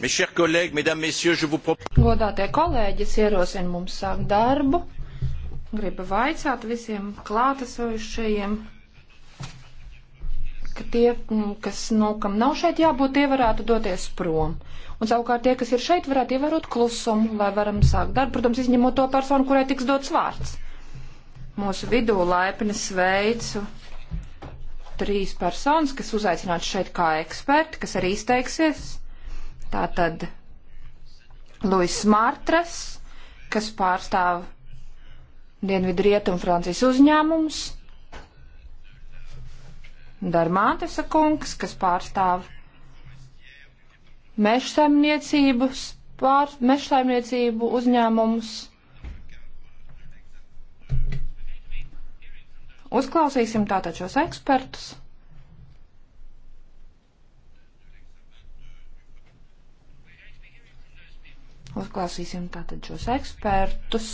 Mes chers collègues, mesdames, messieurs, je vous propose. Godātie kolēģi, es ierosinu mums sākt darbu. Gribu vaicāt visiem klātesojušajiem, ka tie, mm, kas, nu, kam nav šeit jābūt, tie varētu doties prom. Un savukārt tie, kas ir šeit, varētu ievērot klusumu, lai varam sākt darbu, protams, izņemot to personu, kurai tiks dots vārds. Mūsu vidū laipni sveicu trīs personas, kas uzaicināts šeit kā eksperti, kas arī izteiksies Tātad Luis Mārtras, kas pārstāv Dienvidu Rietumu Francijas uzņēmumus, Darmātesa kungs, kas pārstāv mežsaimniecības, pār, mežsaimniecību uzņēmumus. Uzklausīsim tātad šos ekspertus. Uzklāsīsim tātad šos ekspertus.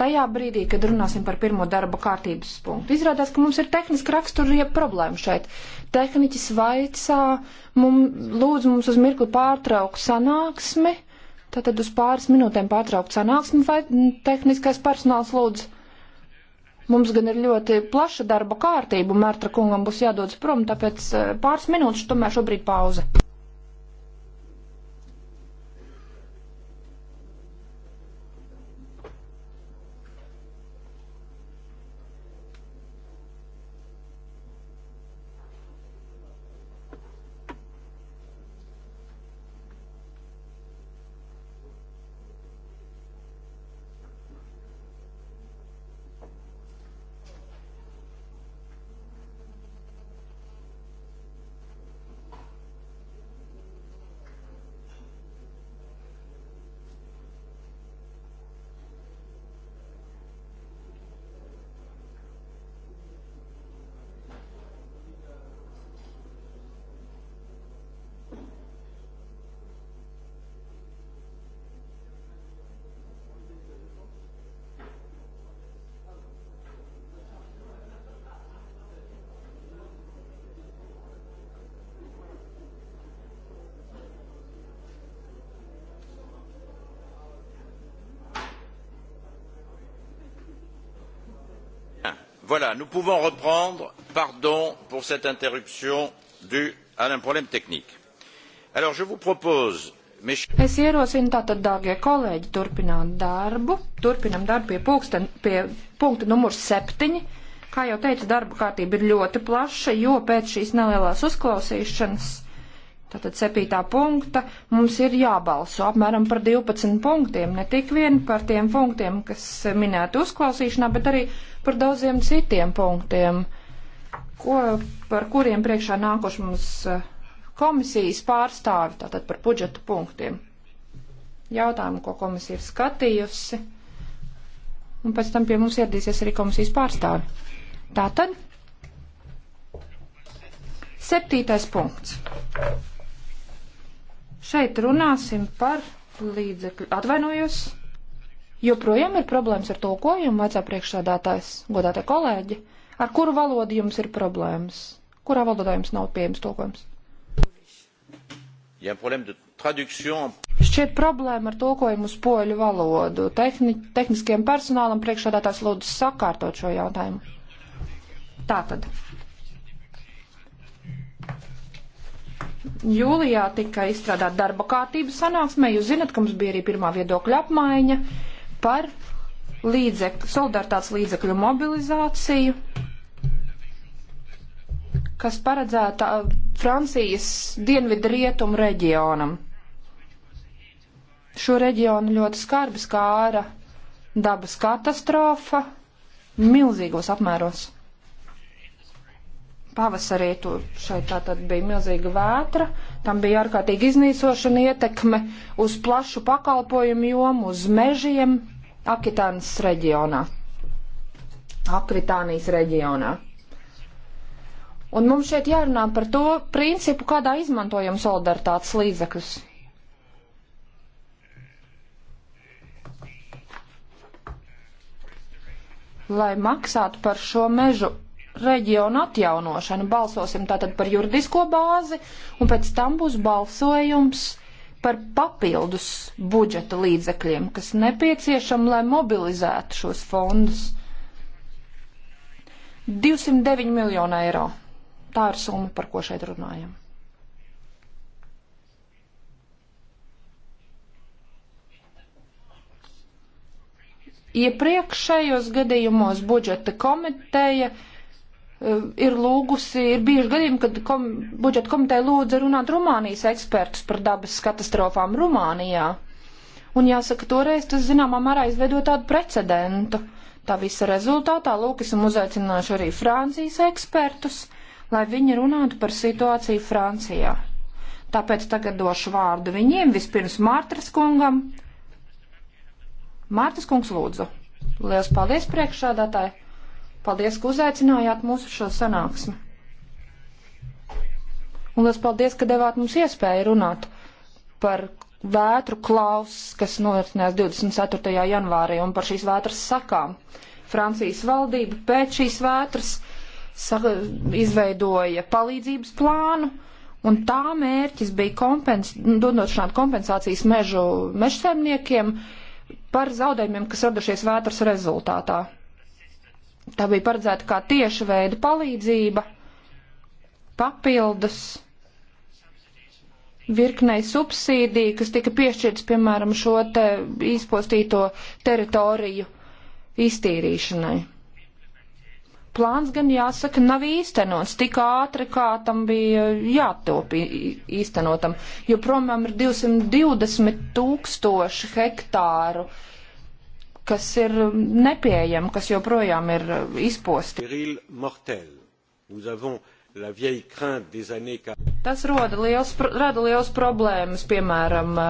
Tajā brīdī, kad runāsim par pirmo darba kārtības punktu, izrādās, ka mums ir tehniska raksturīga problēma šeit. Tehniķis vaicā, mum, lūdzu mums uz mirkli pārtraukt sanāksmi, tātad uz pāris minūtēm pārtraukt sanāksmi, vai tehniskais personāls lūdzu. Mums gan ir ļoti plaša darba kārtība, un Mērtra kungam būs jādodas prom, tāpēc eh, pāris minūtes tomēr šobrīd pauze. Voilà, nous pouvons reprendre. Pardon pour cette interruption due à un problème technique. Alors, je vous propose Es ierosinu tātad, dārgie kolēģi, turpināt darbu. Turpinam darbu pie, pulksten, pie punkta numur septiņi. Kā jau teicu, darba kārtība ir ļoti plaša, jo pēc šīs nelielās uzklausīšanas Tātad septītā punkta mums ir jābalso apmēram par 12 punktiem, ne tik vien par tiem punktiem, kas minēti uzklausīšanā, bet arī par daudziem citiem punktiem, ko, par kuriem priekšā nākuši mums eh, komisijas pārstāvi, tātad par budžetu punktiem. Jautājumu, ko komisija ir skatījusi, un pēc tam pie mums ieradīsies arī komisijas pārstāvi. Tātad. Septītais punkts. Šeit runāsim par līdzekļu. Atvainojos, joprojām ir problēmas ar tulkojumu, vecā priekšsādātājs, godātie kolēģi. Ar kuru valodu jums ir problēmas? Kurā valodā jums nav pieejams tulkojums? Ja Šķiet problēma ar tulkojumu uz poļu valodu. Tehni, tehniskajam personālam priekšādātājs lūdzu sakārtot šo jautājumu. Tātad. Jūlijā tika izstrādāt darba kārtības sanāksmē. Jūs zinat, ka mums bija arī pirmā viedokļa apmaiņa par līdzek, solidaritātes līdzekļu mobilizāciju, kas paredzēta uh, Francijas dienvidu rietumu reģionam. Šo reģionu ļoti skarbi skāra dabas katastrofa milzīgos apmēros. Pavasarī tur šeit tātad bija milzīga vētra, tam bija ārkārtīgi iznīcošana ietekme uz plašu pakalpojumu jomu, uz mežiem Akitānas reģionā. Akritānijas reģionā. Un mums šeit jārunā par to principu, kādā izmantojam solidaritātes līdzekļus. Lai maksātu par šo mežu reģionu atjaunošanu. Balsosim tātad par juridisko bāzi, un pēc tam būs balsojums par papildus budžeta līdzekļiem, kas nepieciešam, lai mobilizētu šos fondus. 209 miljonu eiro. Tā ir summa, par ko šeit runājam. Iepriekšējos gadījumos budžeta komiteja uh, Eh, ir lūgusi, ir bijuši gadījumi, kad kom, budžeta komiteja lūdza runāt Rumānijas ekspertus par dabas katastrofām Rumānijā. Un jāsaka, toreiz tas zināmā mērā izveido tādu precedentu. Tā visa rezultātā lūk, esam uzaicinājuši arī Francijas ekspertus, lai viņi runātu par situāciju Francijā. Tāpēc tagad došu vārdu viņiem, vispirms Mārtas kungam. Mārtas kungs lūdzu. Lielas paldies priekšādātāji! Paldies, ka uzaicinājāt mūsu šo sanāksmi. Un liels paldies, ka devāt mums iespēju runāt par vētru klaus, kas norisinās 24. janvārī un par šīs vētras sakām. Francijas valdība pēc šīs vētras saka, izveidoja palīdzības plānu, un tā mērķis bija kompens, dodot šādu kompensācijas mežu mežsaimniekiem par zaudējumiem, kas radušies vētras rezultātā. Tā bija paredzēta kā tieša veida palīdzība, papildus virknei subsīdiju, kas tika piešķirts, piemēram, šo te izpostīto teritoriju iztīrīšanai. Plāns gan jāsaka nav īstenots tik ātri, kā tam bija jātop īstenotam, jo promēm ir 220 tūkstoši hektāru uh, kas ir um, nepieejama, kas joprojām ir uh, izposti. Tas roda liels, rada liels problēmas, piemēram, uh,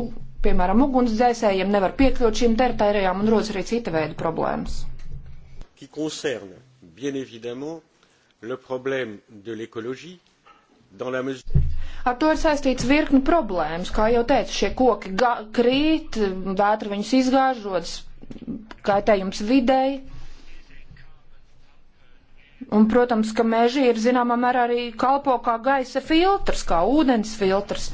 u, piemēram ugunsdzēsējiem nevar piekļūt šīm teritorijām un rodas arī cita veida problēmas. Qui concerne, bien évidemment, le problème de l'écologie dans la mesure. Ar to ir saistīts virkni problēmas. Kā jau teicu, šie koki krīt, vētra viņus izgāž, rodas kaitējums videi. Un, protams, ka meži ir zināmā mērā arī kalpo kā gaisa filtrs, kā ūdens filtrs.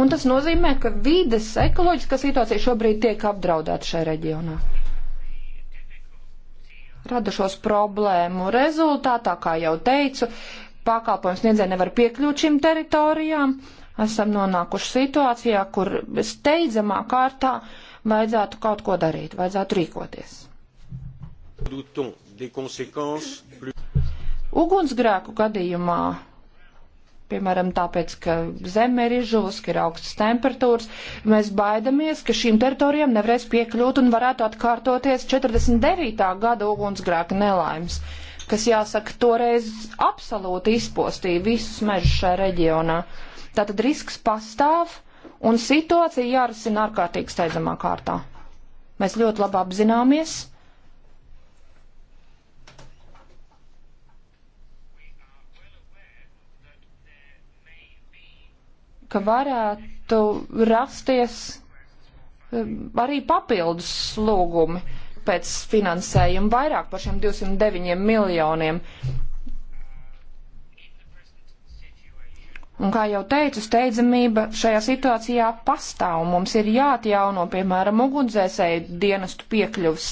Un tas nozīmē, ka vides ekoloģiskā situācija šobrīd tiek apdraudēta šajā reģionā. Radušos problēmu rezultātā, kā jau teicu, pakalpojums niedzēja nevar piekļūt šīm teritorijām. Esam nonākuši situācijā, kur steidzamā kārtā vajadzētu kaut ko darīt, vajadzētu rīkoties. Ugunsgrēku gadījumā piemēram, tāpēc, ka zeme ir izžuvusi, ka ir augstas temperatūras. Mēs baidamies, ka šīm teritorijām nevarēs piekļūt un varētu atkārtoties 49. gada ugunsgrēka nelaimes. Uh, kas, jāsaka, toreiz absolūti izpostīja visus mežus šajā reģionā. Tātad risks pastāv un situācija jārisina ārkārtīgi steidzamā kārtā. Mēs ļoti labi apzināmies, ka varētu rasties um, arī papildus lūgumi pēc finansējuma vairāk par šiem 209 miljoniem. Un kā jau teicu, steidzamība šajā situācijā pastāv. Mums ir jāatjauno, piemēram, ugunsdzēsēju dienestu piekļuvs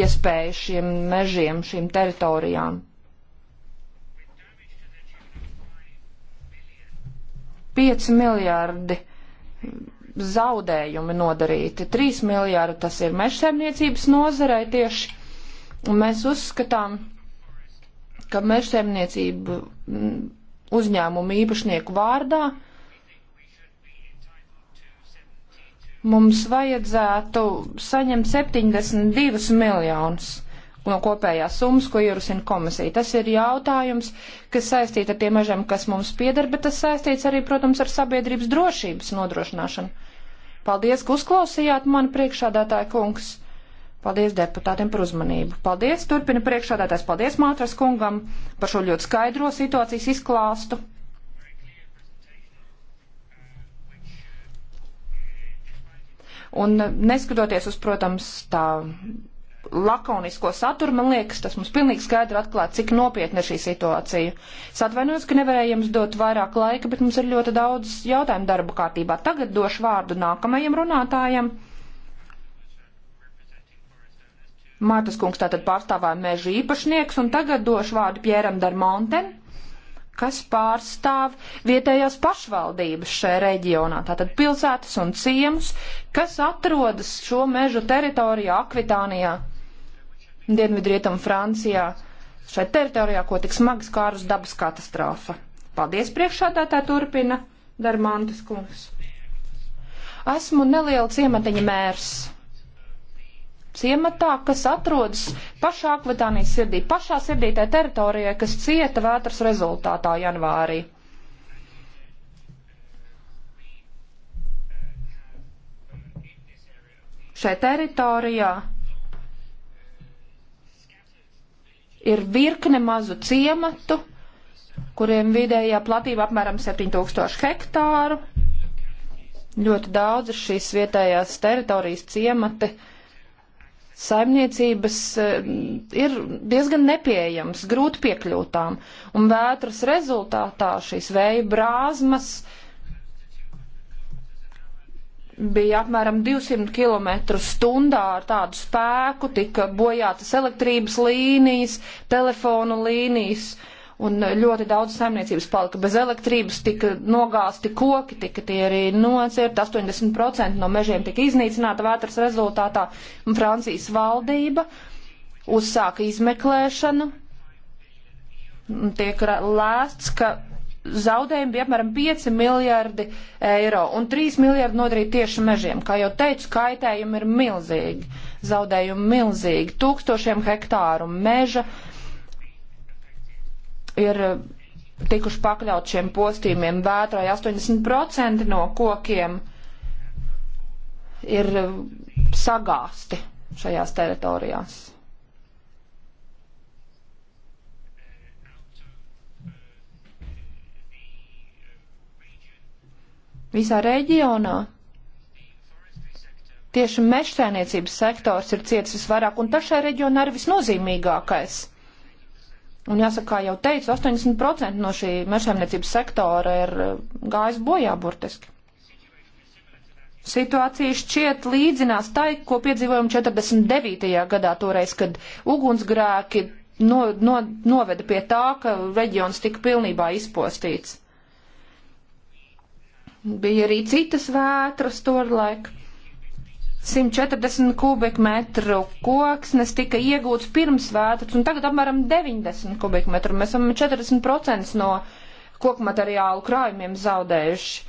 iespēju šiem mežiem, šīm teritorijām. Pieci miljārdi zaudējumi nodarīti. 3 miljārdi tas ir mežsēmniecības nozarei tieši. Un mēs uzskatām, ka mežsēmniecību uzņēmumu īpašnieku vārdā mums vajadzētu saņemt 72 miljonus no kopējās summas, ko ierosina komisija. Tas ir jautājums, kas saistīts ar tiem mežiem, kas mums pieder, bet tas saistīts arī, protams, ar sabiedrības drošības nodrošināšanu. Paldies, ka uzklausījāt mani priekšādātāja kungs. Paldies deputātiem par uzmanību. Paldies, turpina priekšādātājs. Paldies Mātras kungam par šo ļoti skaidro situācijas izklāstu. Un neskatoties uz, protams, tā lakonisko saturu, man liekas, tas mums pilnīgi skaidri atklāt, cik nopietna ir šī situācija. Es atvainojos, ka nevarēju jums dot vairāk laika, bet mums ir ļoti daudz jautājumu darba kārtībā. Tagad došu vārdu nākamajam runātājam. Mārtas kungs tātad pārstāvāja meža īpašnieks, un tagad došu vārdu Pjēram Darmonten, kas pārstāv vietējās pašvaldības šajā reģionā, tātad pilsētas un ciemus, kas atrodas šo mežu teritorijā Akvitānijā. Dienvidrietumu Francijā, šai teritorijā, ko tik smags kārus dabas katastrofa. Paldies priekšādātā turpina Darmantas kungs. Esmu neliela ciematiņa mērs. Ciematā, kas atrodas pašā Akvitānijas sirdī, pašā sirdītē teritorijā, kas cieta vētras rezultātā janvārī. Šai teritorijā ir virkne mazu ciematu, kuriem vidējā platība apmēram 7000 hektāru. Ļoti daudzas šīs vietējās teritorijas ciemati saimniecības e, ir diezgan nepieejams, grūti piekļūtām, un vētras rezultātā šīs vēja brāzmas uh, bija apmēram 200 km stundā ar tādu spēku, tika bojātas elektrības līnijas, telefonu līnijas, un ļoti daudz saimniecības palika bez elektrības, tika nogāsti koki, tika tie arī nocirti, 80% no mežiem tika iznīcināta vētras rezultātā, un Francijas valdība uzsāka izmeklēšanu, tiek lēsts, ka zaudējumi bija apmēram 5 miljardi eiro un 3 miljardi nodarīja tieši mežiem. Kā jau teicu, kaitējumi ir milzīgi, zaudējumi milzīgi, tūkstošiem hektāru meža ir eh, tikuši pakļaut šiem postījumiem vētrai 80% no kokiem ir eh, sagāsti šajās teritorijās. visā reģionā. Tieši mežsēniecības sektors ir cietis visvairāk, un tas šajā reģionā ir visnozīmīgākais. Un jāsaka, kā jau teicu, 80% no šī mežsēmniecības sektora ir eh, gājis bojā burtiski. Situācija šķiet līdzinās tai, ko piedzīvojam 49. gadā toreiz, kad ugunsgrēki no, no, noveda pie tā, ka reģions tika pilnībā izpostīts. Bija arī citas vētras tolaik. 140 kubikmetru koksnes tika iegūts pirms vētras, un tagad apmēram 90 kubikmetru. Mēs esam 40% no kokmateriālu krājumiem zaudējuši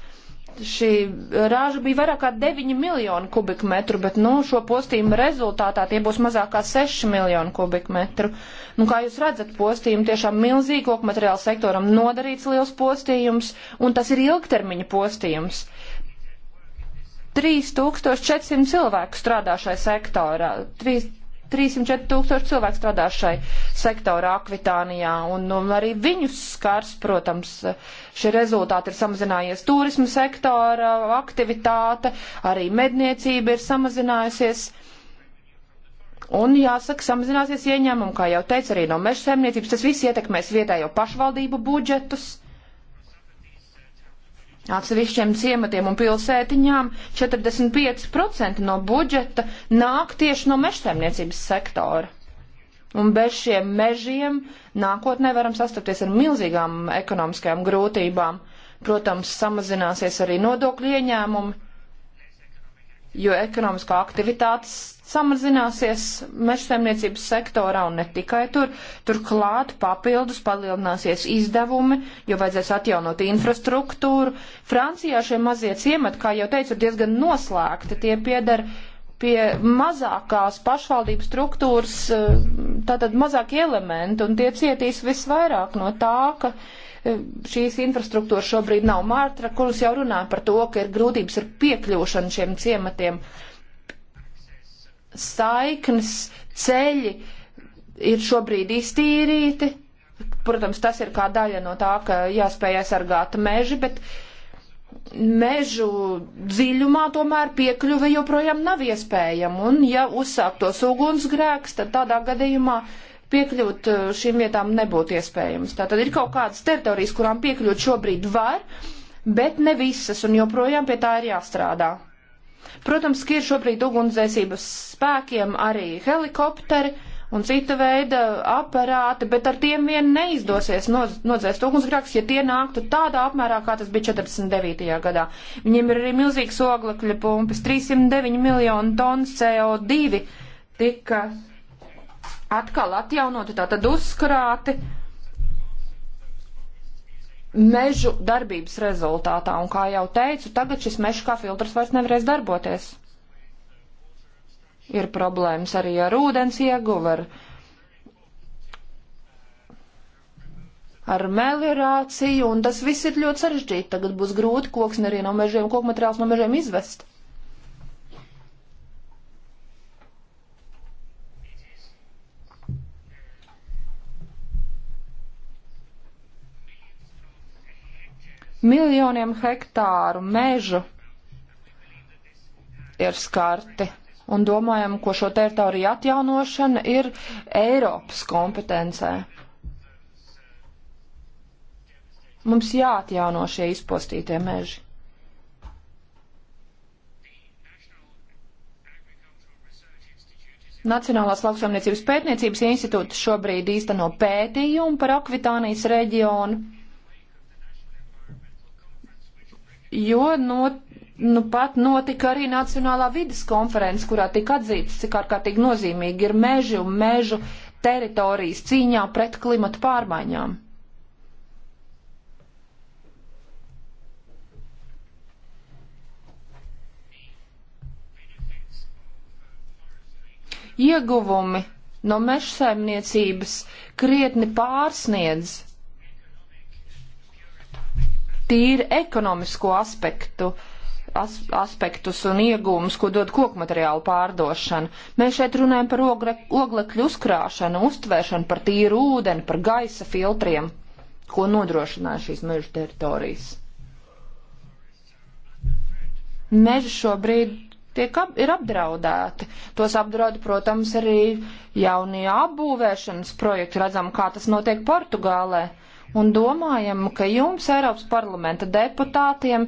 šī rāža bija vairāk kā 9 miljonu kubikmetru, bet, nu, šo postījumu rezultātā tie būs mazāk kā 6 miljonu kubikmetru. Nu, kā jūs redzat, postījumu tiešām milzīgi koku materiālu sektoram nodarīts liels postījums, un tas ir ilgtermiņa postījums. 3400 cilvēku strādā šai sektorā, 3, 304 tūkstoši cilvēku strādā šai sektorā Akvitānijā, un, un nu, arī viņus skars, protams, šie rezultāti ir samazinājies turismu sektora aktivitāte, arī medniecība ir samazinājusies. Un, jāsaka, samazināsies ieņēmumi, kā jau teicu, arī no meža saimniecības. Tas viss ietekmēs vietējo pašvaldību budžetus. Uh, Atsevišķiem ciematiem un pilsētiņām 45% no budžeta nāk tieši no mežsaimniecības sektora. Un bez šiem mežiem nākotnē varam sastapties ar milzīgām ekonomiskajām grūtībām. Protams, samazināsies arī nodokļu ieņēmumi jo ekonomiskā aktivitāte samazināsies mežsaimniecības sektorā un ne tikai tur. Turklāt papildus palielināsies izdevumi, jo vajadzēs atjaunot infrastruktūru. Francijā šie mazie ciemati, kā jau teicu, ir diezgan noslēgti. Tie pieder pie mazākās pašvaldības struktūras, eh, tātad mazāk elementi, un tie cietīs visvairāk no tā, ka Eh, šīs infrastruktūras šobrīd nav. Mārtra, kurus jau runā par to, ka ir grūtības ar piekļūšanu šiem ciematiem, saiknes, ceļi ir šobrīd iztīrīti. Protams, tas ir kā daļa no tā, ka jāspēj aizsargāt meži, bet mežu dziļumā tomēr piekļuve joprojām nav iespējama. Un ja uzsāktos ugunsgrēks, tad tādā gadījumā uh, piekļūt eh, šīm vietām nebūtu iespējams. Tātad ir kaut kādas teritorijas, kurām piekļūt šobrīd var, bet ne visas, un joprojām pie tā ir jāstrādā. Protams, ka ir šobrīd ugunsdzēsības spēkiem arī helikopteri un cita veida aparāti, bet ar tiem vien neizdosies nodzēst ugunsgrēks, ja tie nāktu tādā apmērā, kā tas bija 49. gadā. Viņiem ir arī milzīgs oglekļa pumpas, 309 miljonu tonnas CO2 tika atkal atjaunoti, tātad uzkrāti mežu darbības rezultātā. Un kā jau teicu, tagad šis mežu kā filtrs vairs nevarēs darboties. Ir problēmas arī ar ūdens ieguvu, ar, ar meliorāciju, un tas viss ir ļoti sarežģīti. Tagad būs grūti koksni arī no mežiem, kokmateriāls no mežiem izvest. Miljoniem hektāru mežu ir skarti un domājam, ko šo teritoriju atjaunošana ir Eiropas kompetencē. Mums jāatjauno šie izpostītie meži. Nacionālās lauksaimniecības pētniecības institūts šobrīd īsteno pētījumu par Akvitānijas reģionu jo no, nu pat notika arī Nacionālā vidas konferences, kurā tika atzīts, cik ārkārtīgi nozīmīgi ir meži un mežu teritorijas cīņā pret klimatu pārmaiņām. Ieguvumi no mežsaimniecības krietni pārsniedz tīri ekonomisko aspektu as, aspektus un iegūmus, ko dod koku materiālu pārdošana. Mēs šeit runājam par ogle, oglekļu uzkrāšanu, uztvēršanu, par tīru ūdeni, par gaisa filtriem, ko nodrošināja šīs meža teritorijas. Meži šobrīd tiek ap, ir apdraudēti. Tos apdraud, protams, arī jaunie apbūvēšanas projekti. Redzam, kā tas notiek Portugālē. Uh, un domājam, ka jums, Eiropas parlamenta deputātiem,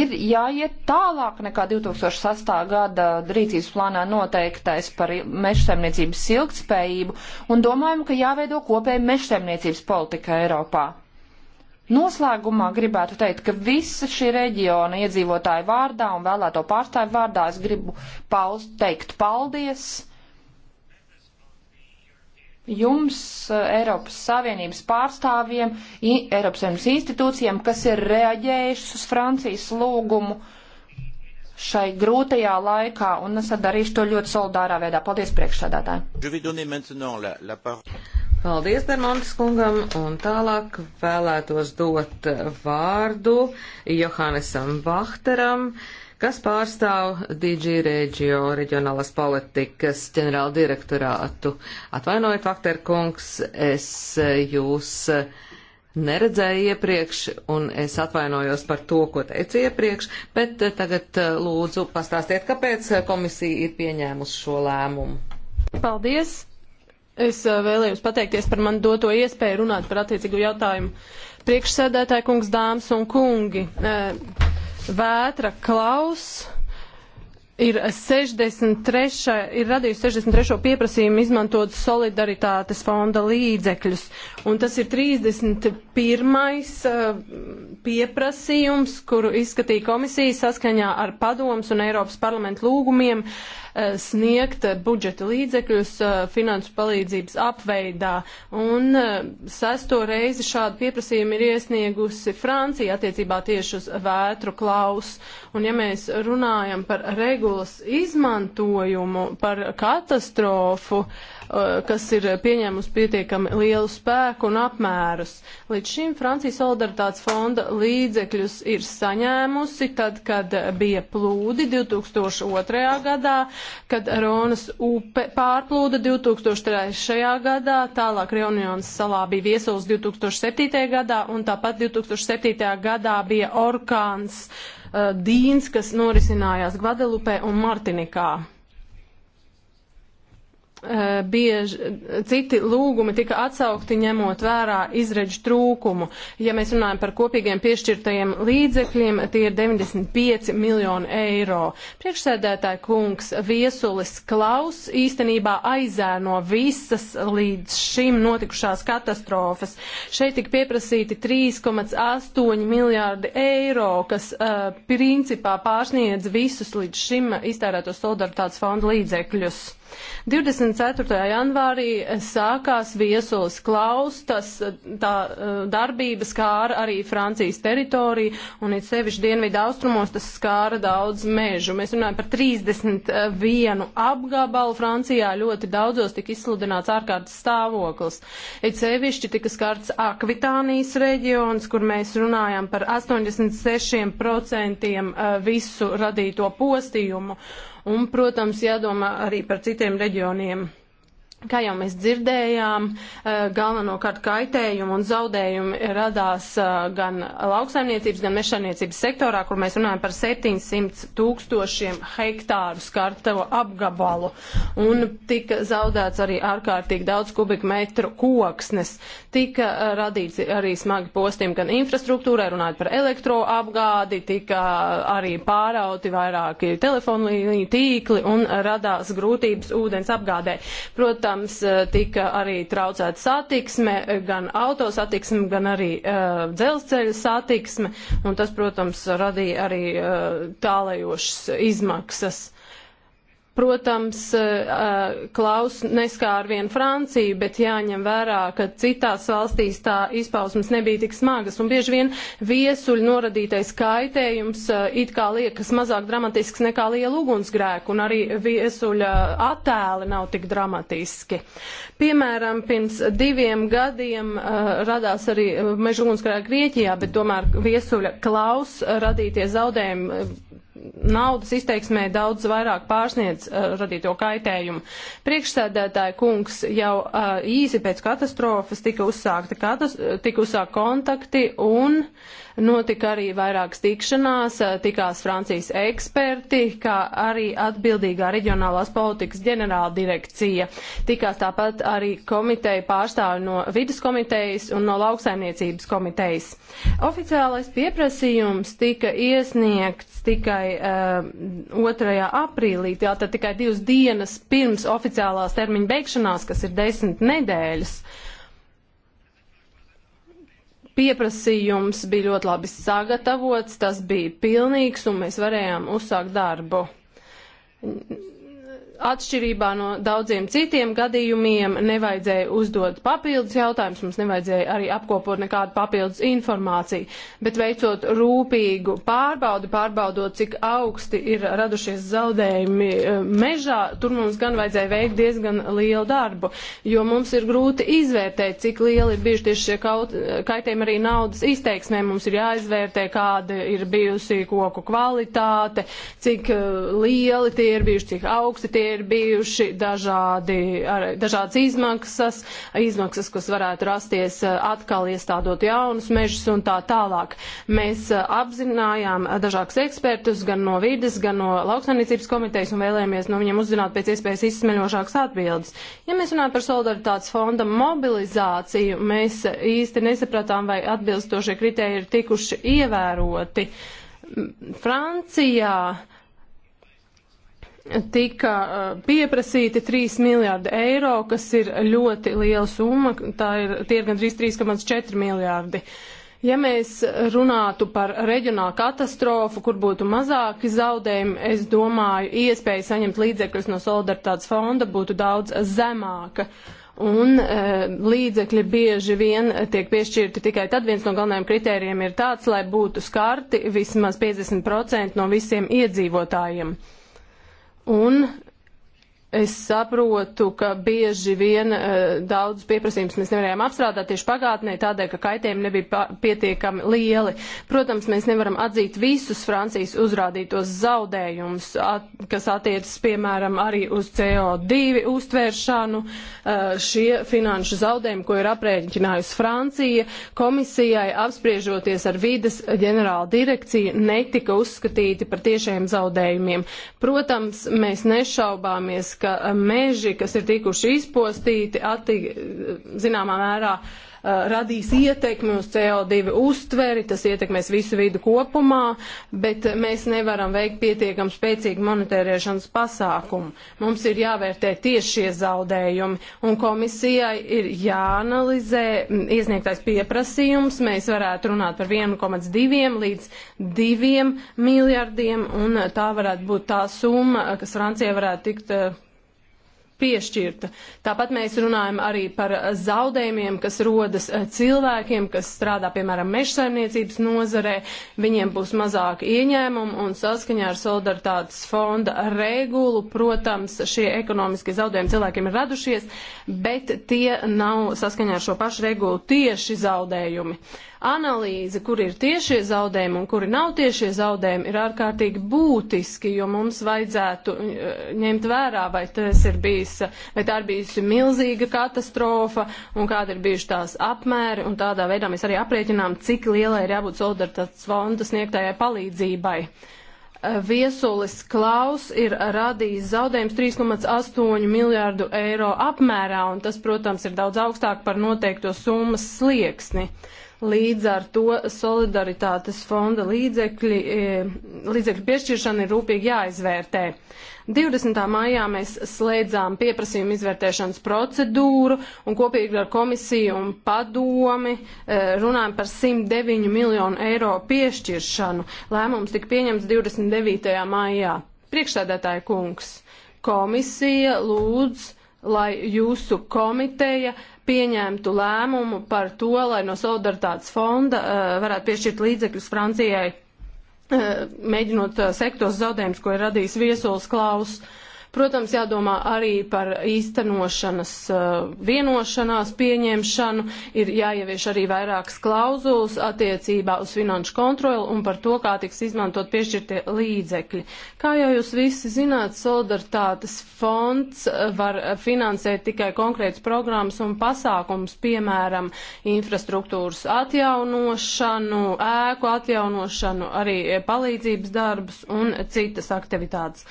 ir jāiet tālāk nekā 2008. gada rīcības plānā noteiktais par meža saimniecības ilgtspējību, un domājam, ka jāveido kopēja meža saimniecības politika Eiropā. Noslēgumā gribētu teikt, ka visa šī reģiona iedzīvotāju vārdā un vēlēto pārstāvu vārdā es gribu paust, teikt paldies jums, eh, Eiropas Savienības pārstāvjiem, Eiropas Savienības institūcijiem, kas ir reaģējušas uz Francijas lūgumu šai grūtajā laikā, un esat darījuši to ļoti solidārā veidā. Paldies, priekšsēdētāji! Paldies, Dermontis kungam, un tālāk vēlētos dot vārdu Johannesam Vahteram. Uh, kas pārstāv DG Regio reģionālās politikas ģenerāla direktorātu. Atvainojiet, Vakterkungs, es jūs neredzēju iepriekš, un es atvainojos par to, ko teicu iepriekš, bet tagad eh, lūdzu pastāstiet, kāpēc komisija ir pieņēmusi šo lēmumu. Paldies! Es eh, vēlējos pateikties par man doto iespēju runāt par attiecīgu jautājumu. Priekšsēdētāji kungs, dāmas un kungi, eh, Vētra Klaus ir, 63, ir radījusi 63. pieprasījumu izmantot solidaritātes fonda līdzekļus. Un tas ir 31. Eh, pieprasījums, kuru izskatīja komisija saskaņā ar padomus un Eiropas parlamentu lūgumiem. Uh, Eh, sniegt budžeta līdzekļus eh, finansu palīdzības apveidā. Un eh, sesto reizi šādu pieprasījumu ir iesniegusi Francija attiecībā tieši uz vētru klaus. Un ja mēs runājam par regulas izmantojumu, par katastrofu, uh, Uh, kas ir pieņēmusi pietiekami lielu spēku un apmērus. Līdz šim Francijas solidaritātes fonda līdzekļus ir saņēmusi tad, kad bija plūdi 2002. gadā, kad Ronas upe pārplūda 2003. gadā, tālāk Reunions salā bija viesuls 2007. gadā un tāpat 2007. gadā bija orkāns. Uh, Dīns, kas norisinājās Gvadelupē un Martinikā. Eh, bieži citi lūgumi tika atsaukti ņemot vērā izredžu trūkumu. Ja mēs runājam par kopīgiem piešķirtajiem līdzekļiem, tie ir 95 miljoni eiro. Priekšsēdētāja kungs Viesulis Klaus īstenībā aizēno visas līdz šim notikušās katastrofas. Šeit tika pieprasīti 3,8 miljārdi eiro, kas uh, principā pārsniedz visus līdz šim iztērētos solidaritātes fondu līdzekļus. 24. janvārī sākās viesulas klaustas tā, e, darbības skāra arī Francijas teritoriju, un it sevišķi dienvidu austrumos tas skāra daudz mežu. Mēs runājam par 31 apgabalu Francijā, ļoti daudzos tika izsludināts ārkārtas stāvoklis. It sevišķi tika skārts Akvitānijas reģions, kur mēs runājam par 86% e, visu radīto postījumu. Un, protams, jādomā arī par citiem reģioniem. Kā jau mēs dzirdējām, eh, galvenokārt kaitējumu un zaudējumu radās eh, gan lauksaimniecības, gan mežsaimniecības sektorā, kur mēs runājam par 700 tūkstošiem hektāru skartavu apgabalu. Un tika zaudēts arī ārkārtīgi daudz kubikmetru koksnes. Tika eh, radīts arī smagi postījumi gan infrastruktūrai, runājot par elektroapgādi, tika arī pārauti vairāki telefonu tīkli un radās grūtības ūdens apgādē. Protams, protams, eh, tika arī traucēta satiksme, eh, gan autosatiksme, gan arī uh, dzelzceļa satiksme, un tas, protams, radīja arī uh, tālējošas izmaksas. Protams, eh, eh, Klaus neskāra vien Franciju, bet jāņem vērā, ka citās valstīs tā izpausmes nebija tik smagas, un bieži vien viesuļu noradītais kaitējums eh, it kā liekas mazāk dramatisks nekā liela ugunsgrēka, un arī viesuļa attēli nav tik dramatiski. Piemēram, pirms diviem gadiem radās arī meža ugunsgrēka Grieķijā, bet tomēr viesuļa Klaus radītie zaudējumi naudas izteiksmē daudz vairāk pārsniedz uh, radīto kaitējumu. Priekšsēdētāja kungs jau uh, īsi pēc katastrofas tika uzsākta, katas, tika uzsākta kontakti un uh, Notika arī vairākas tikšanās, tikās Francijas eksperti, kā arī atbildīgā reģionālās politikas ģenerāla direkcija. Tikās tāpat arī komiteja pārstāvi no vidas komitejas un no lauksaimniecības komitejas. Oficiālais pieprasījums tika iesniegts tikai uh, 2. aprīlī, tātad tikai divas dienas pirms oficiālās termiņa beigšanās, kas ir desmit nedēļas. Uh, pieprasījums bija ļoti labi sagatavots, tas bija pilnīgs un mēs varējām uzsākt darbu atšķirībā no daudziem citiem gadījumiem nevajadzēja uzdot papildus jautājumus, mums nevajadzēja arī apkopot nekādu papildus informāciju, bet veicot rūpīgu pārbaudi, pārbaudot, cik augsti ir radušies zaudējumi eh, mežā, tur mums gan vajadzēja veikt diezgan lielu darbu, jo mums ir grūti izvērtēt, cik lieli ir bijuši tieši šie kaut, kaitējumi arī naudas izteiksmē, mums ir jāizvērtē, kāda ir bijusi koku kvalitāte, cik eh, lieli tie ir bijuši, cik augsti tie ir bijuši dažādi, ar, dažādas izmaksas, izmaksas, kas varētu rasties eh, atkal iestādot jaunus mežus un tā tālāk. Mēs eh, apzinājām eh, dažādas ekspertus gan no vides, gan no lauksainīcības komitejas un vēlējāmies no viņiem uzzināt pēc iespējas izsmeļošākas atbildes. Ja mēs runājam par solidaritātes fonda mobilizāciju, mēs īsti nesapratām, vai atbilstošie kritēji ir tikuši ievēroti. Francijā tika eh, pieprasīti 3 miljārdi eiro, kas ir ļoti liela summa, tā ir, tie ir gandrīz 3,4 miljārdi. Ja mēs runātu par reģionālu katastrofu, kur būtu mazāki zaudējumi, es domāju, iespēja saņemt līdzekļus no solidaritātes fonda būtu daudz zemāka. Un e, līdzekļi bieži vien tiek piešķirti tikai tad, viens no galvenajiem kritērijiem ir tāds, lai būtu skarti vismaz 50% no visiem iedzīvotājiem. E, un Es saprotu, ka bieži vien uh, daudz pieprasījums mēs nevarējām apstrādāt tieši pagātnē, tādēļ, ka kaitējumi nebija pietiekami lieli. Protams, mēs nevaram atzīt visus Francijas uzrādītos zaudējumus, at kas attiecas, piemēram, arī uz CO2 uztvēršanu. Uh, šie finanšu zaudējumi, ko ir aprēķinājusi Francija, komisijai apspriežoties ar vides ģenerāla direkciju, netika uzskatīti par tiešiem zaudējumiem. Protams, mēs nešaubāmies, ka meži, kas ir tikuši izpostīti, atti, zināmā mērā radīs ietekmi uz CO2 uztveri, tas ietekmēs visu vidu kopumā, bet mēs nevaram veikt pietiekam spēcīgu monetēriešanas pasākumu. Mums ir jāvērtē tieši šie zaudējumi, un komisijai ir jāanalizē iesniegtais pieprasījums. Mēs varētu runāt par 1,2 līdz 2 miljardiem, un tā varētu būt tā summa, kas Francijai varētu tikt piešķirta. Tāpat mēs runājam arī par zaudējumiem, kas rodas eh, cilvēkiem, kas strādā, piemēram, mežsaimniecības nozarē. Viņiem būs mazāk ieņēmumu un saskaņā ar solidaritātes fonda regulu, protams, šie ekonomiskie zaudējumi cilvēkiem ir radušies, bet tie nav saskaņā ar šo pašu regulu tieši zaudējumi. Analīze, kur ir tiešie zaudējumi un kuri nav tiešie zaudējumi, ir ārkārtīgi būtiski, jo mums vajadzētu eh, ņemt vērā, vai tas ir bijis gaisa, vai tā ir bijusi milzīga katastrofa un kāda ir bijuši tās apmēri, un tādā veidā mēs arī aprēķinām, cik lielai ir jābūt solidaritātes fonda sniegtājai palīdzībai. Eh, viesulis Klaus ir radījis zaudējums 3,8 miljārdu eiro apmērā, un tas, protams, ir daudz augstāk par noteikto summas slieksni. Līdz ar to solidaritātes fonda līdzekļi, eh, līdzekļu piešķiršana ir rūpīgi jāizvērtē. 20. maijā mēs slēdzām pieprasījumu izvērtēšanas procedūru un kopīgi ar komisiju un padomi eh, runājam par 109 miljonu eiro piešķiršanu. Lēmums tika pieņemts 29. maijā. Priekšstādātāja kungs, komisija lūdz, lai jūsu komiteja pieņemtu lēmumu par to, lai no solidaritātes fonda uh, varētu piešķirt līdzekļus Francijai Eh, mēģinot eh, sekt tos zaudējumus, ko ir radījis viesulis Klaus. Uh, Protams, jādomā arī par īstenošanas uh, vienošanās pieņemšanu, ir jāievieš arī vairākas klauzulas attiecībā uz finanšu kontroli un par to, kā tiks izmantot piešķirtie līdzekļi. Kā jau jūs visi zināt, solidaritātes fonds uh, var finansēt tikai konkrētas programmas un pasākums, piemēram, infrastruktūras atjaunošanu, ēku atjaunošanu, arī palīdzības darbus un citas aktivitātes.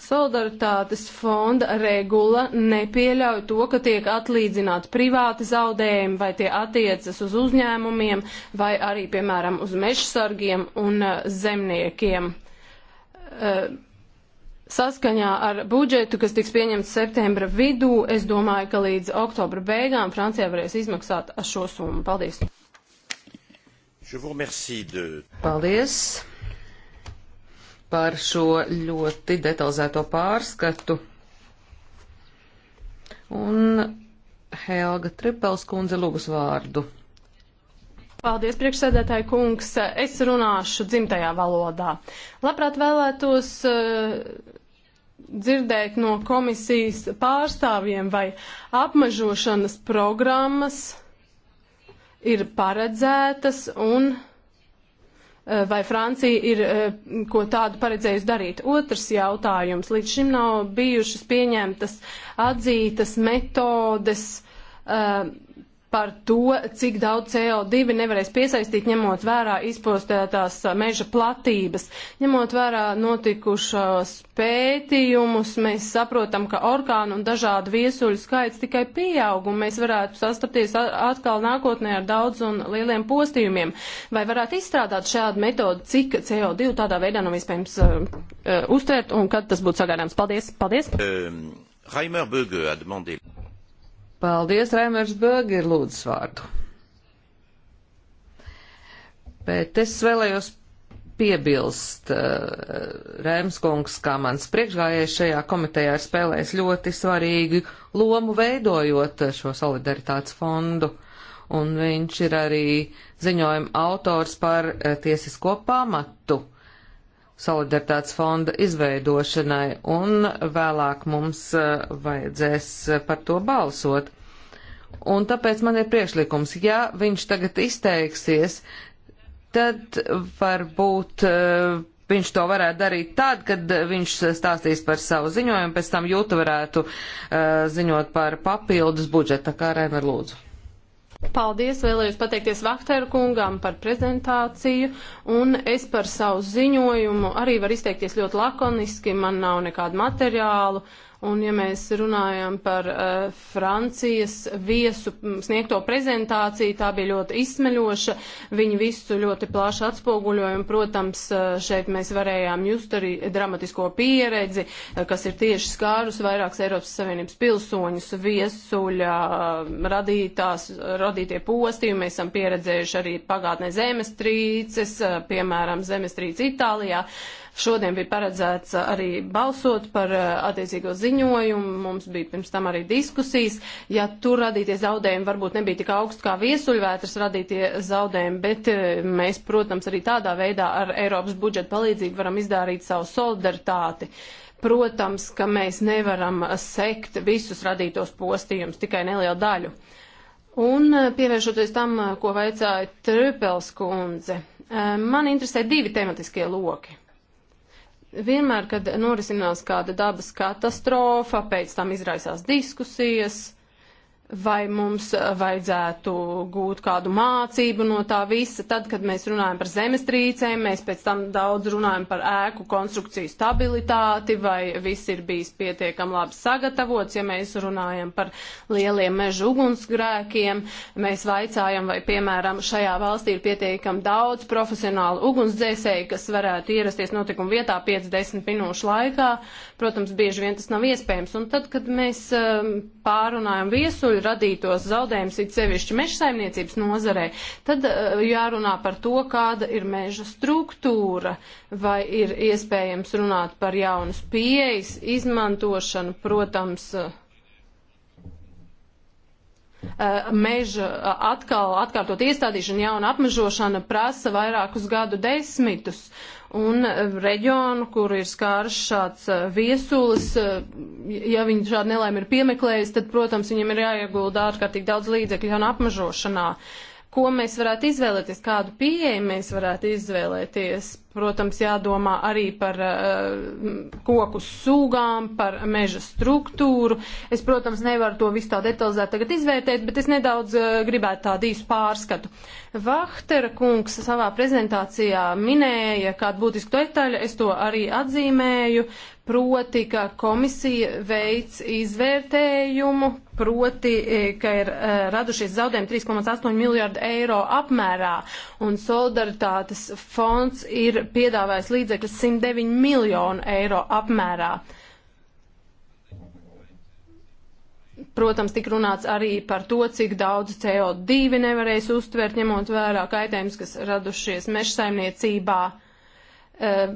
Solidaritātes fonda regula nepieļauj to, ka tiek atlīdzināti privāti zaudējumi vai tie attiecas uz uzņēmumiem vai arī, piemēram, uz mežsargiem un uh, zemniekiem. Uh, saskaņā ar budžetu, kas tiks pieņemts septembra vidū, es domāju, ka līdz oktobra beigām Francijā varēs izmaksāt šo summu. Paldies! De... Paldies! par šo ļoti detalizēto pārskatu. Un Helga Tripels kundze lūgus vārdu. Paldies, priekšsēdētāji kungs. Es runāšu dzimtajā valodā. Labprāt vēlētos uh, dzirdēt no komisijas pārstāvjiem, vai apmežošanas programmas ir paredzētas un. Uh, Eh, vai Francija ir eh, ko tādu paredzējusi darīt. Otrs jautājums. Līdz šim nav bijušas pieņemtas atzītas metodes eh, par to, cik daudz CO2 nevarēs piesaistīt, ņemot vērā izpostētās uh, meža platības. Ņemot vērā notikušos pētījumus, mēs saprotam, ka orkānu un dažādu viesuļu skaits tikai pieaug, un mēs varētu sastapties atkal nākotnē ar daudz un lieliem postījumiem. Vai varētu izstrādāt šādu metodu, cik CO2 tādā veidā nav iespējams uh, uh, uztvert, un kad tas būtu sagaidāms? Paldies! Paldies! Um, Reimer Böge a demandé. Paldies, Raimers Bēgi, ir lūdzu vārdu. Bet es vēlējos piebilst, uh, eh, Rēmskungs, kā mans priekšgājējs šajā komitejā ir spēlējis ļoti svarīgu lomu veidojot šo solidaritātes fondu, un viņš ir arī ziņojuma autors par uh, tiesisko pamatu solidaritātes fonda izveidošanai, un vēlāk mums eh, vajadzēs eh, par to balsot. Un tāpēc man ir priekšlikums, ja viņš tagad izteiksies, tad varbūt eh, viņš to varētu darīt tad, kad viņš stāstīs par savu ziņojumu, pēc tam jūtu varētu ziņot par papildus budžetu, kā Rēna lūdzu. Paldies, vēlējos pateikties Vakteru kungām par prezentāciju, un es par savu ziņojumu arī varu izteikties ļoti lakoniski, man nav nekādu materiālu. Uh, Un ja mēs runājam par uh, Francijas viesu sniegto prezentāciju, tā bija ļoti izsmeļoša. Viņi visu ļoti plaši atspoguļoja un, protams, eh, šeit mēs varējām just arī dramatisko pieredzi, eh, kas ir tieši skārus vairākas Eiropas Savienības pilsoņus viesuļa radītās, radītie postījumi. Mēs esam pieredzējuši arī pagātnē zemestrīces, piemēram, zemestrīce Itālijā. Uh, Šodien bija paredzēts uh, arī balsot par uh, attiecīgo ziņojumu, mums bija pirms tam arī diskusijas. Ja tur radītie zaudējumi varbūt nebija tik augsti kā viesuļvētras radītie zaudējumi, bet uh, mēs, protams, arī tādā veidā ar Eiropas budžeta palīdzību varam izdarīt savu solidaritāti. Protams, ka mēs nevaram sekt visus radītos postījumus, tikai nelielu daļu. Un pievēršoties tam, ko veicāja Tröpels kundze, man interesē divi tematiskie loki. Vienmēr, kad norisinās kāda dabas katastrofa, pēc tam izraisās diskusijas, vai mums vajadzētu gūt kādu mācību no tā visa. Tad, kad mēs runājam par zemestrīcēm, mēs pēc tam daudz runājam par ēku konstrukciju stabilitāti, vai viss ir bijis pietiekam labi sagatavots. Ja mēs runājam par lieliem mežu ugunsgrēkiem, mēs vaicājam, vai, piemēram, šajā valstī ir pietiekam daudz profesionālu ugunsdzēsēju, kas varētu ierasties notikuma vietā 5-10 minūšu laikā. Protams, bieži vien tas nav iespējams. Un tad, kad mēs um, pārunājam viesuļu radītos zaudējums it sevišķi meža saimniecības nozarē, tad eh, jārunā par to, kāda ir meža struktūra, vai ir iespējams runāt par jaunas pieejas izmantošanu, protams, eh, meža eh, atkal atkārtot iestādīšana, jauna apmežošana prasa vairākus gadu desmitus. Un eh, reģionu, kur ir skārs šāds eh, viesulis, eh, ja viņi šādu nelaimi ir piemeklējis, tad, protams, viņiem ir jāiegulda ārkārtīgi daudz līdzekļu un apmažošanā. Uh, ko mēs varētu izvēlēties, kādu pieeju mēs varētu izvēlēties. Protams, jādomā arī par uh, koku sūgām, par meža struktūru. Es, protams, nevaru to visu tā detalizēt tagad izvērtēt, bet es nedaudz uh, gribētu tādu īsu pārskatu. Vahtera kungs savā prezentācijā minēja kādu būtisku detaļu, es to arī atzīmēju, proti, ka komisija veids izvērtējumu proti, e, ka ir e, radušies zaudējumi 3,8 miljārdu eiro apmērā, un solidaritātes fonds ir piedāvājis līdzekļus 109 miljonu eiro apmērā. Protams, tika runāts arī par to, cik daudz CO2 nevarēs uztvert, ņemot vērā kaitējumus, kas radušies mežsaimniecībā. Uh,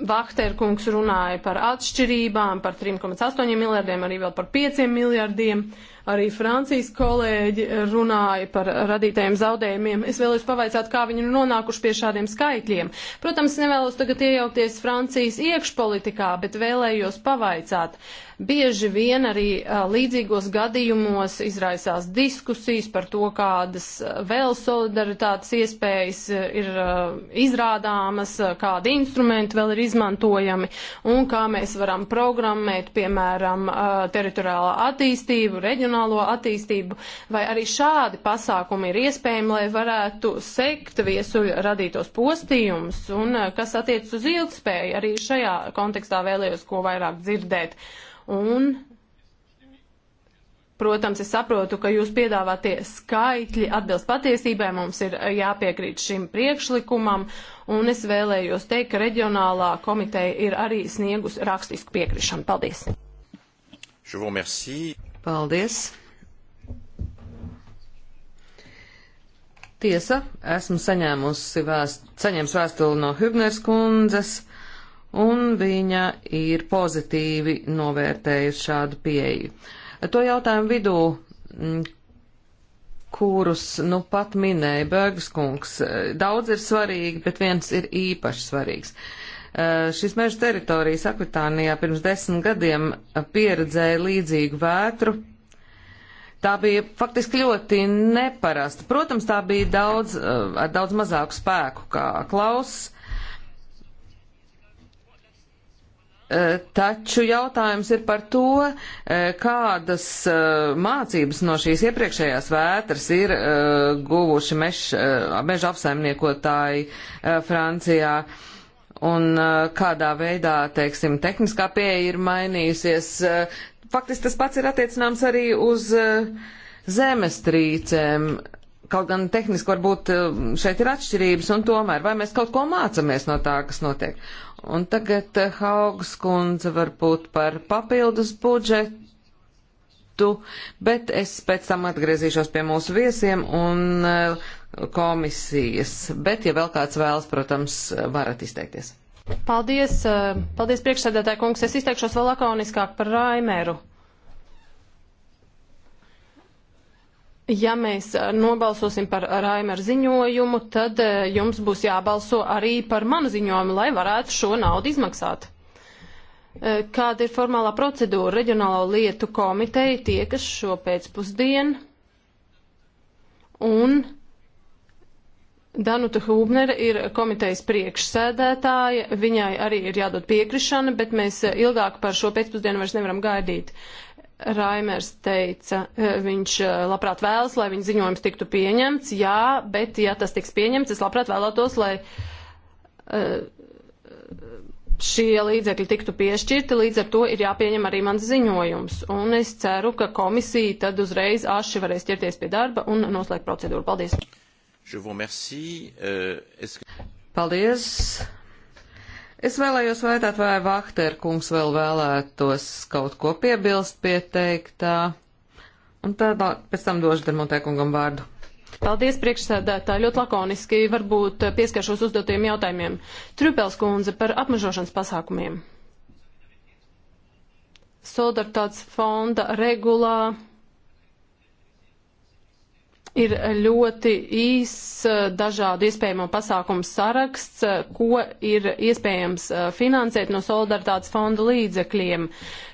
Vahterkungs runāja par atšķirībām, par 3,8 miljardiem, arī vēl par 5 miljardiem. Arī Francijas kolēģi runāja par radītajiem zaudējumiem. Es vēlos pavaicāt, kā viņi ir nonākuši pie šādiem skaitļiem. Protams, nevēlos tagad iejaukties Francijas iekšpolitikā, bet vēlējos pavaicāt. Uh, Bieži vien arī uh, līdzīgos gadījumos izraisās diskusijas par to, kādas vēl solidaritātes iespējas ir uh, izrādāmas, kādi instrumenti vēl ir izmantojami un kā mēs varam programmēt, piemēram, uh, teritoriālā attīstību, reģionālo attīstību, vai arī šādi pasākumi ir iespējami, lai varētu sekt viesuļu radītos postījumus un kas attiec uz ilgspēju. Arī šajā kontekstā vēlējos ko vairāk dzirdēt. Uh, Un Protams, es saprotu, ka jūs piedāvātie skaitļi atbilst patiesībai, mums ir jāpiekrīt šim priekšlikumam, un es vēlējos teikt, ka reģionālā komiteja ir arī sniegus rakstisku piekrišanu. Paldies! Paldies! Tiesa, esmu saņēmusi vēst, saņēmis vēstuli no Hübners kundzes un viņa ir pozitīvi novērtējusi šādu pieeju. To jautājumu vidū, mm, kurus nu pat minēja Bērgas kungs, daudz ir svarīgi, bet viens ir īpaši svarīgs. Eh, šis meža teritorijas Akvitānijā pirms desmit gadiem pieredzēja līdzīgu vētru, Tā bija faktiski ļoti neparasta. Protams, tā bija daudz, eh, ar daudz mazāku spēku kā Klaus, Eh, taču jautājums ir par to, eh, kādas eh, mācības no šīs iepriekšējās vētras ir guvuši meš, meža apsaimniekotāji Francijā un kādā veidā, teiksim, tehniskā pieeja ir mainījusies. Faktiski tas pats ir attiecināms arī uz zemestrīcēm. Kaut gan tehniski varbūt eh, šeit ir atšķirības, un tomēr vai mēs kaut ko mācāmies no tā, kas notiek. Un tagad eh, Haugs kundze varbūt par papildus budžetu, bet es pēc tam atgriezīšos pie mūsu viesiem un eh, komisijas. Bet, ja vēl kāds vēlas, protams, varat izteikties. Paldies, paldies priekšsēdētāji kungs. Es izteikšos vēl lakoniskāk par Raimēru. ja mēs eh, nobalsosim par Raimer ziņojumu, tad eh, jums būs jābalso arī par manu ziņojumu, lai varētu šo naudu izmaksāt. Eh, kāda ir formālā procedūra? Reģionālo lietu komiteja tiekas šo pēcpusdienu un Danuta Hūbnere ir komitejas priekšsēdētāja, viņai arī ir jādod piekrišana, bet mēs ilgāk par šo pēcpusdienu vairs nevaram gaidīt. Raimers teica, e, viņš e, labprāt vēlas, lai viņa ziņojums tiktu pieņemts, jā, bet ja tas tiks pieņemts, es labprāt vēlētos, lai e, šie līdzekļi tiktu piešķirti, līdz ar to ir jāpieņem arī mans ziņojums. Un es ceru, ka komisija tad uzreiz aši varēs ķerties pie darba un noslēgt procedūru. Paldies! Merci, uh, es... Paldies! Es vēlējos vaitāt, vai Vahter kungs vēl vēlētos kaut ko piebilst pieteiktā, un tad pēc tam došu Dermotē kungam vārdu. Paldies, priekšsēdētāji, ļoti lakoniski varbūt pieskaršos uzdotiem jautājumiem. Trupels kundze par apmežošanas pasākumiem. Solidaritātes fonda regulā ir ļoti īss eh, dažādu iespējamo pasākumu saraksts, eh, ko ir iespējams eh, finansēt no solidaritātes fonda līdzekļiem.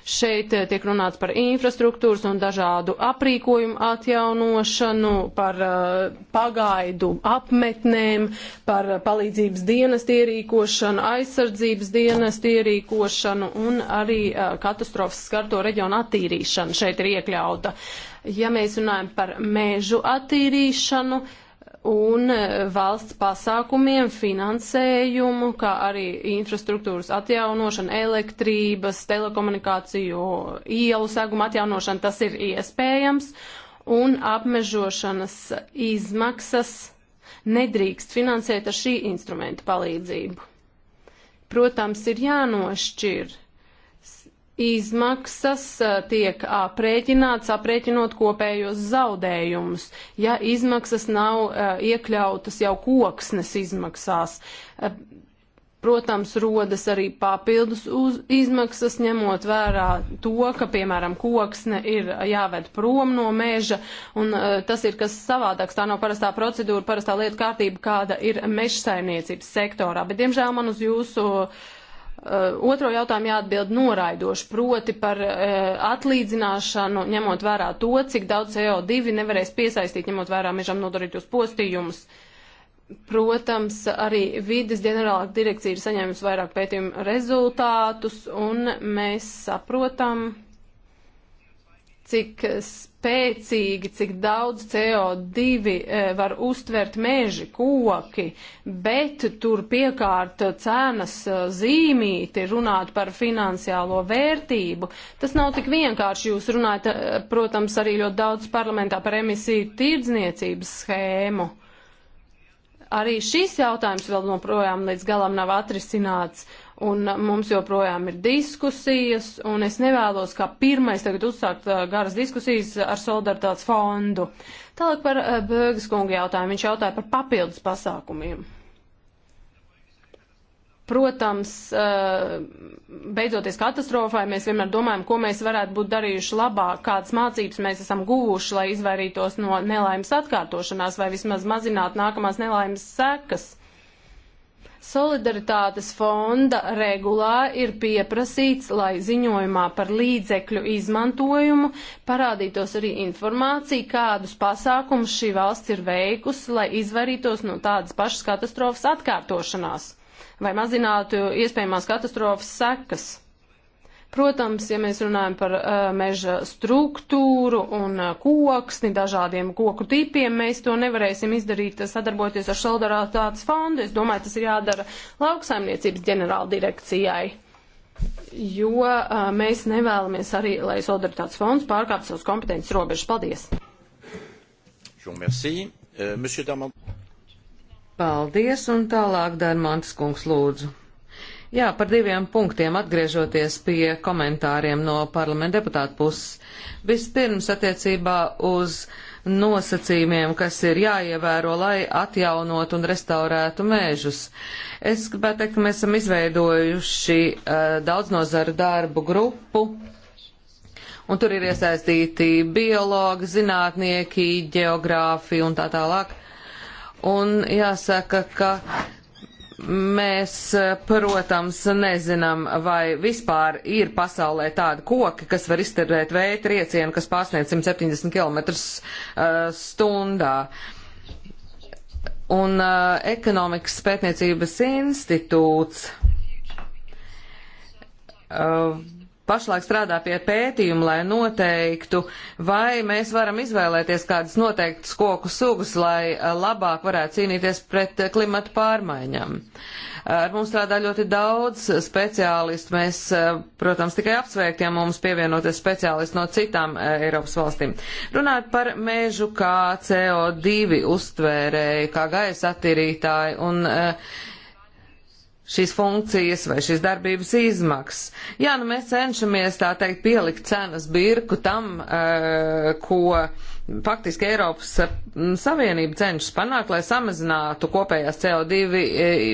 Šeit eh, tiek runāts par infrastruktūras un dažādu aprīkojumu atjaunošanu, par eh, pagaidu apmetnēm, par palīdzības dienestu ierīkošanu, aizsardzības dienestu ierīkošanu un arī eh, katastrofas skarto reģionu attīrīšanu šeit ir iekļauta. Ja mēs runājam par mēžu attīrīšanu, uh, un e, valsts pasākumiem finansējumu, kā arī infrastruktūras atjaunošanu, elektrības, telekomunikāciju, ielu segumu atjaunošanu, tas ir iespējams, un apmežošanas izmaksas nedrīkst finansēt ar šī instrumenta palīdzību. Protams, ir jānošķir izmaksas tiek aprēķināts, aprēķinot kopējos zaudējumus, ja izmaksas nav iekļautas jau koksnes izmaksās. Protams, rodas arī papildus uz izmaksas, ņemot vērā to, ka, piemēram, koksne ir jāved prom no meža, un uh, tas ir kas savādāks. Tā nav parastā procedūra, parastā lieta kārtība, kāda ir mežsaimniecības sektorā. Bet, diemžēl, man uz jūsu uh, Eh, otro jautājumu jāatbild noraidoši, proti par eh, atlīdzināšanu, ņemot vērā to, cik daudz CO2 nevarēs piesaistīt, ņemot vērā mežam nodarītos postījumus. Protams, arī vides ģenerāla direkcija ir saņēmusi vairāk pētījumu rezultātus, un mēs saprotam, cik spēcīgi, cik daudz CO2 eh, var uztvert meži, koki, bet tur piekārt cenas eh, zīmīti, runāt par finansiālo vērtību. Tas nav tik vienkārši. Jūs runājat, eh, protams, arī ļoti daudz parlamentā par emisiju tirdzniecības schēmu. Arī šis jautājums vēl noprojām līdz galam nav atrisināts un mums joprojām ir diskusijas, un es nevēlos kā pirmais tagad uzsākt uh, garas diskusijas ar solidaritātes fondu. Tālāk par uh, Bēgas kungu jautājumu. Viņš jautāja par papildus pasākumiem. Protams, uh, beidzoties katastrofai, mēs vienmēr domājam, ko mēs varētu būt darījuši labāk, kādas mācības mēs esam guvuši, lai izvairītos no nelaimes atkārtošanās vai vismaz mazinātu nākamās nelaimes sekas Solidaritātes fonda regulā ir pieprasīts, lai ziņojumā par līdzekļu izmantojumu parādītos arī informācija, kādus pasākumus šī valsts ir veikusi, lai izvairītos no tādas pašas katastrofas atkārtošanās vai mazinātu iespējamās katastrofas sekas. Protams, ja mēs runājam par uh, meža struktūru un uh, koksni, dažādiem koku tipiem, mēs to nevarēsim izdarīt sadarbojoties ar solidaritātes fondu. Es domāju, tas ir jādara lauksaimniecības ģenerāldirekcijai. Jo uh, mēs nevēlamies arī, lai solidaritātes fonds pārkāptu savus kompetences robežas. Paldies! Euh, Paldies, un tālāk Darmantas kungs lūdzu. Jā, par diviem punktiem atgriežoties pie komentāriem no parlamenta deputāta puses. Vispirms attiecībā uz nosacījumiem, kas ir jāievēro, lai atjaunot un restaurētu mēžus. Es gribētu teikt, ka mēs esam izveidojuši uh, eh, daudznazaru darbu grupu. Un tur ir iesaistīti biologi, zinātnieki, geogrāfi un tā tālāk. Un jāsaka, ka Mēs, protams, nezinām, vai vispār ir pasaulē tādi koki, kas var izturēt vēja triecienu, kas pārsniedz 170 km uh, stundā. Un uh, ekonomikas pētniecības institūts. Uh, pašlaik strādā pie pētījuma, lai noteiktu, vai mēs varam izvēlēties kādas noteiktas koku sugas, lai eh, labāk varētu cīnīties pret eh, klimatu pārmaiņām. Ar mums strādā ļoti daudz speciālistu. Mēs, eh, protams, tikai apsveikt, ja mums pievienoties speciālisti no citām Eiropas valstīm. Runājot par mežu kā CO2 uztvērēju, kā gaisa attīrītāju un uh, šīs funkcijas vai šīs darbības izmaksas. Jā, nu mēs cenšamies tā teikt pielikt cenas birku tam, eh, ko faktiski Eiropas eh, Savienība cenšas panākt, lai samazinātu kopējās CO2 eh,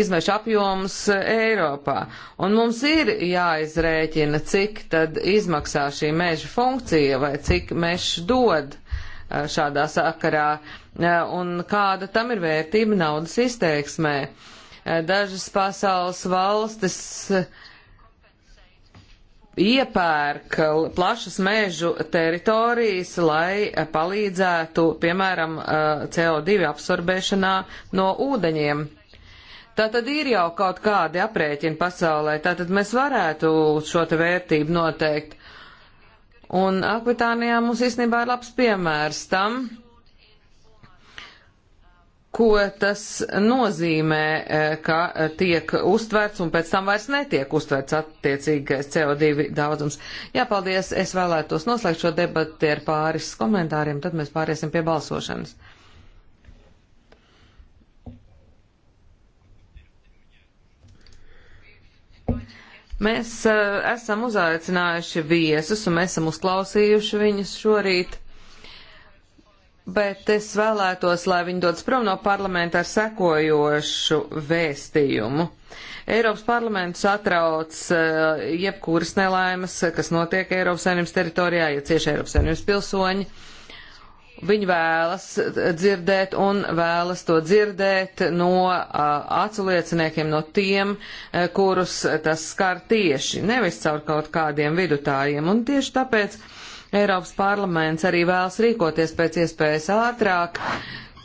izmešu apjomus Eiropā. Un mums ir jāizrēķina, cik tad izmaksā šī meža funkcija vai cik mežs dod šādā sakarā un kāda tam ir vērtība naudas izteiksmē. Uh, Eh, dažas pasaules valstis eh, iepērk plašas mežu teritorijas, lai eh, palīdzētu, piemēram, CO2 absorbēšanā no ūdeņiem. Tātad ir jau kaut kādi aprēķini pasaulē, tātad mēs varētu šo te vērtību noteikt. Un Akvitānijā mums īstenībā ir labs piemērs tam, ko tas nozīmē, e, ka tiek uztverts un pēc tam vairs netiek uztverts attiecīgais CO2 daudzums. Jā, paldies. Es vēlētos noslēgt šo debati ar pāris komentāriem, tad mēs pāriesim pie balsošanas. Mēs uh, esam uzaicinājuši viesus un mēs esam uzklausījuši viņus šorīt bet es vēlētos, lai viņi dodas prom no parlamenta ar sekojošu vēstījumu. Eiropas parlaments atrauc uh, jebkuras nelaimes, kas notiek Eiropas saimnības teritorijā, ja cieši Eiropas saimnības pilsoņi. Viņi vēlas dzirdēt un vēlas to dzirdēt no uh, eh, aculieciniekiem, no tiem, uh, kurus tas skar tieši, nevis caur kaut kādiem vidutājiem. Un tieši tāpēc uh, Eiropas parlaments arī vēlas rīkoties pēc iespējas ātrāk,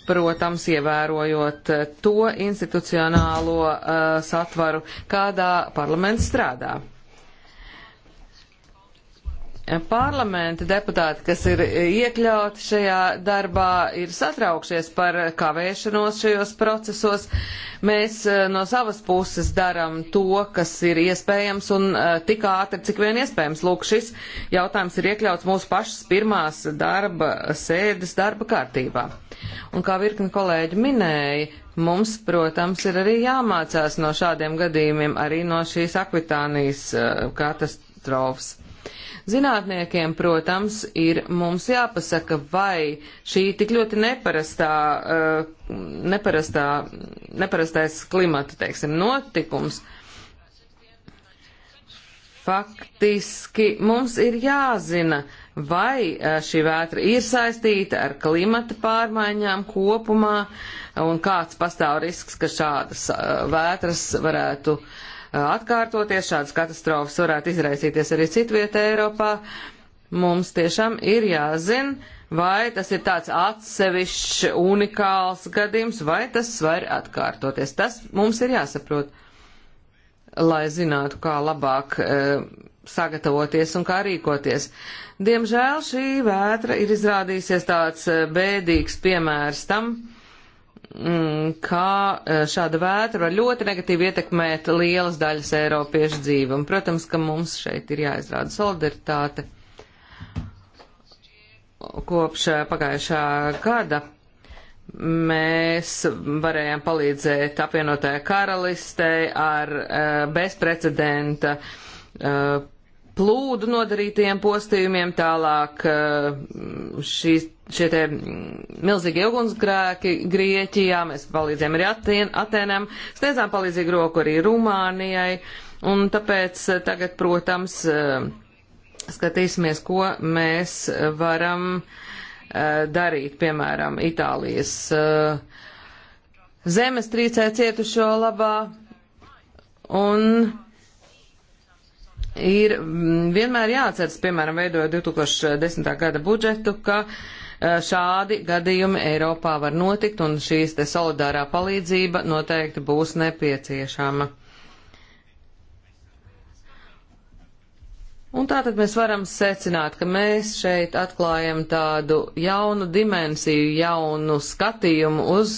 protams, ievērojot eh, to institucionālo uh, satvaru, kādā parlaments strādā. Parlamenta deputāti, kas ir iekļauti šajā darbā, ir satraukšies par kavēšanos šajos procesos. Mēs eh, no savas puses darām to, kas ir iespējams un eh, tik ātri, cik vien iespējams. Lūk, šis jautājums ir iekļauts mūsu pašas pirmās darba sēdes darba kārtībā. Un kā virkni kolēģi minēja, mums, protams, ir arī jāmācās no šādiem gadījumiem, arī no šīs Akvitānijas eh, katastrofas. Zinātniekiem, protams, ir mums jāpasaka, vai šī tik ļoti neparastā, eh, neparastā, neparastais klimata, teiksim, notikums. Faktiski mums ir jāzina, vai eh, šī vētra ir saistīta ar klimata pārmaiņām kopumā un kāds pastāv risks, ka šādas eh, vētras varētu uh, atkārtoties. Šādas katastrofas varētu izraisīties arī citvietē Eiropā. Mums tiešām ir jāzina, vai tas ir tāds atsevišķs, unikāls gadījums, vai tas var atkārtoties. Tas mums ir jāsaprot, lai zinātu, kā labāk e, sagatavoties un kā rīkoties. Diemžēl šī vētra ir izrādījusies tāds e, bēdīgs piemērs tam, Mm, kā eh, šāda vētra var ļoti negatīvi ietekmēt lielas daļas Eiropiešu dzīvi. Un, protams, ka mums šeit ir jāizrāda solidaritāte. Kopš eh, pagājušā gada mēs varējām palīdzēt apvienotajai karalistei ar eh, bezprecedenta plūdu nodarītajiem postījumiem, tālāk eh, šī, šie te mm, milzīgi ugunsgrēki Grieķijā, mēs palīdzējām arī Atēn, Atēnam, sniedzām palīdzīgu roku arī Rumānijai, un tāpēc eh, tagad, protams, eh, skatīsimies, ko mēs varam darīt, piemēram, Itālijas zemestrīcē cietušo labā, un ir mm, vienmēr jāatceras, piemēram, veidojot 2010. gada budžetu, ka e, šādi gadījumi Eiropā var notikt un šīs te solidārā palīdzība noteikti būs nepieciešama. Un tātad mēs varam secināt, ka mēs šeit atklājam tādu jaunu dimensiju, jaunu skatījumu uz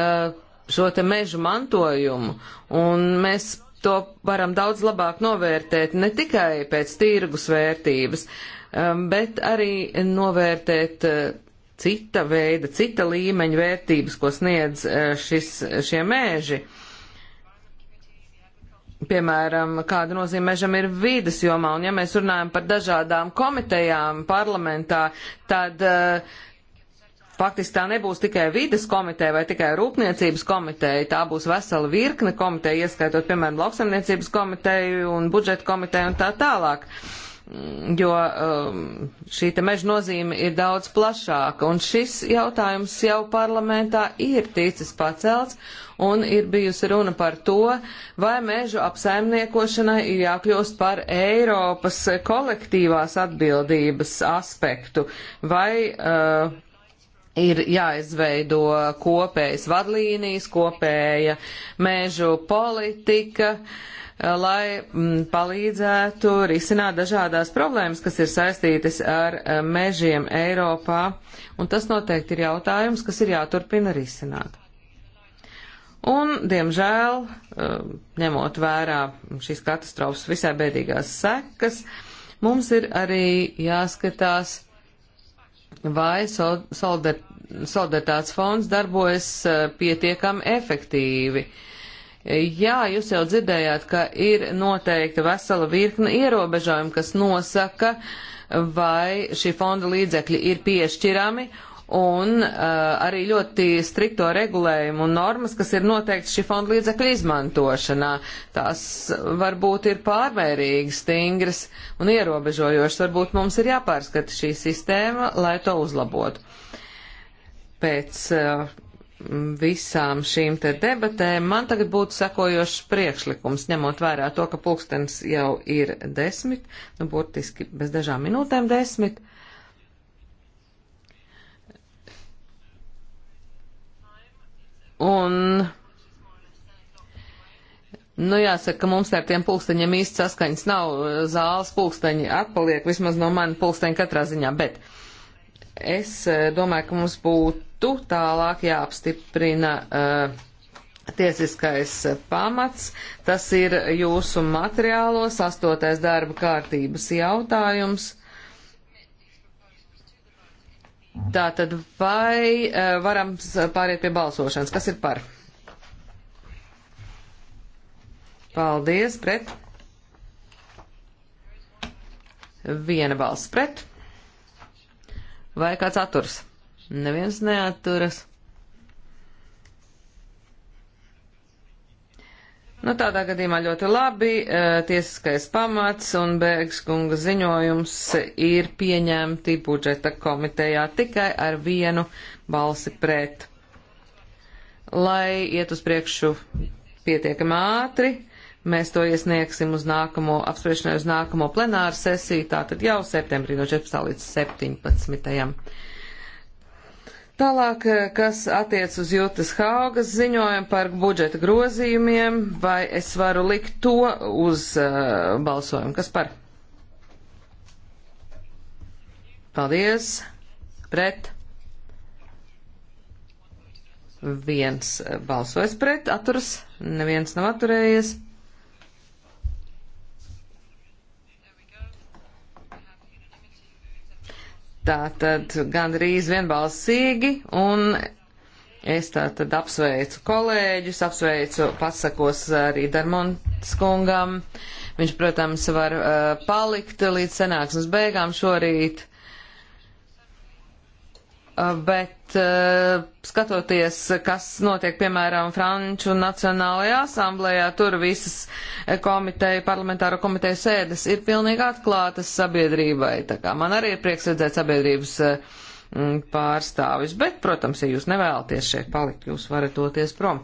uh, šo te mežu mantojumu, un mēs to varam daudz labāk novērtēt ne tikai pēc tirgus vērtības, um, bet arī novērtēt uh, cita veida, cita līmeņa vērtības, ko sniedz uh, šis, šie mēži. Piemēram, kāda nozīme mežam ir vīdes jomā, un ja mēs runājam par dažādām komitejām parlamentā, tad uh, Faktiski tā nebūs tikai vides komiteja vai tikai rūpniecības komiteja, tā būs vesela virkne komiteja, ieskaitot, piemēram, lauksaimniecības komiteju un budžeta komiteju un tā tālāk. Mm, jo um, šī te meža nozīme ir daudz plašāka, un šis jautājums jau parlamentā ir ticis pacelts, un ir bijusi runa par to, vai mežu apsaimniekošanai ir jākļūst par Eiropas kolektīvās atbildības aspektu, vai uh, ir jāizveido kopējas vadlīnijas, kopēja mēžu politika, lai mm, palīdzētu risināt dažādās problēmas, kas ir saistītas ar e, mežiem Eiropā. Un tas noteikti ir jautājums, kas ir jāturpina risināt. Un, diemžēl, e, ņemot vērā šīs katastrofas visai bēdīgās sekas, mums ir arī jāskatās, vai solidaritātes fonds darbojas e, pietiekami efektīvi. E, jā, jūs jau dzirdējāt, ka ir noteikta vesela virkne ierobežojumi, kas nosaka, vai šī fonda līdzekļi ir piešķirami un uh, arī ļoti strikto regulējumu un normas, kas ir noteikts šī fonda līdzekļu izmantošanā. Tās varbūt ir pārmērīgi stingras un ierobežojošas. Varbūt mums ir jāpārskata šī sistēma, lai to uzlabotu. Pēc uh, visām šīm te debatēm man tagad būtu sekojošs priekšlikums, ņemot vērā to, ka pulkstens jau ir desmit, nu burtiski bez dažām minūtēm desmit. Uh, Un, nu jāsaka, ka mums ar tiem pulksteņiem īsti saskaņas nav. Zāles pulksteņi atpaliek vismaz no mani pulksteņa katrā ziņā, bet es eh, domāju, ka mums būtu tālāk jāapstiprina uh, tiesiskais pamats. Tas ir jūsu materiālos astotais darba kārtības jautājums. Tātad vai eh, varam pāriet pie balsošanas? Kas ir par? Paldies, pret. Viena balss pret. Vai kāds atturs? Neviens neatturas. Nu, tādā gadījumā ļoti labi, e, tiesiskais pamats un Bēgs kunga ziņojums ir pieņemti budžeta komitejā tikai ar vienu balsi pret. Lai iet uz priekšu pietiekami ātri, mēs to iesniegsim uz nākamo, apspriešanai uz nākamo plenāru sesiju, tātad jau septembrī no 14 līdz 17. Tālāk, eh, kas attiec uz Jūtas Haugas ziņojumu par budžeta grozījumiem, vai es varu likt to uz uh, balsojumu? Kas par? Paldies. Pret. Viens eh, balsojas pret, atturas, neviens nav atturējies. Tātad gandrīz vienbalsīgi, un es tātad apsveicu kolēģus, apsveicu, pasakos arī Darmontas kungam. Viņš, protams, var uh, palikt līdz senāksmes beigām šorīt. Uh, Eh, bet eh, skatoties, kas notiek, piemēram, Franču Nacionālajā asamblējā, tur visas eh, komiteja, parlamentāro komiteju sēdes ir pilnīgi atklātas sabiedrībai. Tā kā man arī ir prieks redzēt sabiedrības pārstāvis, bet, protams, ja jūs nevēlaties šeit palikt, jūs varat doties prom.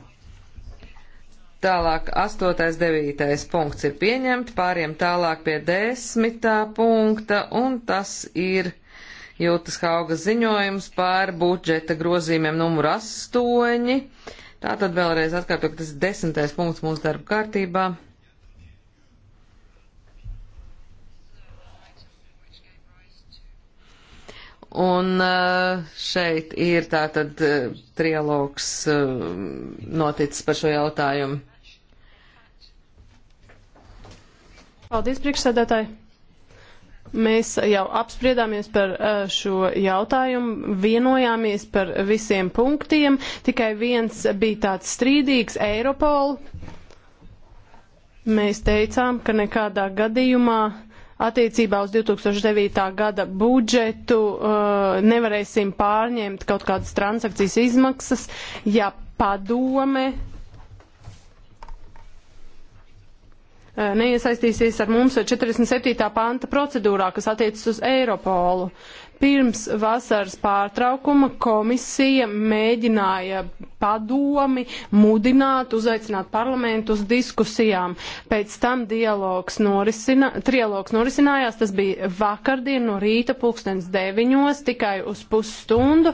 Tālāk 8. 9. punkts ir pieņemts, pāriem tālāk pie 10. punkta, un tas ir Jūtas Haugas ziņojums par budžeta grozījumiem numur 8. Tātad vēlreiz atkārtot, ka tas ir desmitais punkts mūsu darba kārtībā. Un eh, šeit ir tātad eh, trialogs eh, noticis par šo jautājumu. Paldies, priekšsēdētāji! Mēs jau apspriedāmies par uh, šo jautājumu, vienojāmies par visiem punktiem, tikai viens bija tāds strīdīgs - Eiropol. Mēs teicām, ka nekādā gadījumā attiecībā uz 2009. gada budžetu uh, nevarēsim pārņemt kaut kādas transakcijas izmaksas, ja padome Eh, neiesaistīsies ar mums 47. panta procedūrā, kas attiecas uz Eiropolu. Pirms vasaras pārtraukuma komisija mēģināja padomi mudināt, uzaicināt parlamentu uz diskusijām. Pēc tam dialogs norisina, trialogs norisinājās, tas bija vakardien no rīta pulkstens deviņos, tikai uz pusstundu.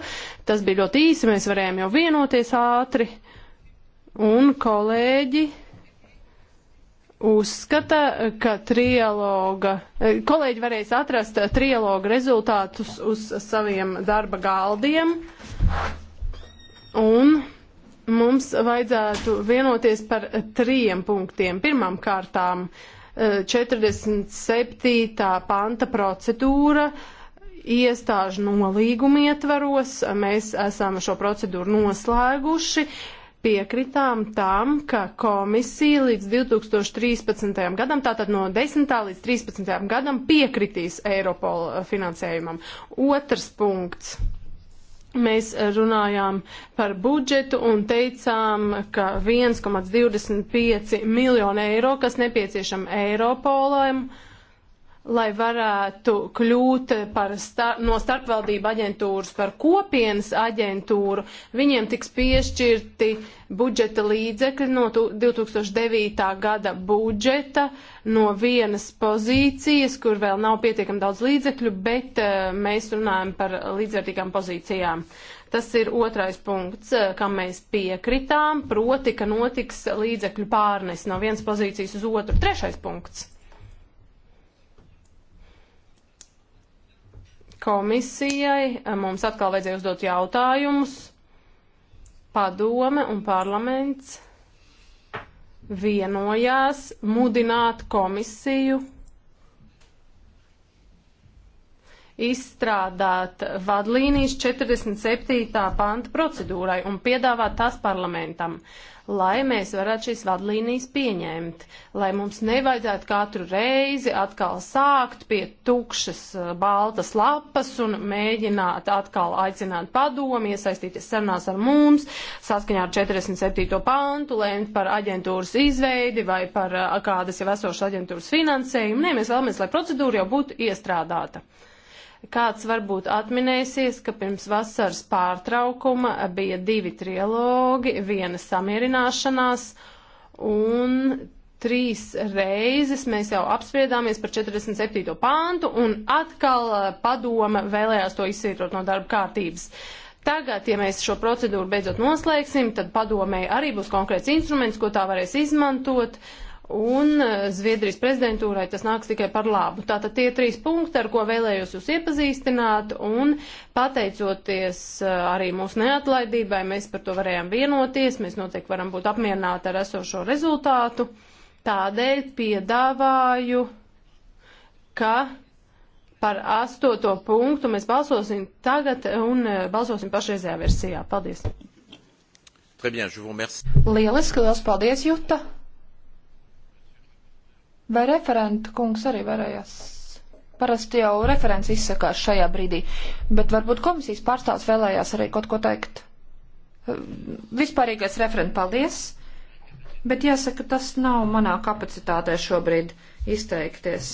Tas bija ļoti īsi, mēs varējām jau vienoties ātri. Un kolēģi uzskata, ka trialoga, kolēģi varēs atrast trialoga rezultātus uz saviem darba galdiem. Un mums vajadzētu vienoties par trījiem punktiem. Pirmām kārtām 47. E, panta procedūra iestāžu nolīgumu ietvaros. Mēs esam šo procedūru noslēguši. Uh, piekritām tam, ka komisija līdz 2013. gadam, tātad no 10. līdz 13. gadam piekritīs Eiropola finansējumam. Otrs punkts mēs runājām par budžetu un teicām, ka 1,25 miljonu eiro, kas nepieciešama Eiropolam, uh, lai varētu kļūt par star no starpvaldību aģentūras par kopienas aģentūru, viņiem tiks piešķirti budžeta līdzekļi no 2009. gada budžeta, no vienas pozīcijas, kur vēl nav pietiekami daudz līdzekļu, bet uh, mēs runājam par līdzvērtīgām pozīcijām. Tas ir otrais punkts, eh, kam mēs piekritām, proti, ka notiks līdzekļu pārnes no vienas pozīcijas uz otru. Trešais punkts komisijai. Mums atkal vajadzēja uzdot jautājumus. Padome un parlaments vienojās mudināt komisiju izstrādāt vadlīnijas 47. panta procedūrai un piedāvāt tās parlamentam, lai mēs varētu šīs vadlīnijas pieņemt, lai mums nevajadzētu katru reizi atkal sākt pie tukšas eh, baltas lapas un mēģināt atkal aicināt padomu, iesaistīties sarunās ar mums, saskaņā ar 47. pantu, lēmt par aģentūras izveidi vai par eh, kādas jau esošas aģentūras finansējumu. Nē, mēs vēlamies, lai procedūra jau būtu iestrādāta. Kāds varbūt atminēsies, ka pirms vasaras pārtraukuma bija divi trilogi, viena samierināšanās un trīs reizes mēs jau apspriedāmies par 47. pāntu un atkal eh, padoma vēlējās to izsvītrot no darba kārtības. Tagad, ja mēs šo procedūru beidzot noslēgsim, tad padomēji arī būs konkrēts instruments, ko tā varēs izmantot. Uh, un eh, Zviedrijas prezidentūrai tas nāks tikai par labu. Tātad tie trīs punkti, ar ko vēlējos jūs iepazīstināt, un pateicoties eh, arī mūsu neatlaidībai, mēs par to varējām vienoties, mēs noteikti varam būt apmierināti ar esošo rezultātu. Tādēļ piedāvāju, ka par astoto punktu mēs balsosim tagad un eh, balsosim pašreizējā versijā. Paldies! Très bien, je vous remercie. Lieliski, liels paldies, Juta! Vai referenta kungs arī varējās? Parasti jau referents izsakās šajā brīdī, bet varbūt komisijas pārstāvs vēlējās arī kaut ko teikt. Vispārīgais referent, paldies! Bet jāsaka, tas nav manā kapacitātē šobrīd izteikties.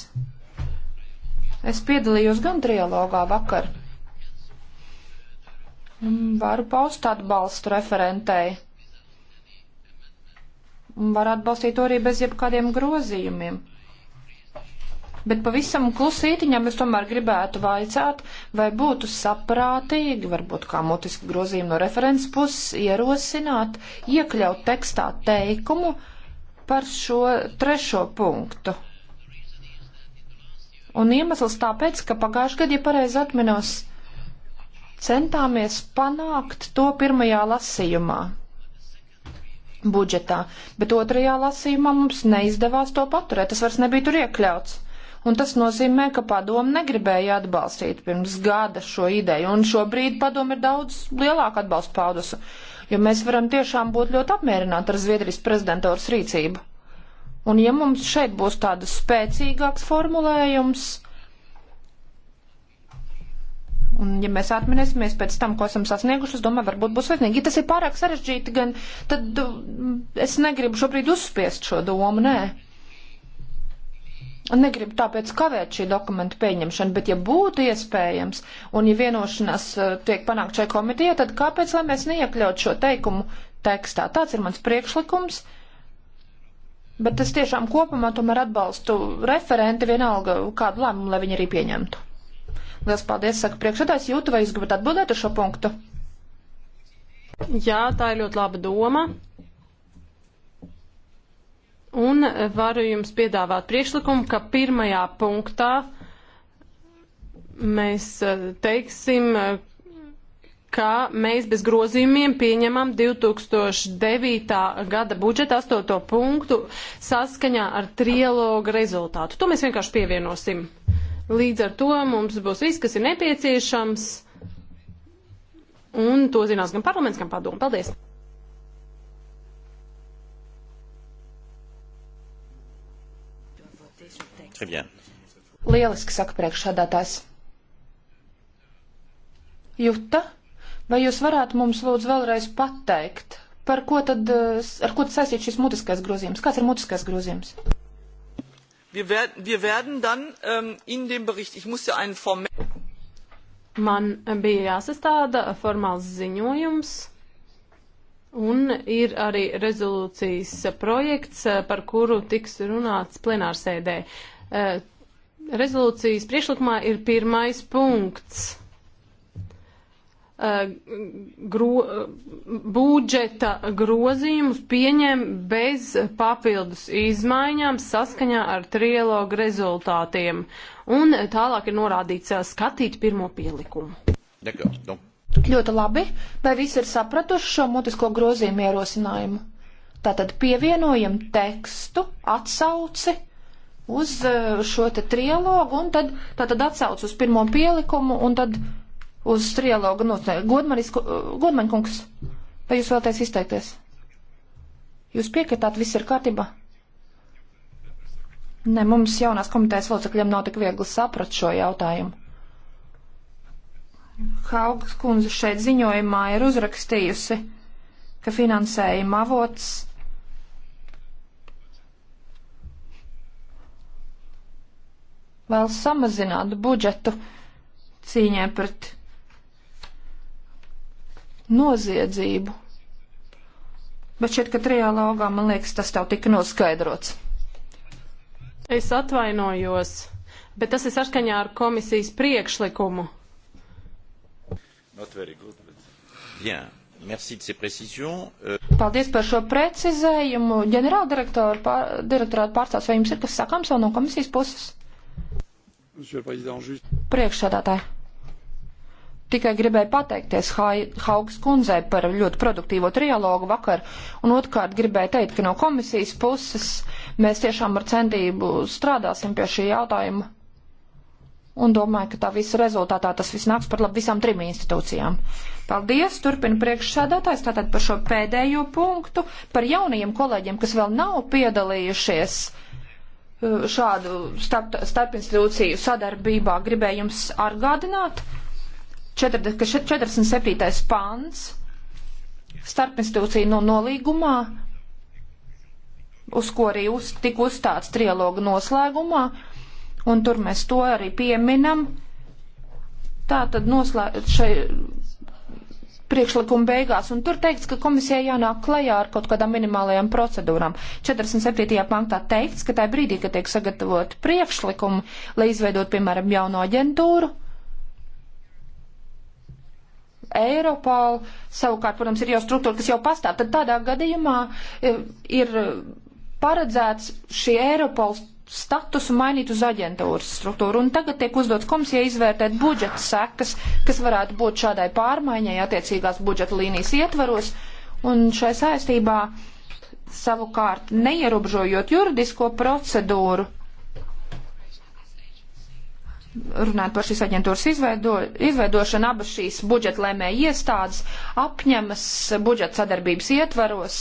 Es piedalījos gan trialogā vakar. Varu paust atbalstu referentei var atbalstīt to arī bez jebkādiem grozījumiem. Bet pavisam klusītiņam es tomēr gribētu vaicāt, vai būtu saprātīgi, varbūt kā mutisku grozījumu no referents puses, ierosināt, iekļaut tekstā teikumu par šo trešo punktu. Un iemesls tāpēc, ka pagājušajā gadā, ja pareizi atminos, centāmies panākt to pirmajā lasījumā budžetā, bet otrajā lasījumā mums neizdevās to paturēt, tas vairs nebija tur iekļauts. Un tas nozīmē, ka padomu negribēja atbalstīt pirms gada šo ideju, un šobrīd padomu ir daudz lielāku atbalstu paudusu, jo mēs varam tiešām būt ļoti apmierināti ar Zviedrijas prezidentūras rīcību. Un ja mums šeit būs tāds spēcīgāks formulējums, uh, Un, ja mēs atminēsimies pēc tam, ko esam sasnieguši, es domāju, varbūt būs vērtīgi. Ja tas ir pārāk sarežģīti, gan tad uh, es negribu šobrīd uzspiest šo domu, nē. Negribu tāpēc kavēt šī dokumenta pieņemšanu, bet ja būtu iespējams un ja vienošanās uh, tiek panākt šai komitejai, tad kāpēc, lai mēs neiekļaut šo teikumu tekstā? Tāds ir mans priekšlikums. Bet es tiešām kopumā tomēr atbalstu referenti vienalga kādu lēmumu, lai viņi arī pieņemtu. Liels paldies, saka priekšsēdājs Jūta, vai jūs gribat atbildēt uz šo punktu? Jā, tā ir ļoti laba doma. Un varu jums piedāvāt priekšlikumu, ka pirmajā punktā mēs e, teiksim, e, ka mēs bez grozījumiem pieņemam 2009. gada budžeta 8. punktu saskaņā ar trialoga rezultātu. To mēs vienkārši pievienosim. Līdz ar to mums būs viss, kas ir nepieciešams, un to zinās gan parlaments, gan padomu. Paldies! Très bien. Lieliski saka priekšsādātājs. Juta, vai jūs varētu mums lūdzu vēlreiz pateikt, par ko tad, eh, ar ko tas saistīts šis mutiskais grozījums? Kāds ir mutiskais grozījums? Wir werden, wir werden dann ähm, in dem Bericht, ich muss ja einen formellen. Man bija jāsastāda formāls ziņojums. Un ir arī rezolūcijas projekts, par kuru tiks runāts plenārsēdē. Rezolūcijas priekšlikumā ir pirmais punkts. Eh, gro, budžeta grozījumus pieņem bez papildus izmaiņām saskaņā ar trilogu rezultātiem. Un tālāk ir norādīts eh, skatīt pirmo pielikumu. Dekā, Ļoti labi. Vai visi ir sapratuši šo mutisko grozījumu ierosinājumu? Tātad pievienojam tekstu, atsauci uz eh, šo te trilogu un tad, tātad atsauc uz pirmo pielikumu un tad uz trialoga notnē. Godmanis, Godmaņa kungs, vai jūs vēlaties izteikties? Jūs piekritāt, viss ir kārtībā? Nē, mums jaunās komitejas locekļiem nav tik viegli saprast šo jautājumu. Haugas kundze šeit ziņojumā ir uzrakstījusi, ka finansējuma avots vēl samazināt budžetu cīņai pret noziedzību. Bet šeit, ka trialogā, man liekas, tas tev tika noskaidrots. Es atvainojos, bet tas ir saskaņā ar komisijas priekšlikumu. Good, but... yeah. Euh, Paldies par šo precizējumu. Ģenerāldirektora pār, direktorāta pārstāvs, vai jums ir kas sakāms vēl no komisijas puses? Priekšsādātāji. Tikai gribēju pateikties Haugas kundzei par ļoti produktīvo trialogu vakar, un otrkārt gribēju teikt, ka no komisijas puses mēs tiešām ar centību strādāsim pie šī jautājuma, un domāju, ka tā visa rezultātā tas viss nāks par labu visām trim institūcijām. Paldies, turpina priekšsēdētājs, tātad par šo pēdējo punktu, par jaunajiem kolēģiem, kas vēl nav piedalījušies uh, šādu starp, starp institūciju sadarbībā, gribēju jums atgādināt 47. pāns starpinstitūciju no nolīgumā, uz ko arī uz, tika uzstāts trialoga noslēgumā, un tur mēs to arī pieminam. Tā tad noslēg šai priekšlikuma beigās, un tur teikts, ka komisijai jānāk klajā ar kaut kādām minimālajām procedūrām. 47. punktā teikts, ka tajā brīdī, kad tiek sagatavot priekšlikumu, lai izveidot, piemēram, jaunu aģentūru, Eiropālu, savukārt, protams, ir jau struktūra, kas jau pastāv, tad tādā gadījumā e, ir paredzēts šī Eiropols statusu mainīt uz aģentūras struktūru. Un tagad tiek uzdots komisijai izvērtēt budžeta sekas, kas varētu būt šādai pārmaiņai attiecīgās budžeta līnijas ietvaros. Un šai saistībā savukārt neierobežojot juridisko procedūru, runājot par šīs aģentūras izveido, izveidošanu, abas šīs budžeta lēmēja iestādes apņemas budžeta sadarbības ietvaros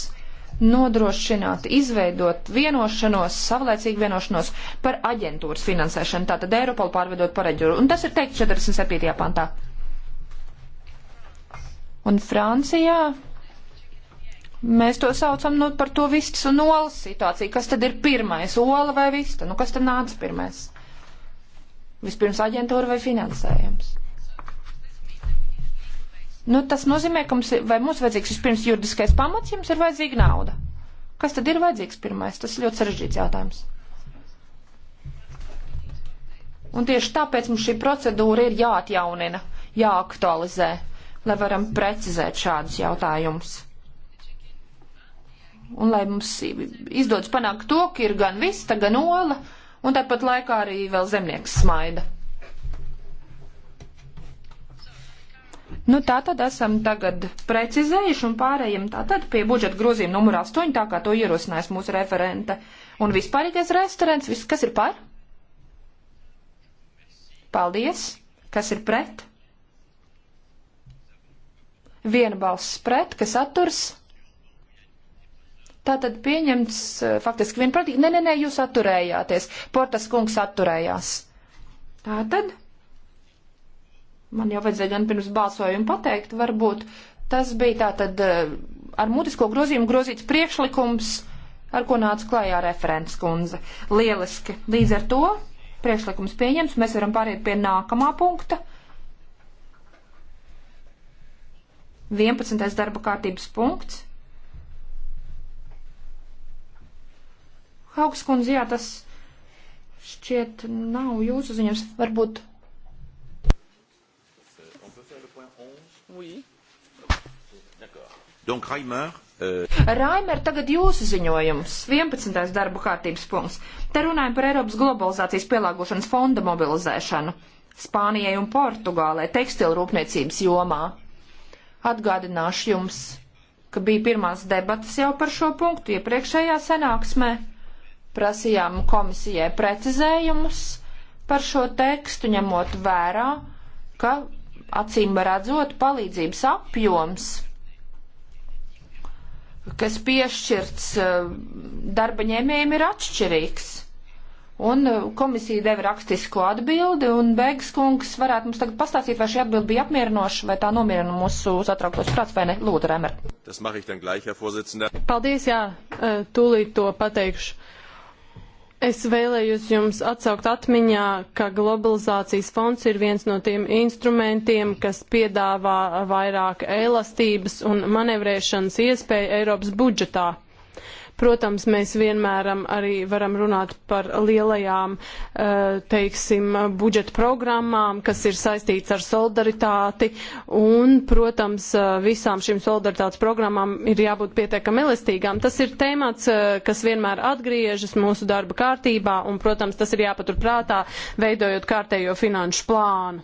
nodrošināt, izveidot vienošanos, savlaicīgu vienošanos par aģentūras finansēšanu, tātad Eiropolu pārvedot par aģentūru. Un tas ir teikt 47. pantā. Un Francijā mēs to saucam nu, par to vistas un olas situāciju. Kas tad ir pirmais, ola vai vista? Nu, kas tad nāca pirmais? Vispirms aģentūra vai finansējums? Nu, tas nozīmē, ka mums, vai mums vajadzīgs vispirms juridiskais pamats, jums ir vajadzīga nauda. Kas tad ir vajadzīgs pirmais? Tas ir ļoti sarežģīts jautājums. Un tieši tāpēc mums šī procedūra ir jāatjaunina, jāaktualizē, lai varam precizēt šādus jautājumus. Un lai mums izdodas panākt to, ka ir gan vista, gan ola, uh, un tāpat laikā arī vēl zemnieks smaida. Nu, tā tad esam tagad precizējuši un pārējiem tātad pie budžeta grozījuma numur 8, tā kā to ierosinājis mūsu referente. Un vispārīgais referents, viss, kas ir par? Paldies. Kas ir pret? Viena balss pret, kas atturs? Tātad pieņemts eh, faktiski vienprātīgi. Nē, nē, nē, jūs atturējāties. Portas kungs atturējās. Tātad man jau vajadzēja gan pirms balsojuma pateikt, varbūt tas bija tātad eh, ar mutisko grozījumu grozīts priekšlikums, ar ko nāca klājā referents kundze. Lieliski. Līdz ar to priekšlikums pieņems. Mēs varam pāriet pie nākamā punkta. 11. darba kārtības punkts. Haugskundze, jā, tas šķiet nav jūsu ziņas, varbūt. Donc, Raimer, uh... Raimer, tagad jūsu ziņojums, 11. darba kārtības punkts. Te runājam par Eiropas globalizācijas pielāgošanas fonda mobilizēšanu Spānijai un Portugālei tekstilrūpniecības jomā. Atgādināšu jums, ka bija pirmās debatas jau par šo punktu iepriekšējā sanāksmē prasījām komisijai precizējumus par šo tekstu, ņemot vērā, ka acīm redzot palīdzības apjoms kas piešķirts eh, darba ņēmējiem, ir atšķirīgs. Un eh, komisija deva rakstisko atbildi, un Bēgas kungs varētu mums tagad pastāstīt, vai šī atbildi bija apmierinoša, vai tā nomierina mūsu satrauktos prāts, vai ne? Lūdzu, Remer. Gleich, Paldies, jā, eh, tūlīt to pateikšu. Es vēlējos jums atsaukt atmiņā, ka globalizācijas fonds ir viens no tiem instrumentiem, kas piedāvā vairāk elastības un manevrēšanas iespēju Eiropas budžetā. Protams, mēs vienmēr arī varam runāt par lielajām, eh, teiksim, budžeta programmām, kas ir saistīts ar solidaritāti, un, protams, eh, visām šīm solidaritātes programmām ir jābūt pietiekami elastīgām. Tas ir temats, eh, kas vienmēr atgriežas mūsu darba kārtībā, un, protams, tas ir jāpatur prātā, veidojot kārtējo finanšu plānu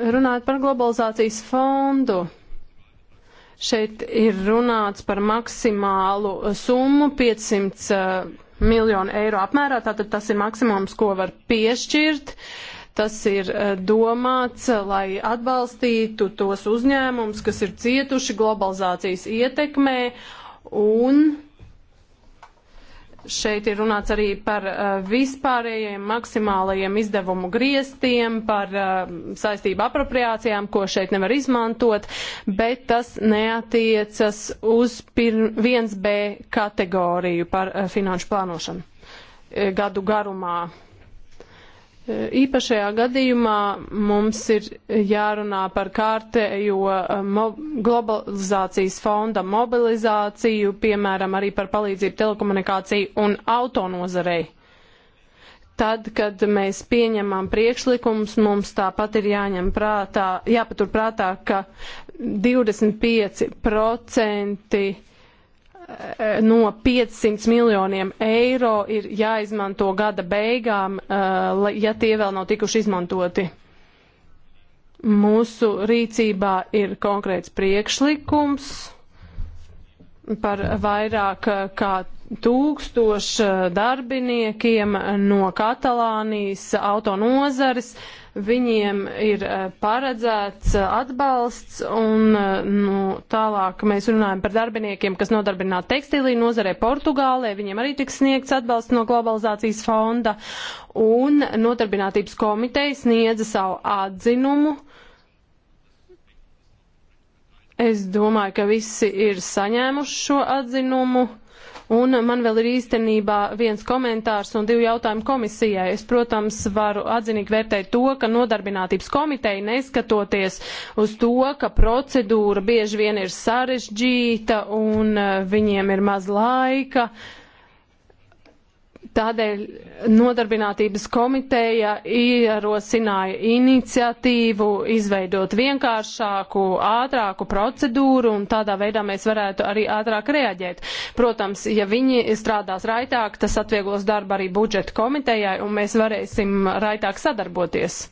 runājot par globalizācijas fondu. Šeit ir runāts par maksimālu summu 500 eh, miljonu eiro apmērā, tātad tas ir maksimums, ko var piešķirt. Uh, tas ir eh, domāts, eh, lai atbalstītu tos uzņēmumus, kas ir cietuši globalizācijas ietekmē un Šeit ir runāts arī par uh, vispārējiem maksimālajiem izdevumu griestiem, par uh, saistību apropriācijām, ko šeit nevar izmantot, bet tas neatiecas uz 1B kategoriju par uh, finanšu plānošanu uh, gadu garumā. E, īpašajā gadījumā mums ir jārunā par kārtējo e, globalizācijas fonda mobilizāciju, piemēram, arī par palīdzību telekomunikāciju un autonozarei. Tad, kad mēs pieņemam priekšlikumus, mums tāpat ir jāņem prātā, jāpatur prātā, ka 25% Eh, no 500 miljoniem eiro ir jāizmanto gada beigām, eh, ja tie vēl nav tikuši izmantoti. Mūsu rīcībā ir konkrēts priekšlikums par vairāk eh, kā tūkstošu darbiniekiem no Katalānijas autonozares, uh, viņiem ir eh, paredzēts eh, atbalsts un eh, nu, tālāk mēs runājam par darbiniekiem, kas nodarbināti tekstilī nozarē Portugālē, viņiem arī tiks sniegts atbalsts no globalizācijas fonda un nodarbinātības komiteja sniedza savu atzinumu. Es domāju, ka visi ir saņēmuši šo atzinumu. Un man vēl ir īstenībā viens komentārs un divi jautājumi komisijai. Es, protams, varu atzinīgi vērtēt to, ka nodarbinātības komiteja, neskatoties uz to, ka procedūra bieži vien ir sarežģīta un eh, viņiem ir maz laika, uh, Tādēļ nodarbinātības komiteja ierosināja iniciatīvu izveidot vienkāršāku, ātrāku procedūru un tādā veidā mēs varētu arī ātrāk reaģēt. Protams, ja viņi strādās raitāk, tas atvieglos darbu arī budžeta komitejai un mēs varēsim raitāk sadarboties.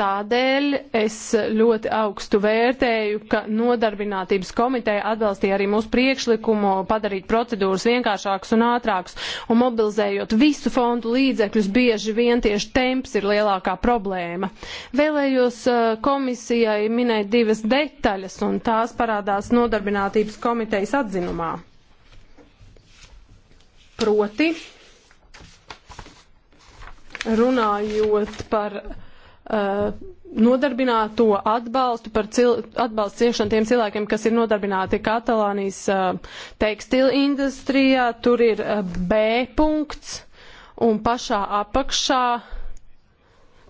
Tādēļ es ļoti augstu vērtēju, ka nodarbinātības komiteja atbalstīja arī mūsu priekšlikumu padarīt procedūras vienkāršākas un ātrākas, un mobilizējot visu fondu līdzekļus, bieži vien tieši temps ir lielākā problēma. Vēlējos uh, komisijai minēt divas detaļas, un tās parādās nodarbinātības komitejas atzinumā. Proti, runājot par uh, nodarbināto atbalstu par cil, atbalstu ciešanu tiem cilvēkiem, kas ir nodarbināti Katalānijas uh, tekstila industrijā. Tur ir uh, B punkts un pašā apakšā.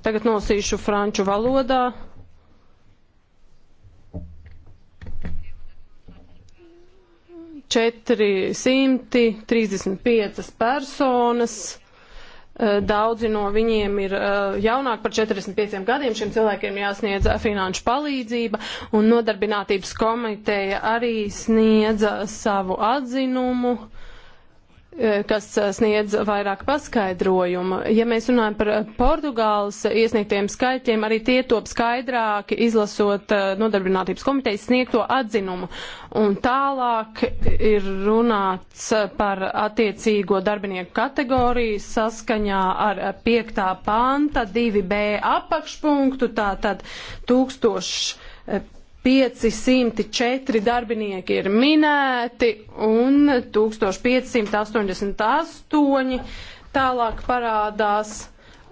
Tagad nosīšu franču valodā. Četri simti trīsdesmit piecas personas Eh, daudzi no viņiem ir eh, jaunāki par 45 gadiem, šiem cilvēkiem jāsniedz finanšu palīdzība, un nodarbinātības komiteja arī sniedza savu atzinumu. Eh, kas eh, sniedz vairāk paskaidrojumu. Ja mēs runājam par eh, Portugāles iesniegtiem skaitļiem, arī tie top skaidrāki izlasot nodarbinātības komitejas sniegto atzinumu. Un tālāk ir runāts par attiecīgo darbinieku kategoriju saskaņā ar 5. panta 2b apakšpunktu, tātad 1000. 504 darbinieki ir minēti un 1588 tālāk parādās.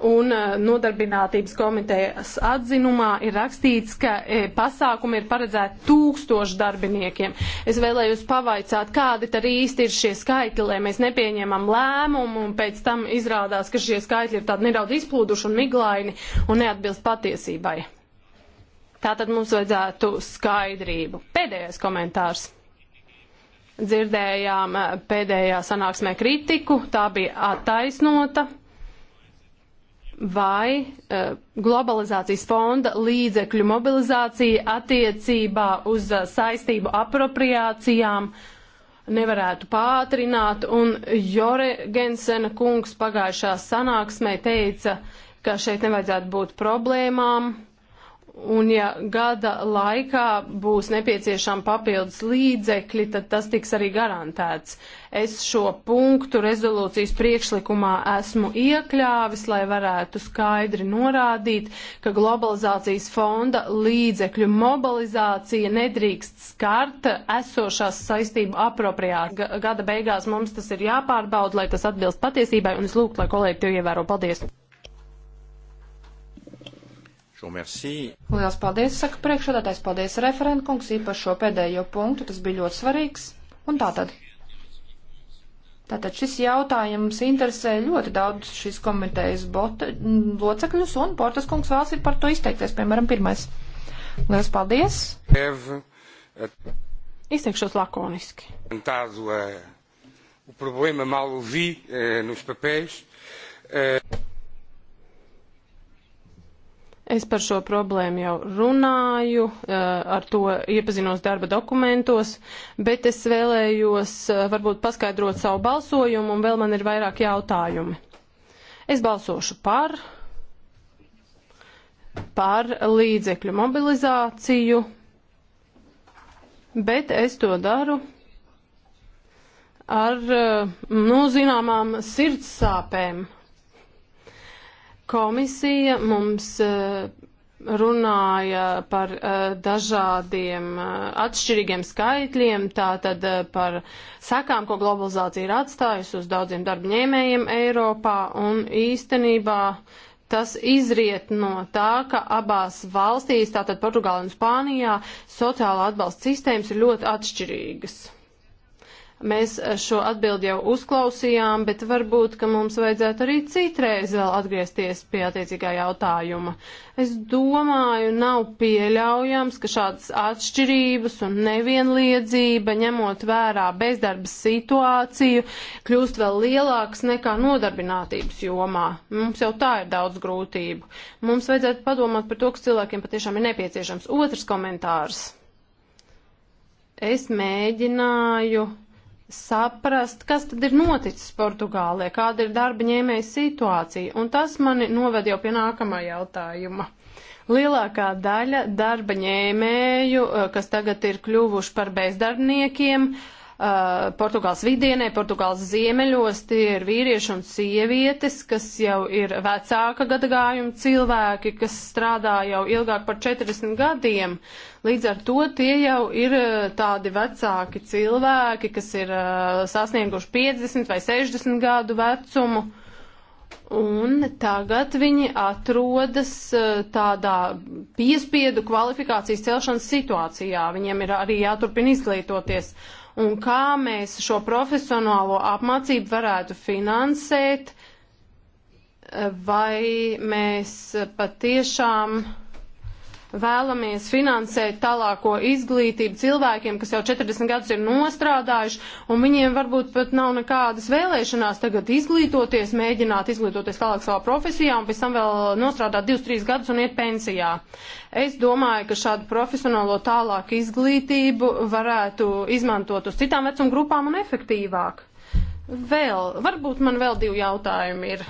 Un eh, nodarbinātības komitejas atzinumā ir rakstīts, ka eh, pasākumi ir paredzēti tūkstošu darbiniekiem. Es vēlējos pavaicāt, kādi tad īsti ir šie skaitļi, lai mēs nepieņemam lēmumu un pēc tam izrādās, ka šie skaitļi ir tādi nedaudz izplūduši un miglaini un neatbilst patiesībai. Tātad mums vajadzētu skaidrību. Pēdējais komentārs dzirdējām eh, pēdējā sanāksmē kritiku, tā bija attaisnota, vai eh, globalizācijas fonda līdzekļu mobilizācija attiecībā uz eh, saistību apropriācijām nevarētu pātrināt, un Jore Gensena kungs pagājušā sanāksmē teica, ka šeit nevajadzētu būt problēmām Un ja gada laikā būs nepieciešama papildus līdzekļi, tad tas tiks arī garantēts. Es šo punktu rezolūcijas priekšlikumā esmu iekļāvis, lai varētu skaidri norādīt, ka globalizācijas fonda līdzekļu mobilizācija nedrīkst skart esošās saistību apropriāt. Gada beigās mums tas ir jāpārbauda, lai tas atbilst patiesībai, un es lūgtu, lai kolēģi to ievēro. Paldies! Lielas paldies, saka priekšādātais, paldies referentkungs īpaši šo pēdējo punktu, tas bija ļoti svarīgs. Un tātad. Tātad šis jautājums interesē ļoti daudz šīs komitejas bota, locekļus, un Portas kungs vēlas ir par to izteikties, piemēram, pirmais. Lielas paldies! Ev, et... Izteikšos lakoniski. Tādu, e, uh, o problēma mal ouvi uh, nos papéis. Uh... Es par šo problēmu jau runāju, eh, ar to iepazinos darba dokumentos, bet es vēlējos eh, varbūt paskaidrot savu balsojumu un vēl man ir vairāk jautājumi. Es balsošu par, par līdzekļu mobilizāciju, bet es to daru ar, eh, nu, zināmām sirds sāpēm. Komisija mums eh, runāja par eh, dažādiem eh, atšķirīgiem skaitļiem, tātad par sekām, ko globalizācija ir atstājusi uz daudziem darbņēmējiem Eiropā un īstenībā Tas izriet no tā, ka abās valstīs, tātad Portugālē un Spānijā, sociāla atbalsta sistēmas ir ļoti atšķirīgas. Mēs eh, šo atbildi jau uzklausījām, bet varbūt, ka mums vajadzētu arī citreiz vēl atgriezties pie attiecīgā jautājuma. Es domāju, nav pieļaujams, ka šādas atšķirības un nevienliedzība, ņemot vērā bezdarbas situāciju, kļūst vēl lielāks nekā nodarbinātības jomā. Mums jau tā ir daudz grūtību. Mums vajadzētu padomāt par to, kas cilvēkiem patiešām ir nepieciešams. Otrs komentārs. Es mēģināju saprast, kas tad ir noticis Portugālē, kāda ir darba ņēmēja situācija. Un tas mani noved jau pie nākamā jautājuma. Lielākā daļa darba ņēmēju, eh, kas tagad ir kļuvuši par bezdarbniekiem, uh, uh, Portugāles vidienē, Portugāles ziemeļos, tie ir vīrieši un sievietes, kas jau ir vecāka gadagājuma cilvēki, kas strādā jau ilgāk par 40 gadiem. Līdz ar to tie jau ir eh, tādi vecāki cilvēki, kas ir uh, sasnieguši 50 vai 60 gadu vecumu. Un tagad viņi atrodas tādā piespiedu kvalifikācijas celšanas situācijā. Viņiem ir arī jāturpina izglītoties un kā mēs šo profesionālo apmācību varētu finansēt, vai mēs patiešām vēlamies finansēt tālāko izglītību cilvēkiem, kas jau 40 gadus ir nostrādājuši, un viņiem varbūt pat nav nekādas vēlēšanās tagad izglītoties, mēģināt izglītoties tālāk savā profesijā, un pēc tam vēl nostrādāt 2-3 gadus un iet pensijā. Es domāju, ka šādu profesionālo tālāku izglītību varētu izmantot uz citām vecuma grupām un efektīvāk. Vēl, varbūt man vēl divi jautājumi ir.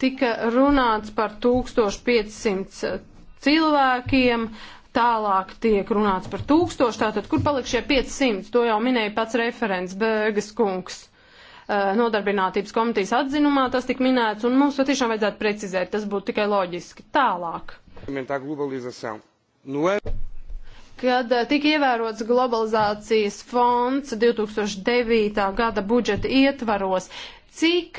Tika runāts par 1500 cilvēkiem, tālāk tiek runāts par 1000, tātad kur paliks šie 500, to jau minēja pats referents Bēgas kungs uh, nodarbinātības komitejas atzinumā tas tika minēts, un mums patiešām vajadzētu precizēt, tas būtu tikai loģiski. Tālāk. Nu, e- Kad uh, tika ievērots globalizācijas fonds 2009. gada budžeta ietvaros, cik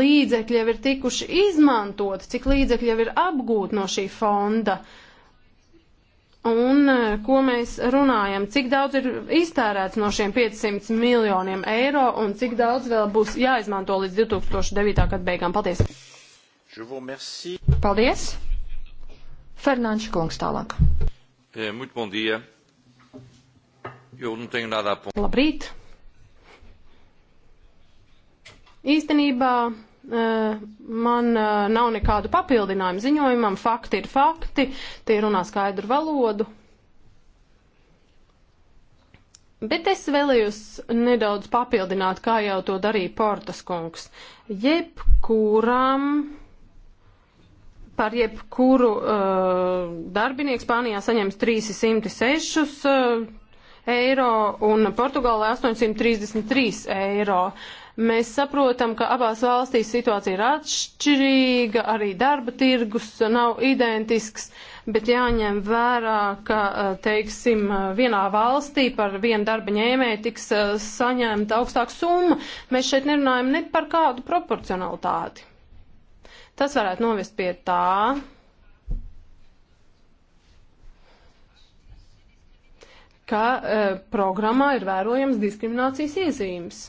līdzekļi jau ir tikuši izmantoti, cik līdzekļi jau ir apgūti no šī fonda. Un eh, ko mēs runājam, cik daudz ir iztērēts no šiem 500 miljoniem eiro un cik daudz vēl būs jāizmanto līdz 2009. gada beigām. Paldies! Paldies! Fernandes kungs tālāk. Eh, muito bom dia. Eu não tenho nada a apontar. Labrīt! Īstenībā eh, man eh, nav nekādu papildinājumu ziņojumam, fakti ir fakti, tie runā skaidru valodu. Bet es vēlējos nedaudz papildināt, kā jau to darīja Portas kungs. Jebkuram par jebkuru uh, darbinieku Spānijā saņems 306 uh, eiro un Portugālē 833 eiro. Uh, Mēs saprotam, ka abās valstīs situācija ir atšķirīga, arī darba tirgus nav identisks, bet jāņem vērā, ka, teiksim, vienā valstī par vienu darba ņēmēju tiks saņemta augstāka summa. Mēs šeit nerunājam ne par kādu proporcionalitāti. Tas varētu novest pie tā, ka e, programmā ir vērojams diskriminācijas iezīmes.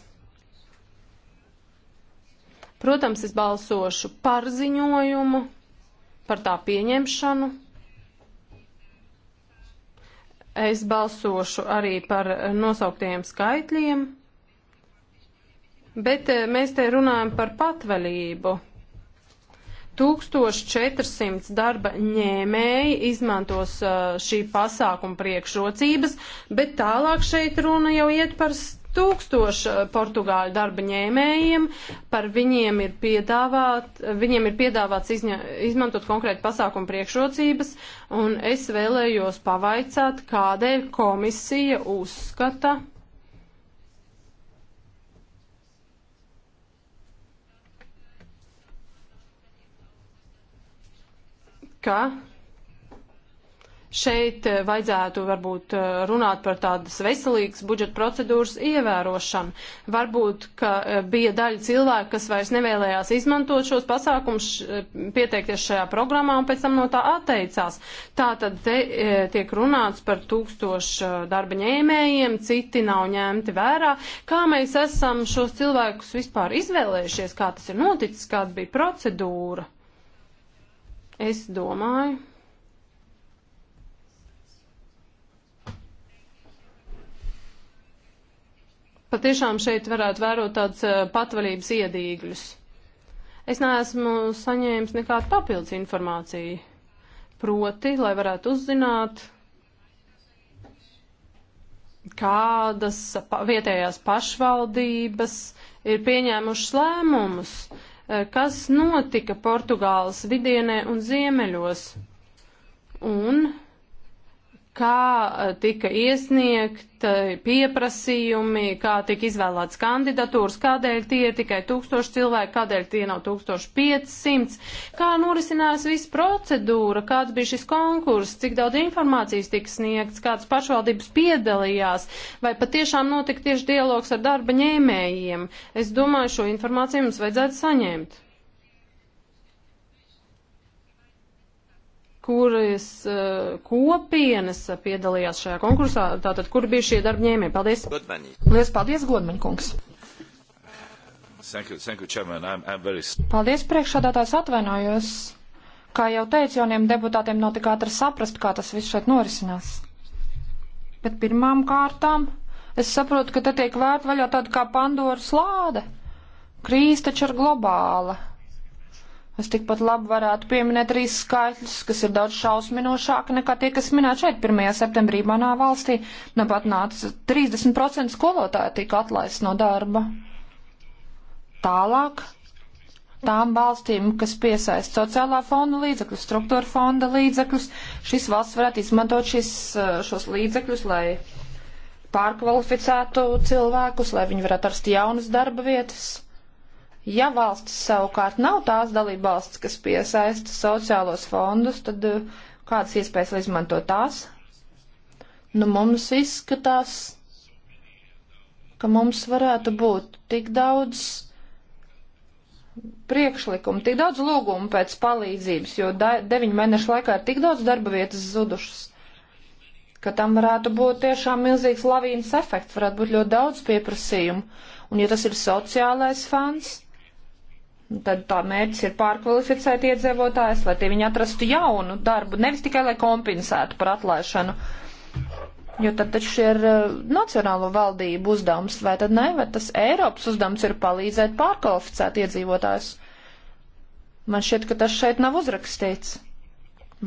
Protams, es balsošu par ziņojumu, par tā pieņemšanu. Es balsošu arī par nosauktajiem skaitļiem, bet eh, mēs te runājam par patvaļību. 1400 darba ņēmēji izmantos eh, šī pasākuma priekšrocības, bet tālāk šeit runa jau iet par tūkstoši eh, portugāļu darba ņēmējiem, par viņiem ir, piedāvāt, viņiem ir piedāvāts izņa, izmantot konkrēti pasākumu priekšrocības, un es vēlējos pavaicāt, kādēļ komisija uzskata. ka Šeit eh, vajadzētu varbūt eh, runāt par tādas veselīgas budžeta procedūras ievērošanu. Varbūt, ka eh, bija daļa cilvēku, kas vairs nevēlējās izmantot šos pasākumus, pieteikties šajā programmā un pēc tam no tā atteicās. Tā tad te, tiek runāts par tūkstošu darba ņēmējiem, citi nav ņemti vērā. Kā mēs esam šos cilvēkus vispār izvēlējušies, kā tas ir noticis, kāda bija procedūra? Es domāju patiešām šeit varētu vērot tāds eh, patvarības iedīgļus. Es neesmu saņēmis nekādu papildus informāciju. Proti, lai varētu uzzināt, kādas vietējās pašvaldības ir pieņēmušas lēmumus, eh, kas notika Portugāles vidienē un ziemeļos. Un kā eh, tika iesniegt pieprasījumi, kā tika izvēlēts kandidatūras, kādēļ tie ir tikai tūkstoši cilvēki, kādēļ tie nav 1500, kā norisinās viss procedūra, kāds bija šis konkurss, cik daudz informācijas tika sniegts, kādas pašvaldības piedalījās, vai patiešām notika tieši dialogs ar darba ņēmējiem. Es domāju, šo informāciju mums vajadzētu saņemt. kuras eh, kopienas piedalījās šajā konkursā, tātad kur bija šie darbņēmēji. Paldies! Godmani. Lielas paldies, Godmaņa kungs! Thank you, thank you, chairman. I'm, I'm very... Paldies, priekšādātājs atvainojos. Kā jau teicu, jauniem deputātiem nav tik ātri saprast, kā tas viss šeit norisinās. Bet pirmām kārtām es saprotu, ka te tiek vērt vaļā tāda kā Pandoras lāde. Krīze taču ir globāla Es tikpat labi varētu pieminēt arī skaitļus, kas ir daudz šausminošāki nekā tie, kas minēti šeit. 1. septembrī manā valstī nu pat nāca 30% skolotāja tika atlaist no darba. Tālāk tām valstīm, kas piesaista sociālā fonda līdzekļus, struktūra fonda līdzekļus, šis valsts varētu izmantot šis, šos līdzekļus, lai pārkvalificētu cilvēkus, lai viņi varētu atrast jaunas darba vietas Ja valsts savukārt nav tās dalība valsts, kas piesaista sociālos fondus, tad eh, kādas iespējas izmantot tās? Nu, mums izskatās, ka mums varētu būt tik daudz priekšlikumu, tik daudz lūgumu pēc palīdzības, jo deviņu mēnešu laikā ir tik daudz darba vietas zudušas, ka tam varētu būt tiešām milzīgs lavīnas efekts, varētu būt ļoti daudz pieprasījumu. Un ja tas ir sociālais fans, Tad tā mērķis ir pārkvalificēt iedzīvotājus, lai tie viņi atrastu jaunu darbu, nevis tikai lai kompensētu par atlaišanu. Jo tad taču ir eh, nacionālo valdību uzdevums, vai tad ne, vai tas Eiropas uzdevums ir palīdzēt pārkvalificēt iedzīvotājus. Man šķiet, ka tas šeit nav uzrakstīts.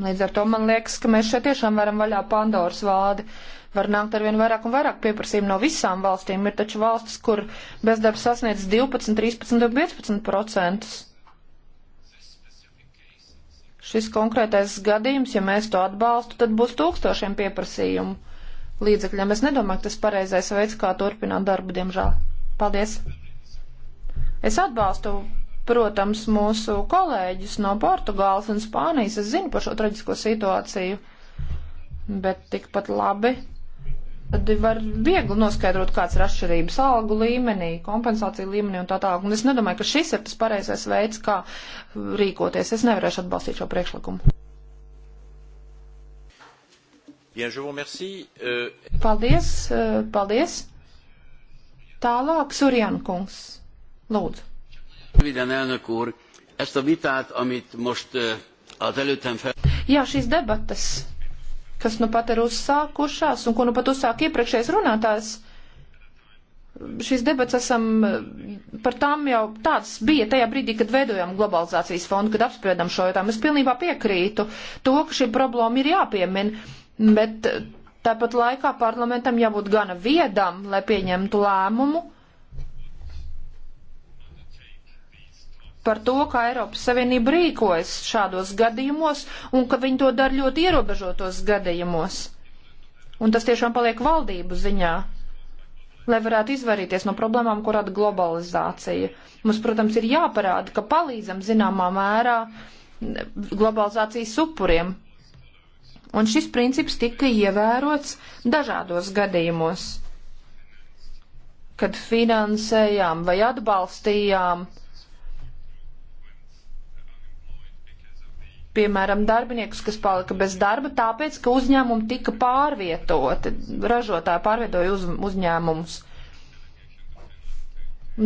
Līdz ar to man liekas, ka mēs šeit tiešām varam vaļā Pandoras vādi. Uh, var nākt ar vien vairāk un vairāk pieprasījumu no visām valstīm. Ir taču valstis, kur bezdarbs sasniedz 12, 13 un 15 procentus. Šis konkrētais gadījums, ja mēs to atbalstu, tad būs tūkstošiem pieprasījumu līdzekļiem. Es nedomāju, ka tas pareizais veids, kā turpināt darbu, diemžēl. Paldies! Es atbalstu protams, mūsu kolēģis no Portugāles un Spānijas. Es zinu par šo traģisko situāciju, bet tikpat labi tad var viegli noskaidrot, kāds ir atšķirības algu līmenī, kompensāciju līmenī un tā tālāk. Un es nedomāju, ka šis ir tas pareizais veids, kā rīkoties. Es nevarēšu atbalstīt šo priekšlikumu. Bien, je vous remercie. Euh... Paldies, euh, paldies. Tālāk Surjan kungs. Lūdzu. Röviden, elnök úr, ezt a vitát, amit most euh, az előttem fel... Jā, šīs debatas kas nu pat ir uzsākušās un ko nu pat uzsāk iepriekšējais runātājs. Šīs debats esam par tām jau tāds bija tajā brīdī, kad veidojam globalizācijas fondu, kad apspriedam šo jautājumu. Es pilnībā piekrītu to, ka šī problēma ir jāpiemin, bet tāpat laikā parlamentam jābūt gana viedam, lai pieņemtu lēmumu, par to, kā Eiropas Savienība rīkojas šādos gadījumos un ka viņi to dara ļoti ierobežotos gadījumos. Un tas tiešām paliek valdību ziņā, lai varētu izvairīties no problēmām, kur rada globalizācija. Mums, protams, ir jāparāda, ka palīdzam zināmā mērā globalizācijas upuriem. Un šis princips tika ievērots dažādos gadījumos, kad finansējām vai atbalstījām uh, piemēram, darbiniekus, kas palika bez darba, tāpēc, ka uzņēmumi tika pārvietoti, ražotāji pārvietoja uz, uzņēmumus.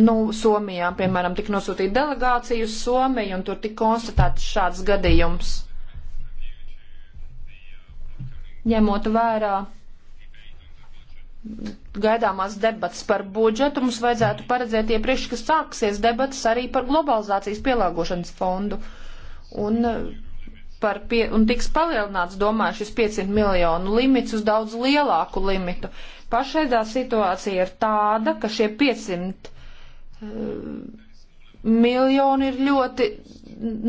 Nu, Somijā, piemēram, tika nosūtīta delegācija uz Somiju, un tur tika konstatēts šāds gadījums. Ņemot vērā gaidāmās debatas par budžetu, mums vajadzētu paredzēt iepriekš, ka sāksies debatas arī par globalizācijas pielāgošanas fondu. Un par pie, un tiks palielināts, domāju, šis 500 miljonu limits uz daudz lielāku limitu. Pašreidā situācija ir tāda, ka šie 500 uh, eh, miljoni ir ļoti,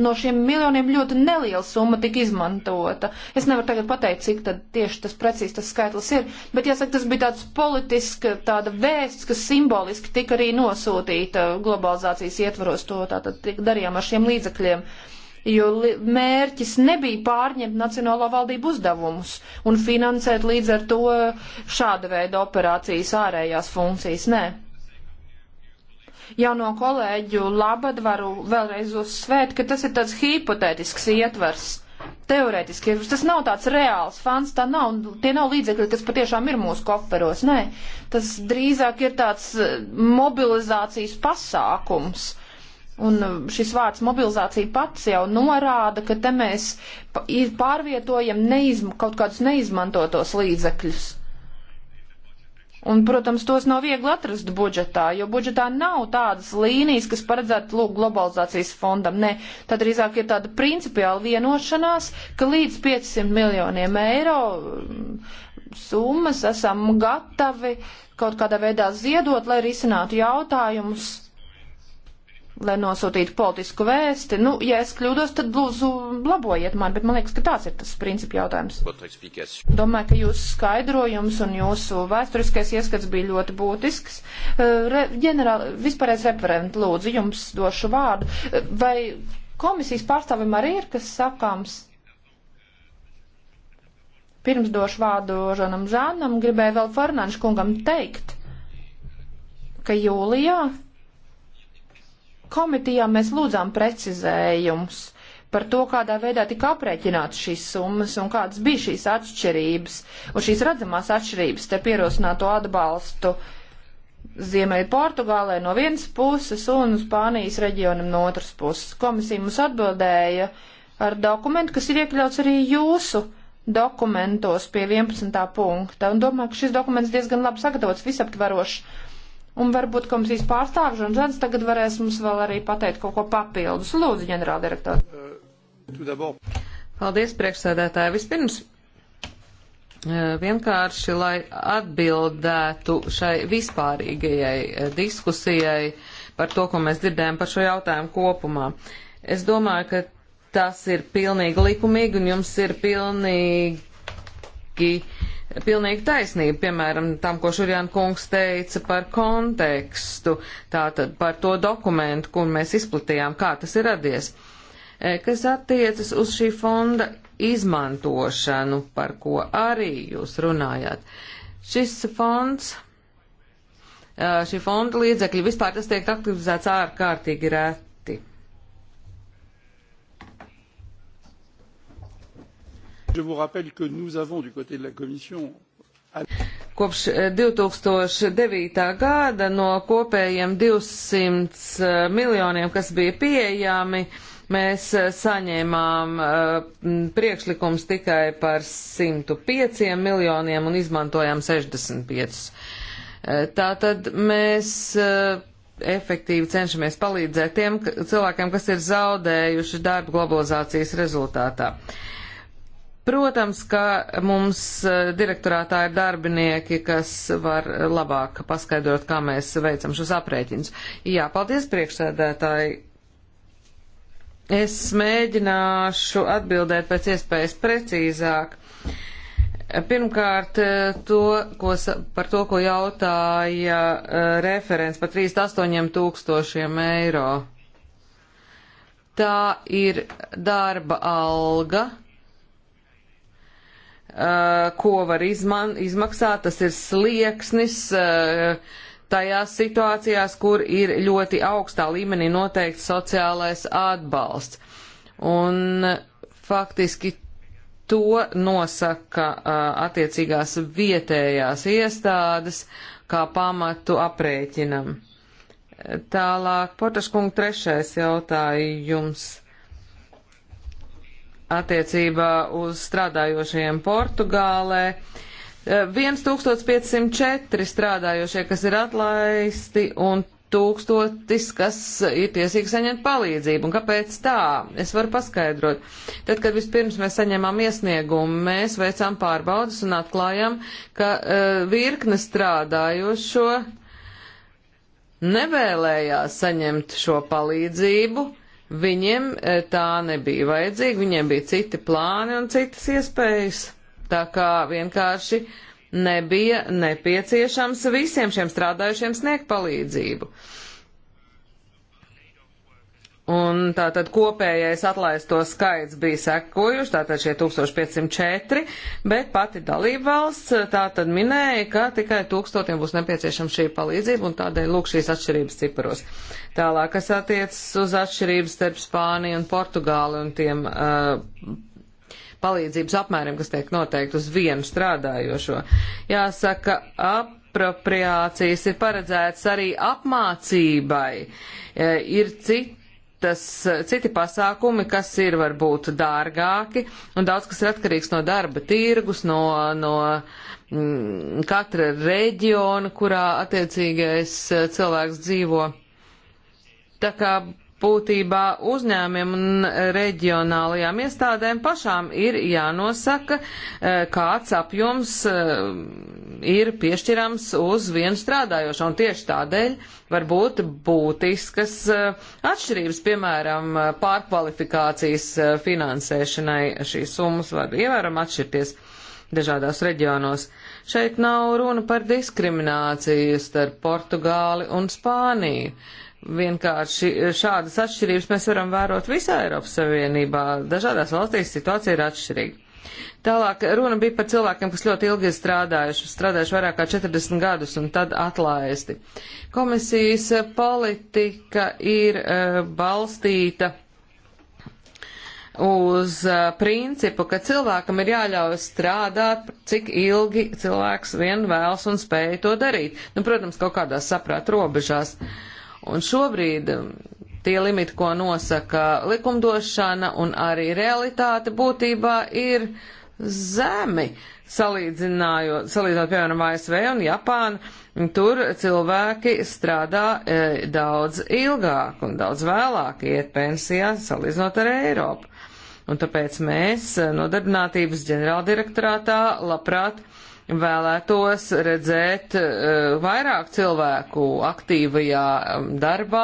no šiem miljoniem ļoti neliela summa tika izmantota. Es nevaru tagad pateikt, cik tad tieši tas precīzi tas skaitlis ir, bet jāsaka, tas bija tāds politiska, tāda vēsts, kas simboliski tika arī nosūtīta globalizācijas ietvaros to, tātad darījām ar šiem līdzekļiem. Uh, jo mērķis nebija pārņemt Nacionālo valdību uzdevumus un finansēt līdz ar to šāda veida operācijas ārējās funkcijas. Nē. Jauno kolēģu labad varu vēlreiz uzsvērt, ka tas ir tāds hipotētisks ietvers. Teorētiski, tas nav tāds reāls fans, tā nav, tie nav līdzekļi, kas patiešām ir mūsu koferos, nē, tas drīzāk ir tāds mobilizācijas pasākums, Un um, šis vārds mobilizācija pats jau norāda, ka te mēs pārvietojam neizm, kaut kādus neizmantotos līdzekļus. Un, protams, tos nav viegli atrast budžetā, jo budžetā nav tādas līnijas, kas paredzētu lūk globalizācijas fondam. Nē, tad drīzāk ir tāda principiāla vienošanās, ka līdz 500 miljoniem eiro um, summas esam gatavi kaut kādā veidā ziedot, lai risinātu jautājumus lai nosūtītu politisku vēsti. Nu, ja es kļūdos, tad lūdzu labojiet mani, bet man liekas, ka tās ir tas principi jautājums. Domāju, ka jūsu skaidrojums un jūsu vēsturiskais ieskats bija ļoti būtisks. Eh, re, ģenerāli, vispārējais referent, lūdzu, jums došu vārdu. Eh, vai komisijas pārstāvim arī ir kas sakāms? Pirms došu vārdu Žanam Žānam, gribēju vēl Fernanšu kungam teikt, ka jūlijā Komitijā mēs lūdzām precizējumus par to, kādā veidā tika aprēķināts šīs summas un kādas bija šīs atšķirības un šīs redzamās atšķirības te pierosināto atbalstu Ziemeļa Portugālē no vienas puses un Spānijas reģionam no otras puses. Komisija mums atbildēja ar dokumentu, kas ir iekļauts arī jūsu dokumentos pie 11. punkta. Un domāju, ka šis dokuments diezgan labi sagatavots, visaptverošs Un varbūt komisijas pārstāvis un žens tagad varēs mums vēl arī pateikt kaut ko papildus. Lūdzu, ģenerāldirektor. Paldies, priekšsēdētāji. Vispirms vienkārši, lai atbildētu šai vispārīgajai diskusijai par to, ko mēs dzirdējam par šo jautājumu kopumā. Es domāju, ka tas ir pilnīgi likumīgi un jums ir pilnīgi pilnīgi taisnība, piemēram, tam, ko Šurjāna kungs teica par kontekstu, tātad par to dokumentu, kur mēs izplatījām, kā tas ir radies, e, kas attiecas uz šī fonda izmantošanu, par ko arī jūs runājāt. Šis fonds, e, šī fonda līdzekļi vispār tas tiek aktivizēts ārkārtīgi rēt Kopš 2009. Eh, gada no kopējiem 200 eh, miljoniem, kas bija pieejami, mēs eh, saņēmām priekšlikums tikai par 105 miljoniem un izmantojām 65. Tātad mēs efektīvi cenšamies palīdzēt tiem cilvēkiem, kas ir zaudējuši darbu globalizācijas rezultātā. Uh, Protams, ka mums e, direktorātā ir darbinieki, kas var labāk paskaidrot, kā mēs veicam šos aprēķinus. Jā, paldies priekšsēdētāji. Es mēģināšu atbildēt pēc iespējas precīzāk. Pirmkārt, e, to, ko, par to, ko jautāja e, referents par 38 tūkstošiem eiro. Tā ir darba alga, Eh, ko var izman, izmaksāt, tas ir slieksnis eh, tajās situācijās, kur ir ļoti augstā līmenī noteikts sociālais atbalsts. Un eh, faktiski to nosaka attiecīgās vietējās iestādes kā pamatu aprēķinam. Tālāk, Portaškunga trešais jautājums attiecībā uz strādājošajiem Portugālē. 1504 eh, strādājošie, kas ir atlaisti, un tūkstotis, kas ir tiesīgi saņemt palīdzību. Un kāpēc tā? Es varu paskaidrot. Tad, kad vispirms mēs saņēmām iesniegumu, mēs veicām pārbaudas un atklājām, ka uh, virkne strādājošo nevēlējās saņemt šo palīdzību, Viņiem e, tā nebija vajadzīga, viņiem bija citi plāni un citas iespējas. Tā kā vienkārši nebija nepieciešams visiem šiem strādājušiem sniegt palīdzību. Uh, Un tātad kopējais atlaisto skaits bija sekojuši, tātad šie 1504, bet pati dalība valsts eh, tātad minēja, ka tikai tūkstotiem būs nepieciešama šī palīdzība un tādēļ lūk šīs atšķirības ciparos. Tālāk, kas attiecas uz atšķirības starp Spāniju un Portugāli un tiem uh, palīdzības apmēriem, kas tiek noteikti uz vienu strādājošo. Jāsaka, apropriācijas ir paredzētas arī apmācībai. E, ir citi citas, eh, citi pasākumi, kas ir varbūt dārgāki, un daudz kas ir atkarīgs no darba tirgus, no, no mm, katra reģiona, kurā attiecīgais eh, cilvēks dzīvo. Tā kā būtībā uzņēmiem un reģionālajām iestādēm pašām ir jānosaka, e, kāds apjoms e, ir piešķirams uz vienu strādājošo. Un tieši tādēļ var būt būtiskas e, atšķirības, piemēram, pārkvalifikācijas finansēšanai šīs summas var ievērojami atšķirties dažādās reģionos. Šeit nav runa par diskrimināciju starp Portugāli un Spāniju. Uh, vienkārši šādas atšķirības mēs varam vērot visā Eiropas Savienībā. Dažādās valstīs situācija ir atšķirīga. Tālāk runa bija par cilvēkiem, kas ļoti ilgi ir strādājuši, strādājuši vairāk kā 40 gadus un tad atlaisti. Komisijas politika ir uh, balstīta uz uh, principu, ka cilvēkam ir jāļauj strādāt, cik ilgi cilvēks vien vēlas un spēj to darīt. Nu, protams, kaut kādās saprāt robežās. Uh, Un šobrīd um, tie limiti, ko nosaka likumdošana un arī realitāte, būtībā ir zemi, salīdzinājot, salīdzinot, piemēram, ASV un Japānu, tur cilvēki strādā e, daudz ilgāk un daudz vēlāk iet pensijā, salīdzinot ar Eiropu. Un tāpēc mēs e, nodarbinātības ģenerāldirektorātā labprāt vēlētos redzēt eh, vairāk cilvēku aktīvajā um, darbā,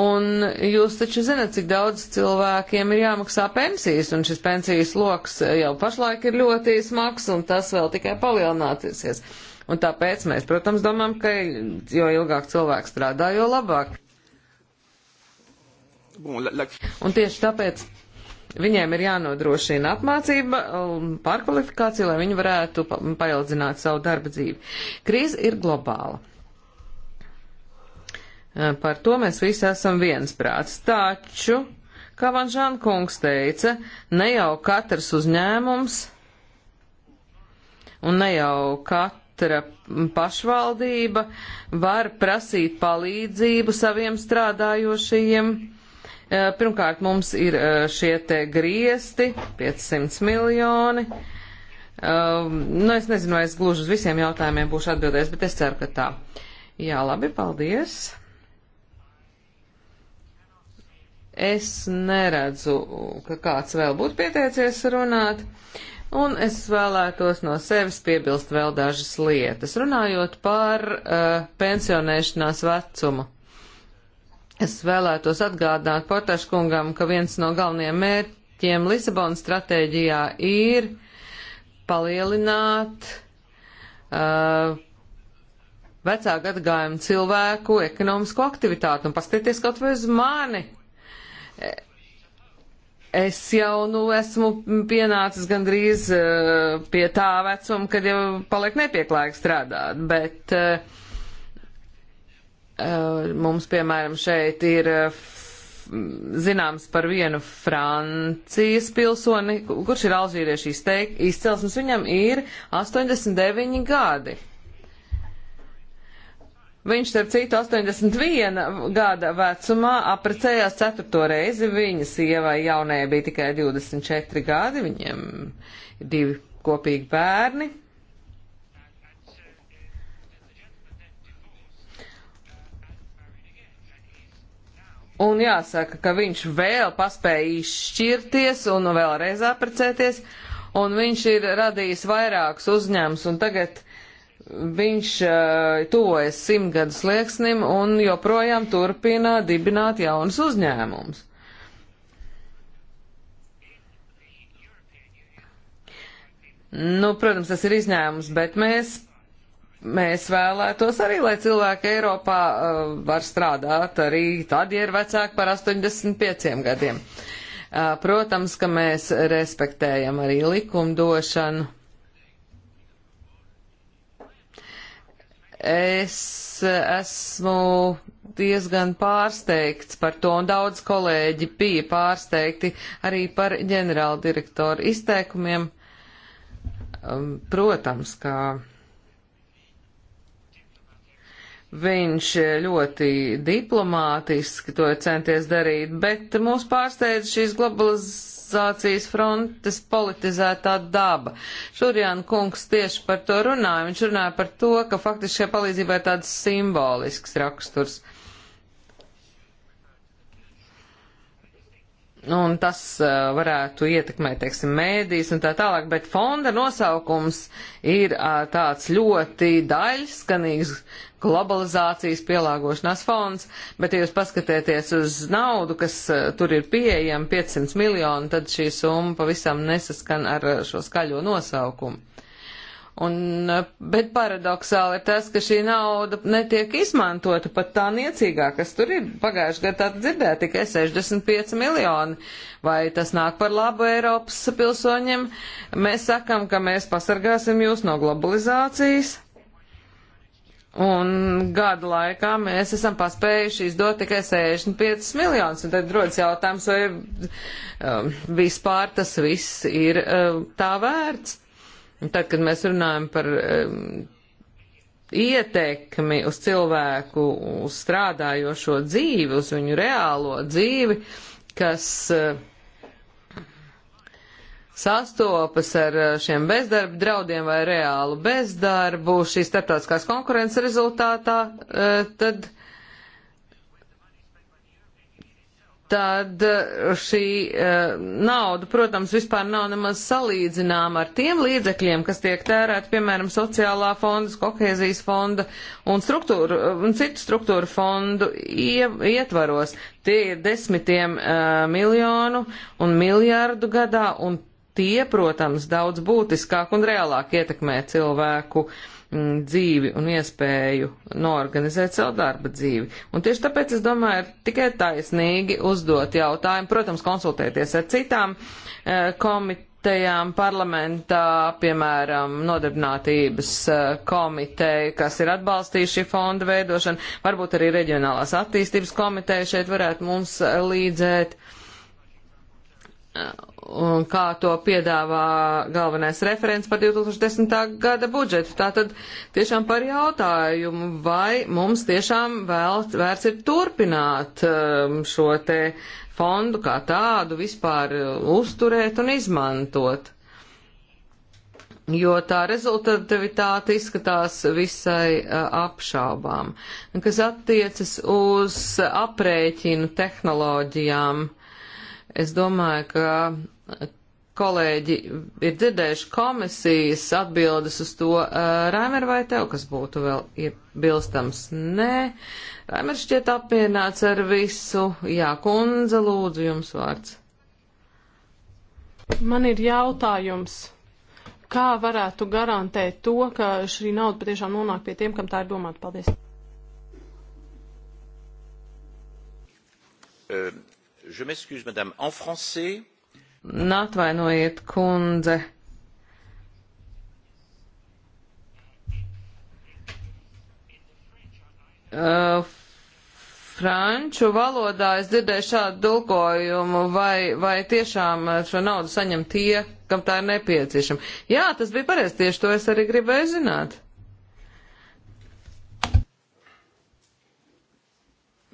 un jūs taču zinat, cik daudz cilvēkiem ir jāmaksā pensijas, un šis pensijas loks jau pašlaik ir ļoti smags, un tas vēl tikai palielināsies. Un tāpēc mēs, protams, domājam, ka jo ilgāk cilvēks strādā, jo labāk. Un tieši tāpēc Viņiem ir jānodrošina apmācība, pārkvalifikācija, lai viņi varētu paildzināt savu darba dzīvi. Krīze ir globāla. Par to mēs visi esam viensprāts. Taču, kā man Žankungs teica, ne jau katrs uzņēmums un ne jau katra pašvaldība var prasīt palīdzību saviem strādājošajiem Pirmkārt, mums ir šie te griesti, 500 miljoni. Nu, es nezinu, vai es gluži uz visiem jautājumiem būšu atbildējis, bet es ceru, ka tā. Jā, labi, paldies. Es neredzu, ka kāds vēl būtu pieteicies runāt. Un es vēlētos no sevis piebilst vēl dažas lietas, runājot par uh, pensionēšanās vecumu. Es vēlētos atgādināt Portaškungam, ka viens no galvenajiem mērķiem Lisabonas stratēģijā ir palielināt uh, vecā gadagājuma cilvēku ekonomisko aktivitāti. Un paskatieties kaut vai uz mani. Es jau nu, esmu pienācis gandrīz uh, pie tā vecuma, kad jau paliek nepieklājīgi strādāt. Bet, uh, Eh, mums, piemēram, šeit ir eh, zināms par vienu Francijas pilsoni, kurš ir alžīriešu izcelsmes, viņam ir 89 gadi. Viņš, starp citu, 81 gada vecumā aprecējās ceturto reizi. Viņa sievai jaunajai bija tikai 24 gadi, viņiem ir divi kopīgi bērni. Un jāsaka, ka viņš vēl paspēja izšķirties un vēlreiz apprecēties, un viņš ir radījis vairākus uzņēmus, un tagad viņš uh, tuvojas simtgadus lieksnim un joprojām turpina dibināt jaunas uzņēmumus. Nu, protams, tas ir izņēmums, bet mēs Mēs vēlētos arī, lai cilvēki Eiropā uh, var strādāt arī tad, ja ir vecāki par 85 gadiem. Uh, protams, ka mēs respektējam arī likumdošanu. Es esmu diezgan pārsteigts par to, un daudz kolēģi bija pārsteigti arī par ģenerāldirektoru izteikumiem. Um, protams, ka. Kā Viņš ļoti diplomātiski to centies darīt, bet mūs pārsteidz šīs globalizācijas frontes politizētā daba. Šurjāna kungs tieši par to runāja. Viņš runāja par to, ka faktiski šai palīdzībai tāds simbolisks raksturs. Un tas uh, varētu ietekmēt, teiksim, mēdīs un tā tālāk, bet fonda nosaukums ir uh, tāds ļoti daļskanīgs, globalizācijas pielāgošanās fonds, bet, ja jūs paskatieties uz naudu, kas eh, tur ir pieejama, 500 miljoni, tad šī summa pavisam nesaskan ar eh, šo skaļo nosaukumu. Un, eh, bet paradoxāli ir tas, ka šī nauda netiek izmantota pat tā niecīgāk, kas tur ir. Pagājuši gadu tāda dzirdēja tikai 65 miljoni. Vai tas nāk par labu Eiropas pilsoņiem? Mēs sakam, ka mēs pasargāsim jūs no globalizācijas. Un gada laikā mēs esam paspējuši izdot tikai 65 miljonus, un tad rodas jautājums, vai um, vispār tas viss ir um, tā vērts. Un tad, kad mēs runājam par um, ietekmi uz cilvēku, uz strādājošo dzīvi, uz viņu reālo dzīvi, kas uh, sastopas ar eh, šiem bezdarba draudiem vai reālu bezdarbu šīs starptautiskās konkurences rezultātā, eh, tad, tad eh, šī nauda, protams, vispār nav nemaz salīdzināma ar tiem līdzekļiem, kas tiek tērēti, piemēram, sociālā fonda, kohēzijas fonda un, struktūru, un citu struktūru fondu ietvaros. Tie ir desmitiem uh, miljonu un miljardu gadā, un tie, protams, daudz būtiskāk un reālāk ietekmē cilvēku m, mm, dzīvi un iespēju norganizēt savu darba dzīvi. Un tieši tāpēc, es domāju, ir tikai taisnīgi uzdot jautājumu, protams, konsultēties ar citām e, komitejām parlamentā, piemēram, nodarbinātības e, komiteja, kas ir atbalstījuši fonda veidošanu, varbūt arī reģionālās attīstības komiteja šeit varētu mums e, līdzēt. Uh, un kā to piedāvā galvenais referents par 2010. gada budžetu. Tātad tiešām par jautājumu, vai mums tiešām vēl vērts ir turpināt um, šo te fondu kā tādu vispār uh, uzturēt un izmantot. Jo tā rezultativitāte izskatās visai uh, apšaubām. Kas attiecas uz aprēķinu tehnoloģijām, uh, Es domāju, ka kolēģi ir dzirdējuši komisijas atbildes uz to. Eh, Raimer, vai tev kas būtu vēl iebilstams? Nē. Raimer šķiet apmierināts ar visu. Jā, kundze, lūdzu, jums vārds. Man ir jautājums. Kā varētu garantēt to, ka šī nauda patiešām nonāk pie tiem, kam tā ir domāta? Paldies. Um Je m'excuse, madame, en français. Atvainojiet, kundze. Uh, franču valodā es dzirdēju šādu tulkojumu, vai, vai tiešām uh, šo naudu saņem tie, kam tā ir nepieciešama. Jā, tas bija pareizi, tieši to es arī gribēju zināt.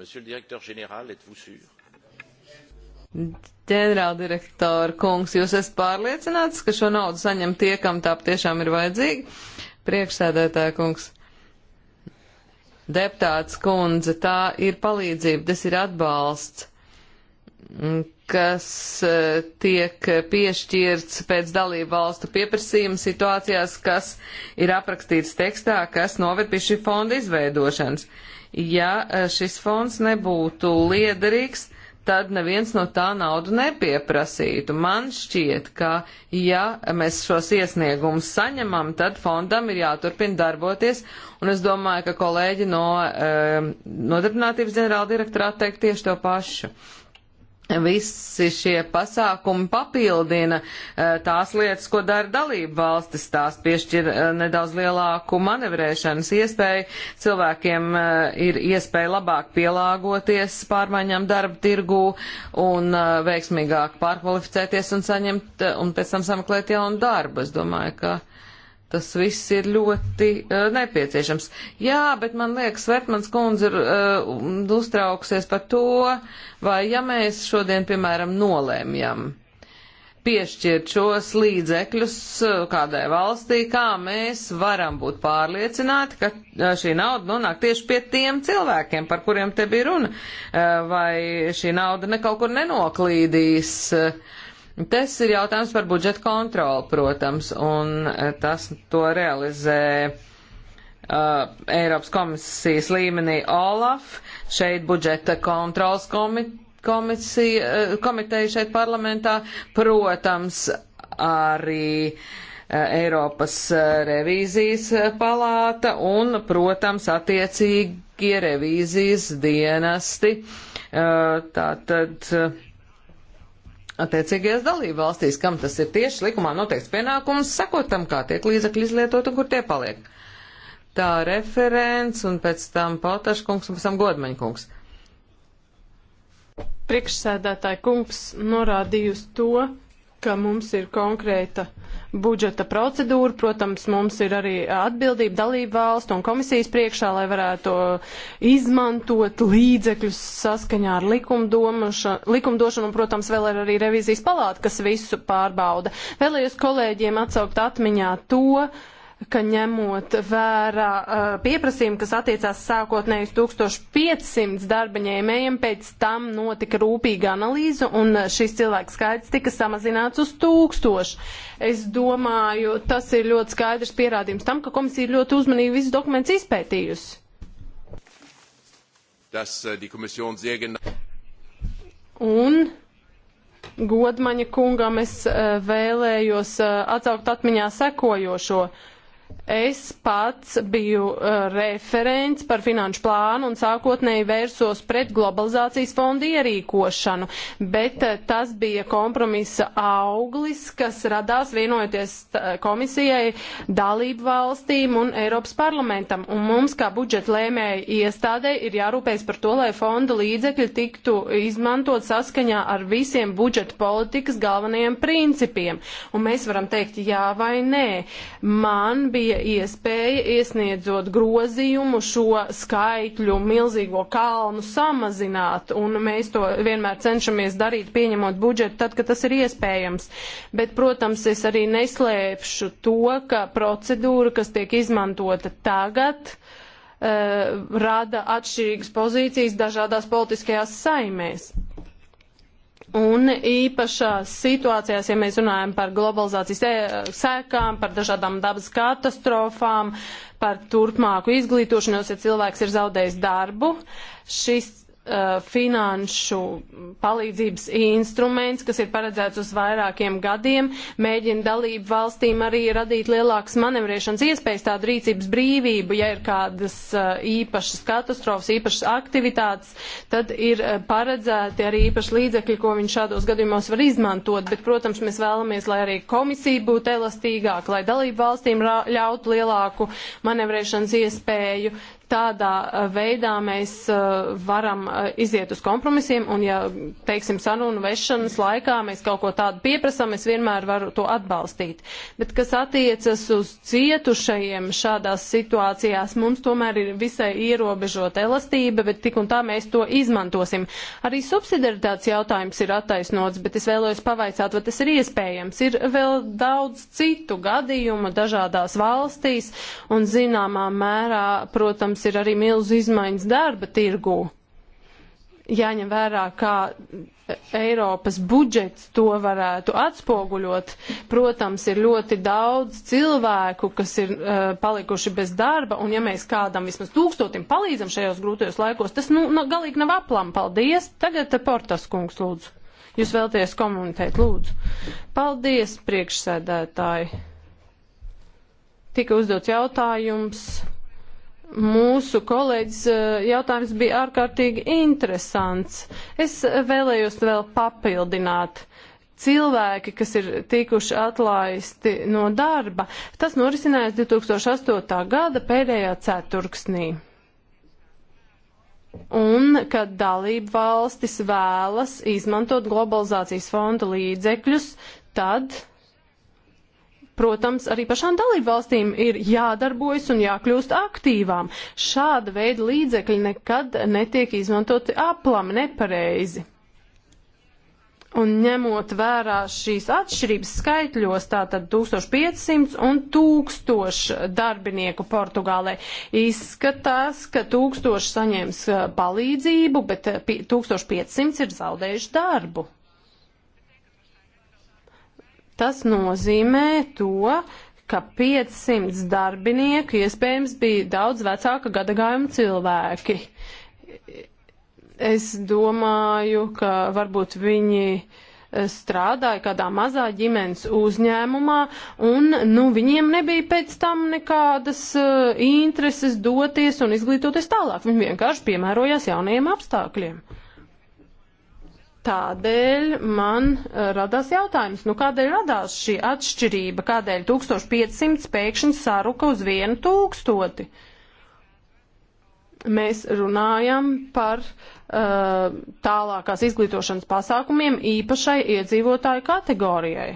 Monsieur le directeur général, êtes-vous sûr ģenerāldirektora kungs, jūs esat pārliecināts, ka šo naudu saņem tie, kam tā tiešām ir vajadzīga? Priekšsēdētāja kungs, deputāts kundze, tā ir palīdzība, tas ir atbalsts, mm, kas e, tiek piešķirts pēc dalību valstu pieprasījuma situācijās, kas ir aprakstīts tekstā, kas noved pie šī fonda izveidošanas. Ja e, šis fonds nebūtu liederīgs, tad neviens no tā naudu nepieprasītu. Man šķiet, ka ja mēs šos iesniegumus saņemam, tad fondam ir jāturpina darboties, un es domāju, ka kolēģi no e, nodarbinātības ģenerāla direktorā teikt tieši to pašu. Visi šie pasākumi papildina eh, tās lietas, ko dara dalība valstis, tās piešķir eh, nedaudz lielāku manevrēšanas iespēju, cilvēkiem eh, ir iespēja labāk pielāgoties pārmaiņām darba tirgū un veiksmīgāk pārkvalificēties un saņemt un pēc tam sameklēt jaunu darbu. Es domāju, ka Tas viss ir ļoti uh, nepieciešams. Jā, bet man liekas, Svetmans kundze ir uh, uztraukusies par to, vai ja mēs šodien, piemēram, nolēmjam piešķirt šos līdzekļus uh, kādai valstī, kā mēs varam būt pārliecināti, ka uh, šī nauda nonāk tieši pie tiem cilvēkiem, par kuriem te bija runa, uh, vai šī nauda ne kaut kur nenoklīdīs. Uh, Tas ir jautājums par budžeta kontroli, protams, un eh, tas to realizē uh, Eiropas komisijas līmenī Olaf, šeit budžeta kontrols komi komisija, uh, komiteja šeit parlamentā, protams, arī uh, Eiropas uh, revīzijas palāta un, protams, attiecīgie revīzijas dienesti. Uh, tātad. Uh, attiecīgajās dalību valstīs, kam tas ir tieši likumā noteikts pienākums, sekot tam, kā tiek līdzekļi izlietot un kur tie paliek. Tā referents un pēc tam Paltaškungs un pēc tam Godmaņkungs. Priekšsēdētāji kungs norādījusi to, ka mums ir konkrēta budžeta procedūru. Protams, mums ir arī atbildība dalību valstu un komisijas priekšā, lai varētu izmantot līdzekļus saskaņā ar likumdošanu. Un, protams, vēl ir arī revīzijas palāta, kas visu pārbauda. Vēlējos kolēģiem atsaukt atmiņā to, ka ņemot vērā uh, pieprasījumu, kas attiecās sākotnēji uz 1500 darba ņēmējiem, pēc tam notika rūpīga analīze un uh, šis cilvēks skaits tika samazināts uz 1000. Es domāju, tas ir ļoti skaidrs pierādījums tam, ka komisija ļoti uzmanīgi visus dokumentus izpētījusi. Das, uh, un Godmaņa kungam es uh, vēlējos uh, atsaukt atmiņā sekojošo. Uh, Es pats biju uh, referents par finanšu plānu un sākotnēji vērsos pret globalizācijas fondu ierīkošanu, bet uh, tas bija kompromisa auglis, kas radās vienojoties uh, komisijai, dalību valstīm un Eiropas parlamentam. Un mums, kā budžeta lēmēji iestādē, ir jārūpējas par to, lai fonda līdzekļi tiktu izmantot saskaņā ar visiem budžeta politikas galvenajiem principiem. Un mēs varam teikt jā vai nē. Man bija iespēja iesniedzot grozījumu šo skaitļu milzīgo kalnu samazināt, un mēs to vienmēr cenšamies darīt, pieņemot budžetu tad, kad tas ir iespējams. Bet, protams, es arī neslēpšu to, ka procedūra, kas tiek izmantota tagad, eh, rada atšķirīgas pozīcijas dažādās politiskajās saimēs. Un īpašās situācijās, ja mēs runājam par globalizācijas eh, sēkām, par dažādām dabas katastrofām, par turpmāku izglītošanos, ja cilvēks ir zaudējis darbu, šis Uh, finanšu palīdzības instruments, kas ir paredzēts uz vairākiem gadiem, mēģina dalību valstīm arī radīt lielākas manevriešanas iespējas, tādu rīcības brīvību, ja ir kādas uh, īpašas katastrofas, īpašas aktivitātes, tad ir uh, paredzēti arī īpaši līdzekļi, ko viņi šādos gadījumos var izmantot, bet, protams, mēs vēlamies, lai arī komisija būtu elastīgāka, lai dalību valstīm ļautu lielāku manevriešanas iespēju, Tādā veidā mēs varam iziet uz kompromisiem, un ja, teiksim, sarunu vešanas laikā mēs kaut ko tādu pieprasām, es vienmēr varu to atbalstīt. Bet kas attiecas uz cietušajiem šādās situācijās, mums tomēr ir visai ierobežota elastība, bet tik un tā mēs to izmantosim. Arī subsidiaritātes jautājums ir attaisnots, bet es vēlos pavaicāt, vai tas ir iespējams. Ir vēl daudz citu gadījumu dažādās valstīs, un zināmā mērā, protams, protams, ir arī milz izmaiņas darba tirgū. Jāņem vērā, kā Eiropas budžets to varētu atspoguļot. Protams, ir ļoti daudz cilvēku, kas ir uh, palikuši bez darba, un ja mēs kādam vismaz tūkstotim palīdzam šajos grūtajos laikos, tas nu, nu, galīgi nav aplam. Paldies! Tagad Portas kungs lūdzu. Jūs vēlties komunicēt, lūdzu. Paldies, priekšsēdētāji! tika uzdots jautājums Mūsu kolēģis eh, jautājums bija ārkārtīgi interesants. Es vēlējos vēl papildināt. Cilvēki, kas ir tikuši atlaisti no darba, tas norisinājās 2008. gada pēdējā ceturksnī. Un, kad dalība valstis vēlas izmantot globalizācijas fonda līdzekļus, tad protams, arī pašām dalībvalstīm ir jādarbojas un jākļūst aktīvām. Šāda veida līdzekļi nekad netiek izmantoti aplami, nepareizi. Un ņemot vērā šīs atšķirības skaitļos, tātad 1500 un 1000 darbinieku Portugālē, izskatās, ka 1000 saņems eh, palīdzību, bet 1500 eh, ir zaudējuši darbu. Tas nozīmē to, ka 500 darbinieku iespējams bija daudz vecāka gadagājuma cilvēki. Es domāju, ka varbūt viņi strādāja kādā mazā ģimenes uzņēmumā, un nu, viņiem nebija pēc tam nekādas uh, intereses doties un izglītoties tālāk. Viņi vienkārši piemērojās jaunajiem apstākļiem. Tādēļ man eh, radās jautājums, nu kādēļ radās šī atšķirība, kādēļ 1500 pēkšņi saruka uz vienu tūkstoti? Mēs runājam par uh, tālākās izglītošanas pasākumiem īpašai iedzīvotāju kategorijai.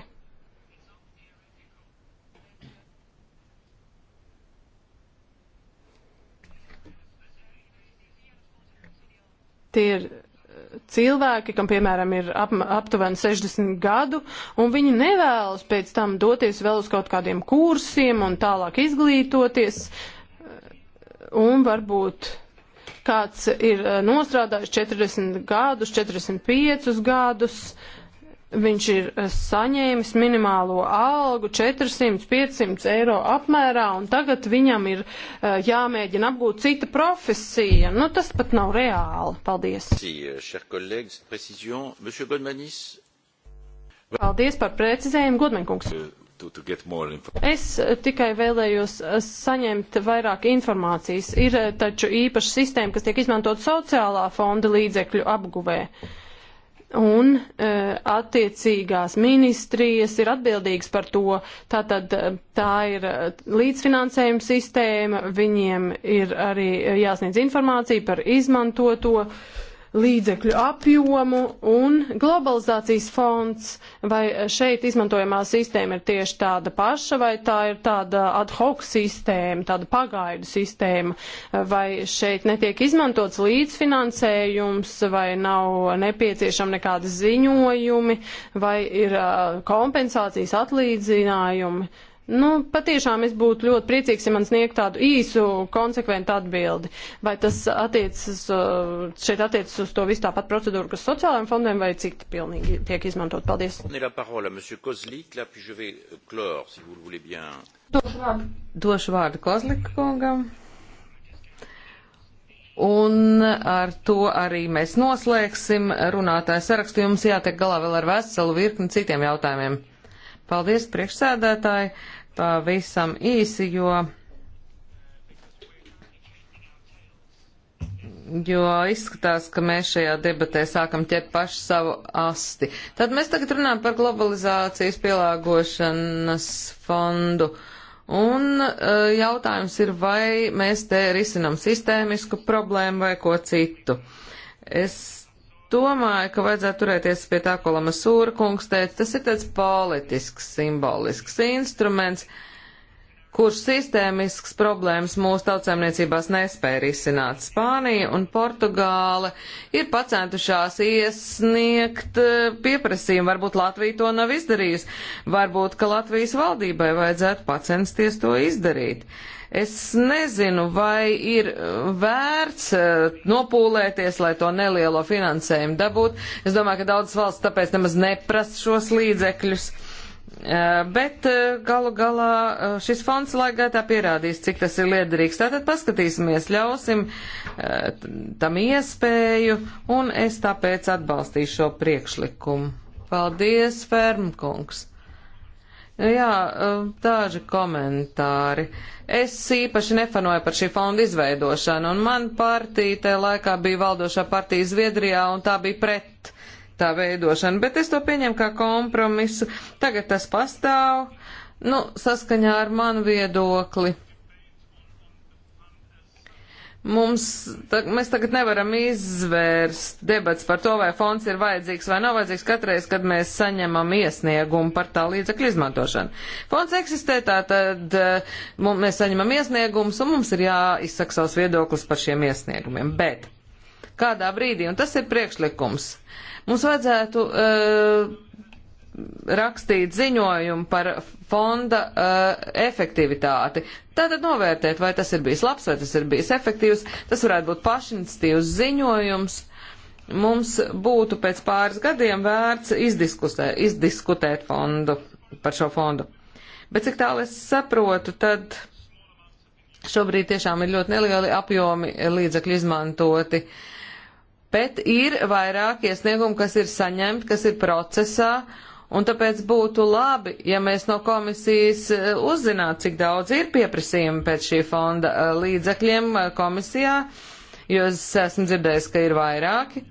Tie ir cilvēki, kam piemēram ir ap, aptuveni 60 gadu, un viņi nevēlas pēc tam doties vēl uz kaut kādiem kursiem un tālāk izglītoties, un varbūt kāds ir eh, nostrādājis 40 gadus, 45 gadus, uh, viņš ir eh, saņēmis minimālo algu 400-500 eiro apmērā, un tagad viņam ir uh, jāmēģina apgūt cita profesija. Nu, tas pat nav reāli. Paldies. Eh, Paldies par precizējumu, Godmenkungs. Es tikai vēlējos saņemt vairāk informācijas. Ir taču īpaša sistēma, kas tiek izmantot sociālā fonda līdzekļu apguvē. Uh, un uh, attiecīgās ministrijas ir atbildīgas par to. Tātad e, tā ir e, līdzfinansējuma sistēma, viņiem ir arī jāsniedz informācija par izmantoto. Uh, līdzekļu apjomu un globalizācijas fonds, vai šeit izmantojamā sistēma ir tieši tāda paša, vai tā ir tāda ad hoc sistēma, tāda pagaidu sistēma, vai šeit netiek izmantots līdzfinansējums, vai nav nepieciešama nekādi ziņojumi, vai ir kompensācijas atlīdzinājumi Nu, patiešām es būtu ļoti priecīgs, ja man sniegtu tādu īsu, konsekventu atbildi. Vai tas attiecas, uh, šeit attiecas uz to visu tāpat procedūru, kas sociālajiem fondiem, vai cik pilnīgi tiek izmantot? Paldies. Došu vārdu Kozlika kungam. Un ar to arī mēs noslēgsim runātāju sarakstu. Jums jātiek galā vēl ar veselu virkni citiem jautājumiem. Paldies, priekšsēdētāji! pavisam īsi, jo, jo izskatās, ka mēs šajā debatē sākam ķert pašu savu asti. Tad mēs tagad runājam par globalizācijas pielāgošanas fondu. Un eh, jautājums ir, vai mēs te risinam sistēmisku problēmu vai ko citu. Es domāju, ka vajadzētu turēties pie tā, ko Lamasūra kungs teica. Tas ir tāds politisks, simbolisks instruments. Uh, kurš sistēmisks problēmas mūsu tautsēmniecībās nespēja risināt. Spānija un Portugāle ir pacentušās iesniegt eh, pieprasījumu, varbūt Latvija to nav izdarījusi, varbūt, ka Latvijas valdībai vajadzētu pacensties to izdarīt. Es nezinu, vai ir vērts eh, nopūlēties, lai to nelielo finansējumu dabūtu. Es domāju, ka daudzas valsts tāpēc nemaz neprasa šos līdzekļus. Uh, Eh, bet eh, galu galā eh, šis fonds laikgaitā pierādīs, cik tas ir liederīgs. Tātad paskatīsimies, ļausim tam iespēju, un es tāpēc atbalstīšu šo priekšlikumu. Paldies, Fermkungs! Jā, daži komentāri. Es īpaši nefanoju par šī fonda izveidošanu, un man partija tajā laikā bija valdošā partija Zviedrijā, un tā bija pret tā veidošana, bet es to pieņemu kā kompromisu. Tagad tas pastāv, nu, saskaņā ar manu viedokli. Mums, tā, mēs tagad nevaram izvērst debats par to, vai fonds ir vajadzīgs vai nav vajadzīgs katreiz, kad mēs saņemam iesniegumu par tā līdzekļu izmantošanu. Fonds eksistē, tā tad eh, mums, mēs saņemam iesniegumus un mums ir jāizsaka savs viedoklis par šiem iesniegumiem. Bet kādā brīdī, un tas ir priekšlikums, uh, Mums vajadzētu uh, rakstīt ziņojumu par fonda uh, efektivitāti. Tātad novērtēt, vai tas ir bijis labs, vai tas ir bijis efektīvs. Tas varētu būt pašinstīvs ziņojums. Mums būtu pēc pāris gadiem vērts izdiskutēt, izdiskutēt fondu par šo fondu. Bet cik tālu es saprotu, tad šobrīd tiešām ir ļoti nelieli apjomi līdzekļu izmantoti. Uh, bet ir vairāk iesniegumu, kas ir saņemti, kas ir procesā, un tāpēc būtu labi, ja mēs no komisijas e, uzzinātu, cik daudz ir pieprasījumi pēc šī fonda e, līdzekļiem e, komisijā, jo es esmu dzirdējis, ka ir vairāki.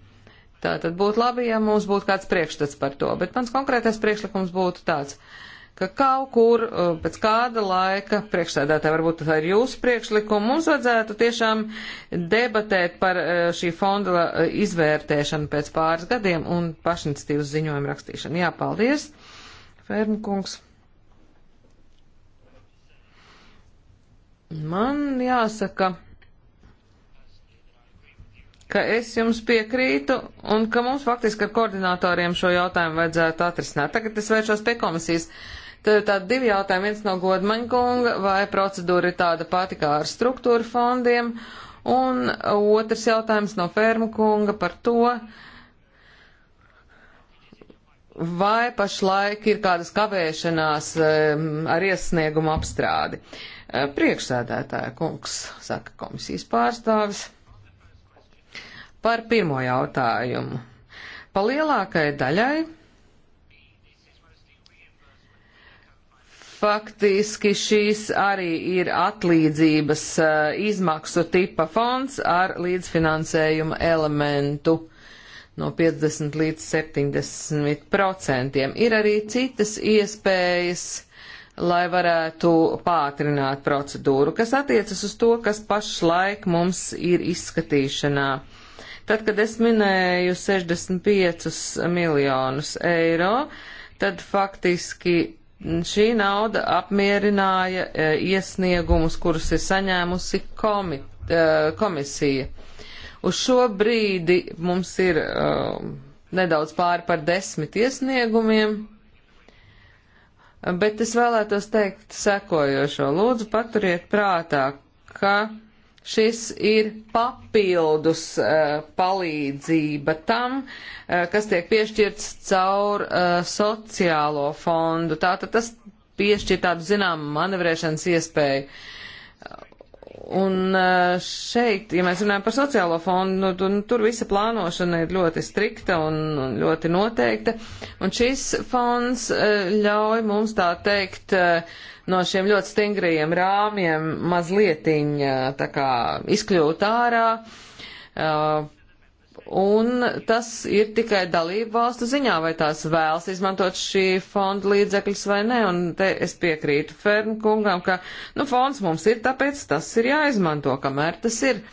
Tā tad būtu labi, ja mums būtu kāds priekšstats par to, bet mans konkrētais priekšlikums būtu tāds. Uh, ka kaut kur uh, pēc kāda laika priekšsēdētāji, varbūt tā ir jūsu priekšlikuma, mums vajadzētu tiešām debatēt par uh, šī fonda uh, izvērtēšanu pēc pāris gadiem un pašinstīvas ziņojumu rakstīšanu. Jā, paldies, Fermkungs. Man jāsaka, ka es jums piekrītu un ka mums faktiski ar koordinatoriem šo jautājumu vajadzētu atrisināt. Tagad es vēršos pie komisijas. Uh, Tad ir tādi divi jautājumi, viens no Godmaņkunga, vai procedūra ir tāda pati kā ar struktūra fondiem, un otrs jautājums no Fermu kunga par to, vai pašlaik ir kādas kavēšanās ar iesniegumu apstrādi. Eh, priekšsēdētāja kungs, saka komisijas pārstāvis, par pirmo jautājumu. Pa lielākai daļai Faktiski šīs arī ir atlīdzības eh, izmaksu tipa fonds ar līdzfinansējuma elementu no 50 līdz 70 procentiem. Ir arī citas iespējas, lai varētu pātrināt procedūru, kas attiecas uz to, kas pašlaik mums ir izskatīšanā. Tad, kad es minēju 65 miljonus eiro, tad faktiski Šī nauda apmierināja e, iesniegumus, kurus ir saņēmusi komi, e, komisija. Uz šo brīdi mums ir e, nedaudz pāri par desmit iesniegumiem, bet es vēlētos teikt sekojošo. Lūdzu, paturiet prātā, ka šis ir papildus uh, palīdzība tam, uh, kas tiek piešķirts caur uh, sociālo fondu. Tātad tas piešķir tādu zināmu manevrēšanas iespēju. Uh, Un e, šeit, ja mēs runājam par sociālo fondu, nu, nu, tur visa plānošana ir ļoti strikta un, un ļoti noteikta. Un šis fonds e, ļauj mums tā teikt e, no šiem ļoti stingriem rāmjiem mazlietiņ tā kā izkļūt ārā, Un tas ir tikai dalību valstu ziņā, vai tās vēlas izmantot šī fonda līdzekļus vai nē. Un te es piekrītu Fernu kungam, ka, nu, fonds mums ir, tāpēc tas ir jāizmanto, kamēr tas ir.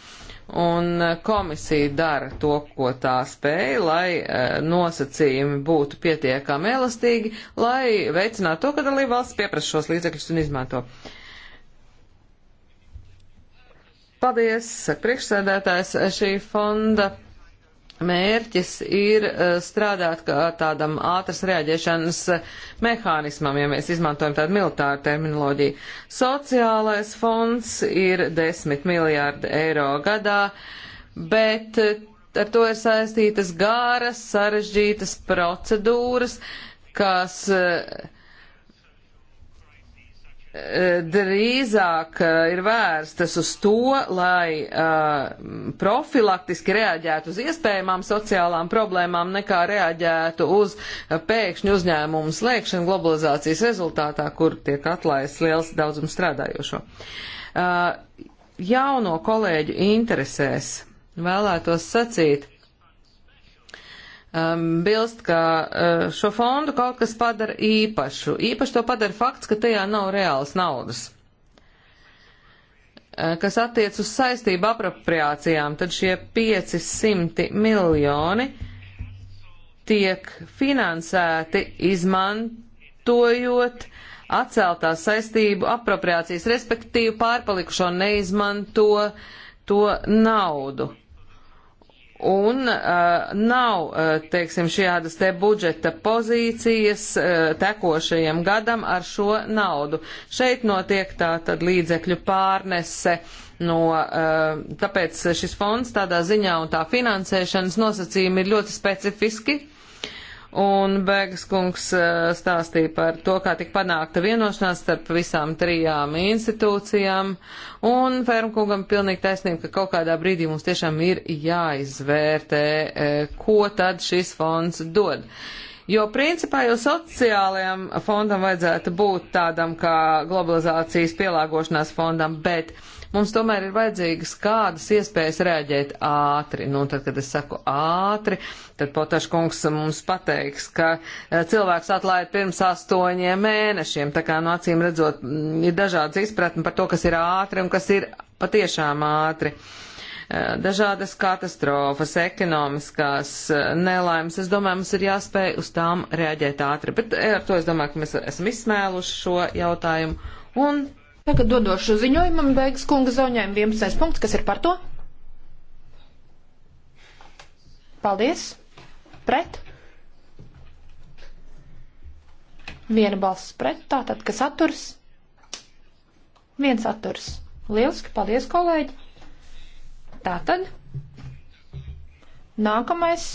Un eh, komisija dara to, ko tā spēja, lai e, nosacījumi būtu pietiekami elastīgi, lai veicinātu to, ka dalību valsts pieprasa šos līdzekļus un izmanto. Paldies, priekšsēdētājs šī fonda mērķis ir eh, strādāt kā tādam ātras reaģēšanas eh, mehānismam, ja mēs izmantojam tādu militāru terminoloģiju. Sociālais fonds ir 10 miljārdi eiro gadā, bet eh, ar to ir saistītas gāras, sarežģītas procedūras, kas uh, drīzāk eh, ir vērstas uz to, lai eh, profilaktiski reaģētu uz iespējamām sociālām problēmām, nekā reaģētu uz pēkšņu uzņēmumu slēgšanu globalizācijas rezultātā, kur tiek atlaists liels daudzums strādājošo. Eh, jauno kolēģu interesēs vēlētos sacīt, um, bilst, ka uh, šo fondu kaut kas padara īpašu. Īpaši to padara fakts, ka tajā nav reāls naudas. Uh, kas attiec uz saistību apropriācijām, tad šie 500 miljoni tiek finansēti izmantojot atceltās saistību apropriācijas, respektīvi pārpalikušo neizmanto to naudu. Un uh, nav, uh, teiksim, šādas te budžeta pozīcijas uh, tekošajam gadam ar šo naudu. Šeit notiek tā tad līdzekļu pārnese no, uh, tāpēc šis fonds tādā ziņā un tā finansēšanas nosacījumi ir ļoti specifiski. Uh, Un Bēgas kungs eh, stāstīja par to, kā tika panākta vienošanās starp visām trijām institūcijām. Un Fermkungam pilnīgi taisnība, ka kaut kādā brīdī mums tiešām ir jāizvērtē, eh, ko tad šis fonds dod. Jo principā jau sociālajam fondam vajadzētu būt tādam kā globalizācijas pielāgošanās fondam, bet uh, Mums tomēr ir vajadzīgas kādas iespējas rēģēt ātri. Nu, tad, kad es saku ātri, tad Potaškungs mums pateiks, ka eh, cilvēks atlaid pirms astoņiem mēnešiem. Tā kā no nu, acīm redzot, mm, ir dažādas izpratni par to, kas ir ātri un kas ir patiešām ātri eh, dažādas katastrofas, ekonomiskās eh, nelaimes. Es domāju, mums ir jāspēj uz tām reaģēt ātri. Bet ar to es domāju, ka mēs esam izsmēluši šo jautājumu. Un Tagad dodošu ziņojumam beigas kunga zaņojam 11. punkts, kas ir par to. Paldies. Pret. Viena balss pret, tātad kas atturs? Viens atturs. Lieliski, paldies, kolēģi. Tātad. Nākamais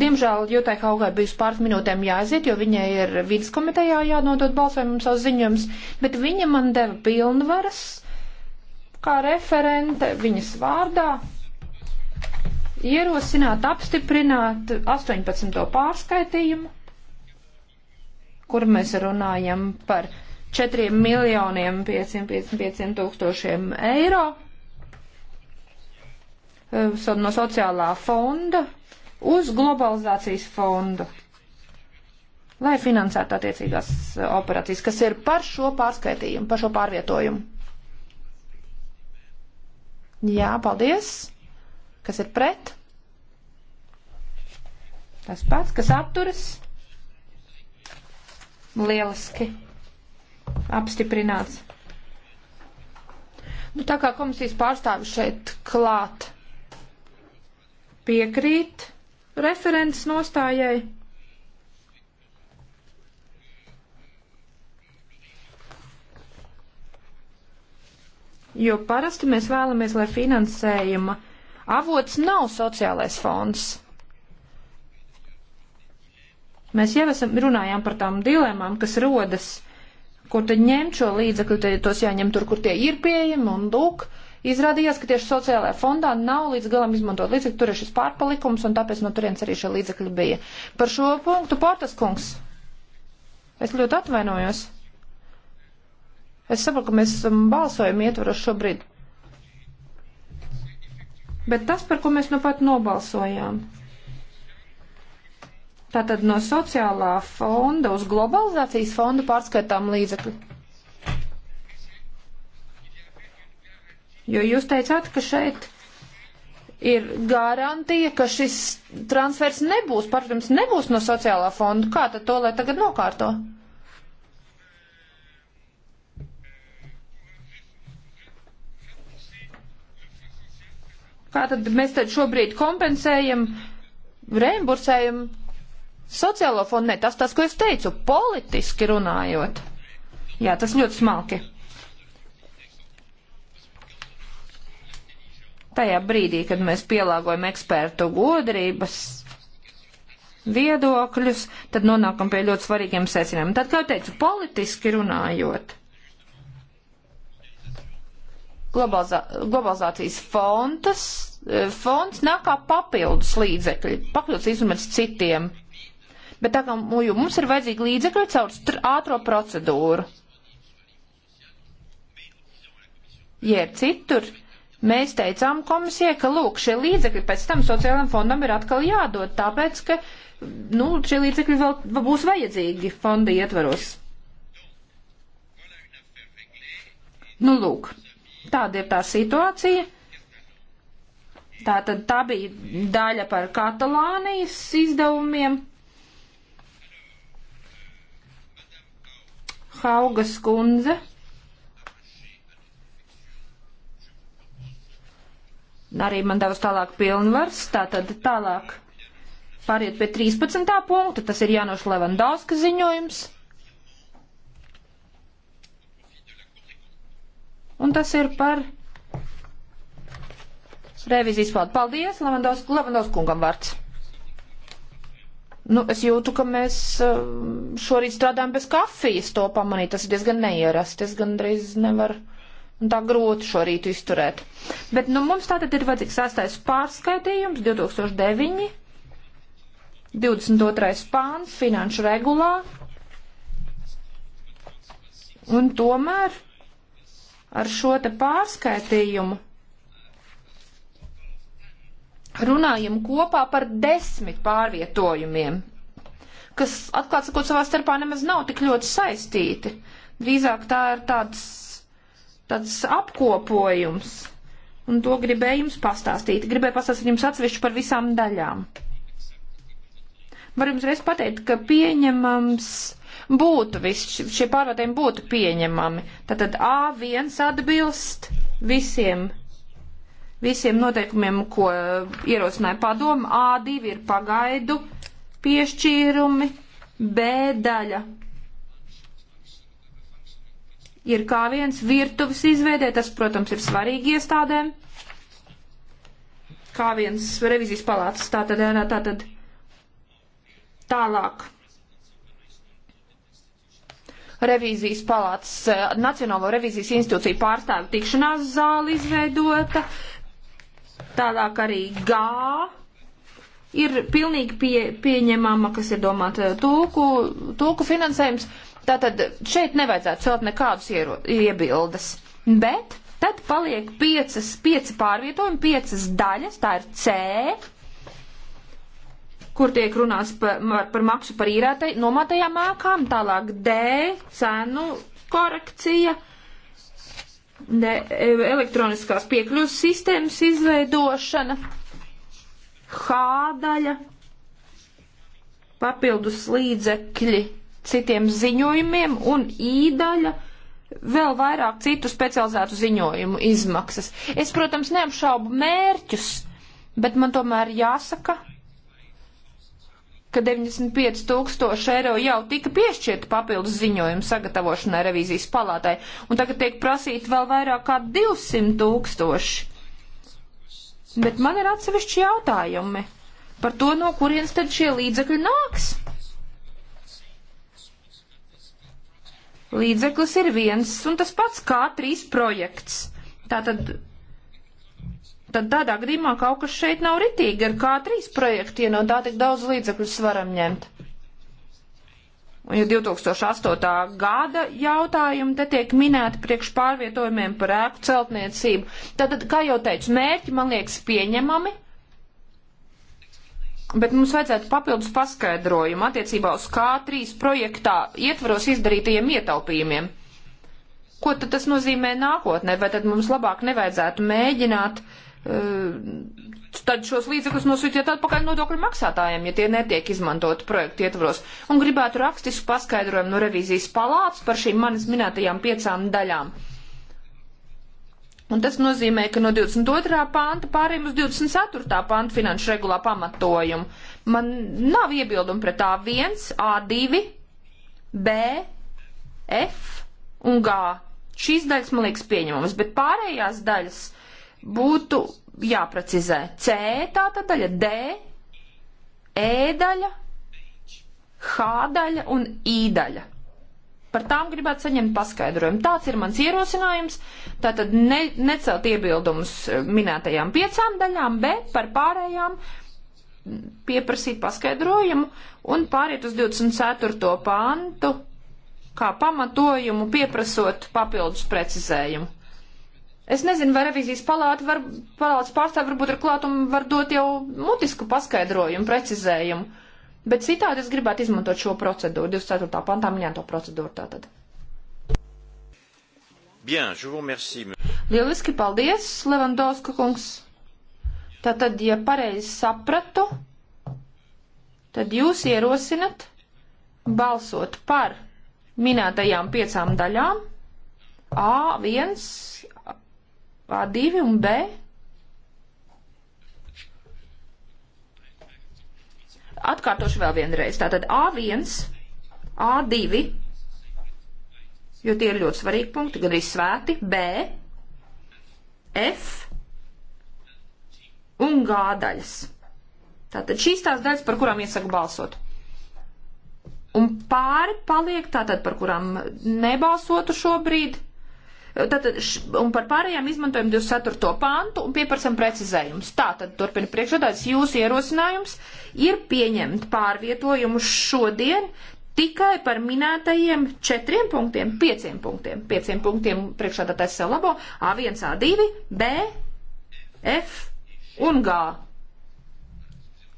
Diemžēl Jūtai Haugai bijis pāris minūtēm jāaiziet, jo viņai ir vidas komitejā jānodot balsojumam savus ziņojumus, bet viņa man deva pilnvaras kā referente viņas vārdā ierosināt, apstiprināt 18. pārskaitījumu, kur mēs runājam par 4 miljoniem 555 tūkstošiem eiro eh, no sociālā fonda uz globalizācijas fondu, lai finansētu attiecīgās eh, operācijas, kas ir par šo pārskaitījumu, par šo pārvietojumu. Jā, paldies. Kas ir pret? Tas pats, kas atturas. Lieliski apstiprināts. Nu, tā kā komisijas pārstāvis šeit klāt piekrīt referents nostājai. Jo parasti mēs vēlamies, lai finansējuma avots nav sociālais fonds. Mēs jau esam runājām par tām dilemām, kas rodas, kur tad ņemt šo līdzekļu, tad tos jāņem tur, kur tie ir pieejami, un lūk, uh, Izrādījās, ka tieši sociālajā fondā nav līdz galam izmantot līdzekļi, tur ir šis pārpalikums, un tāpēc no turienes arī šie līdzekļi bija. Par šo punktu Portas kungs. Es ļoti atvainojos. Es saprotu, ka mēs um, balsojam ietvaros šobrīd. Bet tas, par ko mēs nu pat nobalsojām. Tātad no sociālā fonda uz globalizācijas fondu pārskaitām līdzekļi. Jo jūs teicāt, ka šeit ir garantija, ka šis transfers nebūs, protams, nebūs no sociālā fonda. Kā tad to, lai tagad nokārto? Kā tad mēs tad šobrīd kompensējam, reimbursējam sociālo fondu? Nē, tas tas, ko es teicu, politiski runājot. Jā, tas ļoti smalki. Tajā brīdī, kad mēs pielāgojam ekspertu godrības viedokļus, tad nonākam pie ļoti svarīgiem secinājumiem. Tad, kā teicu, politiski runājot, globalizā, globalizācijas fondas, eh, fonds nāk kā papildus līdzekļi, papildus izmērs citiem. Bet tā kā mums ir vajadzīgi līdzekļi caur ātro procedūru. Ja ir citur, Mēs teicām komisijai, ka lūk, šie līdzekļi pēc tam sociālajiem fondam ir atkal jādod, tāpēc, ka nu, šie līdzekļi vēl būs vajadzīgi fonda ietvaros. Nu, lūk, tāda ir tā situācija. Tā tad tā bija daļa par Katalānijas izdevumiem. Haugas kundze. arī man devas tālāk pilnvars, tātad tālāk pāriet pie 13. punkta, tas ir Jānoš Levandauska ziņojums. Un tas ir par revizijas valdu. Paldies, Levandauska kungam vārds. Nu, es jūtu, ka mēs um, šorīt strādājam bez kafijas, to pamanīju, tas ir diezgan neierasti, es gandrīz nevaru un tā grūti šo rītu izturēt. Bet nu, mums tātad ir vajadzīgs sastais pārskaitījums 2009, 22. pāns, finanšu regulā. Un tomēr ar šo te pārskaitījumu runājam kopā par desmit pārvietojumiem, kas, atklāt sakot, savā starpā nemaz nav tik ļoti saistīti. Drīzāk tā ir tāds tāds apkopojums, un to gribēju jums pastāstīt. Gribēju pastāstīt jums atsevišķi par visām daļām. Varu jums reiz pateikt, ka pieņemams būtu viss, šie pārvadājumi būtu pieņemami. Tātad A1 atbilst visiem, visiem noteikumiem, ko uh, ierosināja padoma, A2 ir pagaidu piešķīrumi, B daļa ir kā viens virtuves izveidē, tas, protams, ir svarīgi iestādēm, kā viens revizijas palātas, tātad, tātad tālāk. Revīzijas palātas, Nacionālo revīzijas institūciju pārstāvi tikšanās zāli izveidota, tālāk arī gā ir pilnīgi pie, pieņemama, kas ir domāta tūku, tūku finansējums. Uh, Tātad šeit nevajadzētu celt nekādus iero, iebildes. Bet tad paliek piecas, pieci pārvietojumi, piecas daļas, tā ir C, kur tiek runāts par, par maksu par īrētai, nomātajām ēkām, tālāk D, cenu korekcija, D, e, elektroniskās piekļuvas sistēmas izveidošana, H daļa, papildus līdzekļi citiem ziņojumiem un īdaļa vēl vairāk citu specializētu ziņojumu izmaksas. Es, protams, neapšaubu mērķus, bet man tomēr jāsaka, ka 95 tūkstoši eiro jau tika piešķirta papildus ziņojumu sagatavošanai revīzijas palātai, un tagad tiek prasīta vēl vairāk kā 200 tūkstoši. Bet man ir atsevišķi jautājumi par to, no kurienes tad šie līdzekļi nāks. līdzeklis ir viens un tas pats K3 projekts. Tātad, tad tādā gadījumā kaut kas šeit nav ritīgi ar K3 projektu, ja no tā tik daudz līdzekļus varam ņemt. Un ja 2008. gada jautājumi te tiek minēti priekš pārvietojumiem par ēku celtniecību, tad, kā jau teicu, mērķi man liekas pieņemami. Bet mums vajadzētu papildus paskaidrojumu attiecībā uz K3 projektā ietvaros izdarītajiem ietaupījumiem. Ko tad tas nozīmē nākotnē? Vai tad mums labāk nevajadzētu mēģināt uh, tad šos līdzekļus nosūtīt atpakaļ nodokļu maksātājiem, ja tie netiek izmantoti projektu ietvaros. Un gribētu rakstisku paskaidrojumu no revīzijas palātas par šīm manis minētajām piecām daļām. Un tas nozīmē, ka no 22. panta pārējiem uz 24. panta finanšu regulā pamatojumu. Man nav iebildumi pret A1, A2, B, F un G. Šīs daļas man liekas pieņemamas, bet pārējās daļas būtu jāprecizē. C tā tā daļa, D, E daļa, H daļa un I daļa. Par tām gribētu saņemt paskaidrojumu. Tāds ir mans ierosinājums. Tātad ne, necelt iebildumus minētajām piecām daļām, bet par pārējām pieprasīt paskaidrojumu un pāriet uz 24. pāntu kā pamatojumu pieprasot papildus precizējumu. Es nezinu, vai revizijas palāta var, palātas pārstāv varbūt ir klāt un var dot jau mutisku paskaidrojumu, precizējumu. Bet citādi es gribētu izmantot šo procedūru, 24. pantā minēto procedūru tātad. Bien, je vous remercie. Lieliski paldies, Levandovska kungs. Tātad, ja pareizi sapratu, tad jūs ierosinat balsot par minētajām piecām daļām A1, A2 un B Atkārtošu vēl vienreiz. Tātad A1, A2, jo tie ir ļoti svarīgi punkti, gan arī svēti, B, F un G daļas. Tātad šīs tās daļas, par kurām iesaku balsot. Un pāri paliek tātad, par kurām nebalsotu šobrīd Tātad, un par pārējām izmantojam 24. pantu un pieprasam precizējumus. Tātad, turpina priekšādājas, jūsu ierosinājums ir pieņemt pārvietojumus šodien tikai par minētajiem četriem punktiem, pieciem punktiem. Pieciem punktiem priekšādātājs sev labo A1, A2, B, F un G.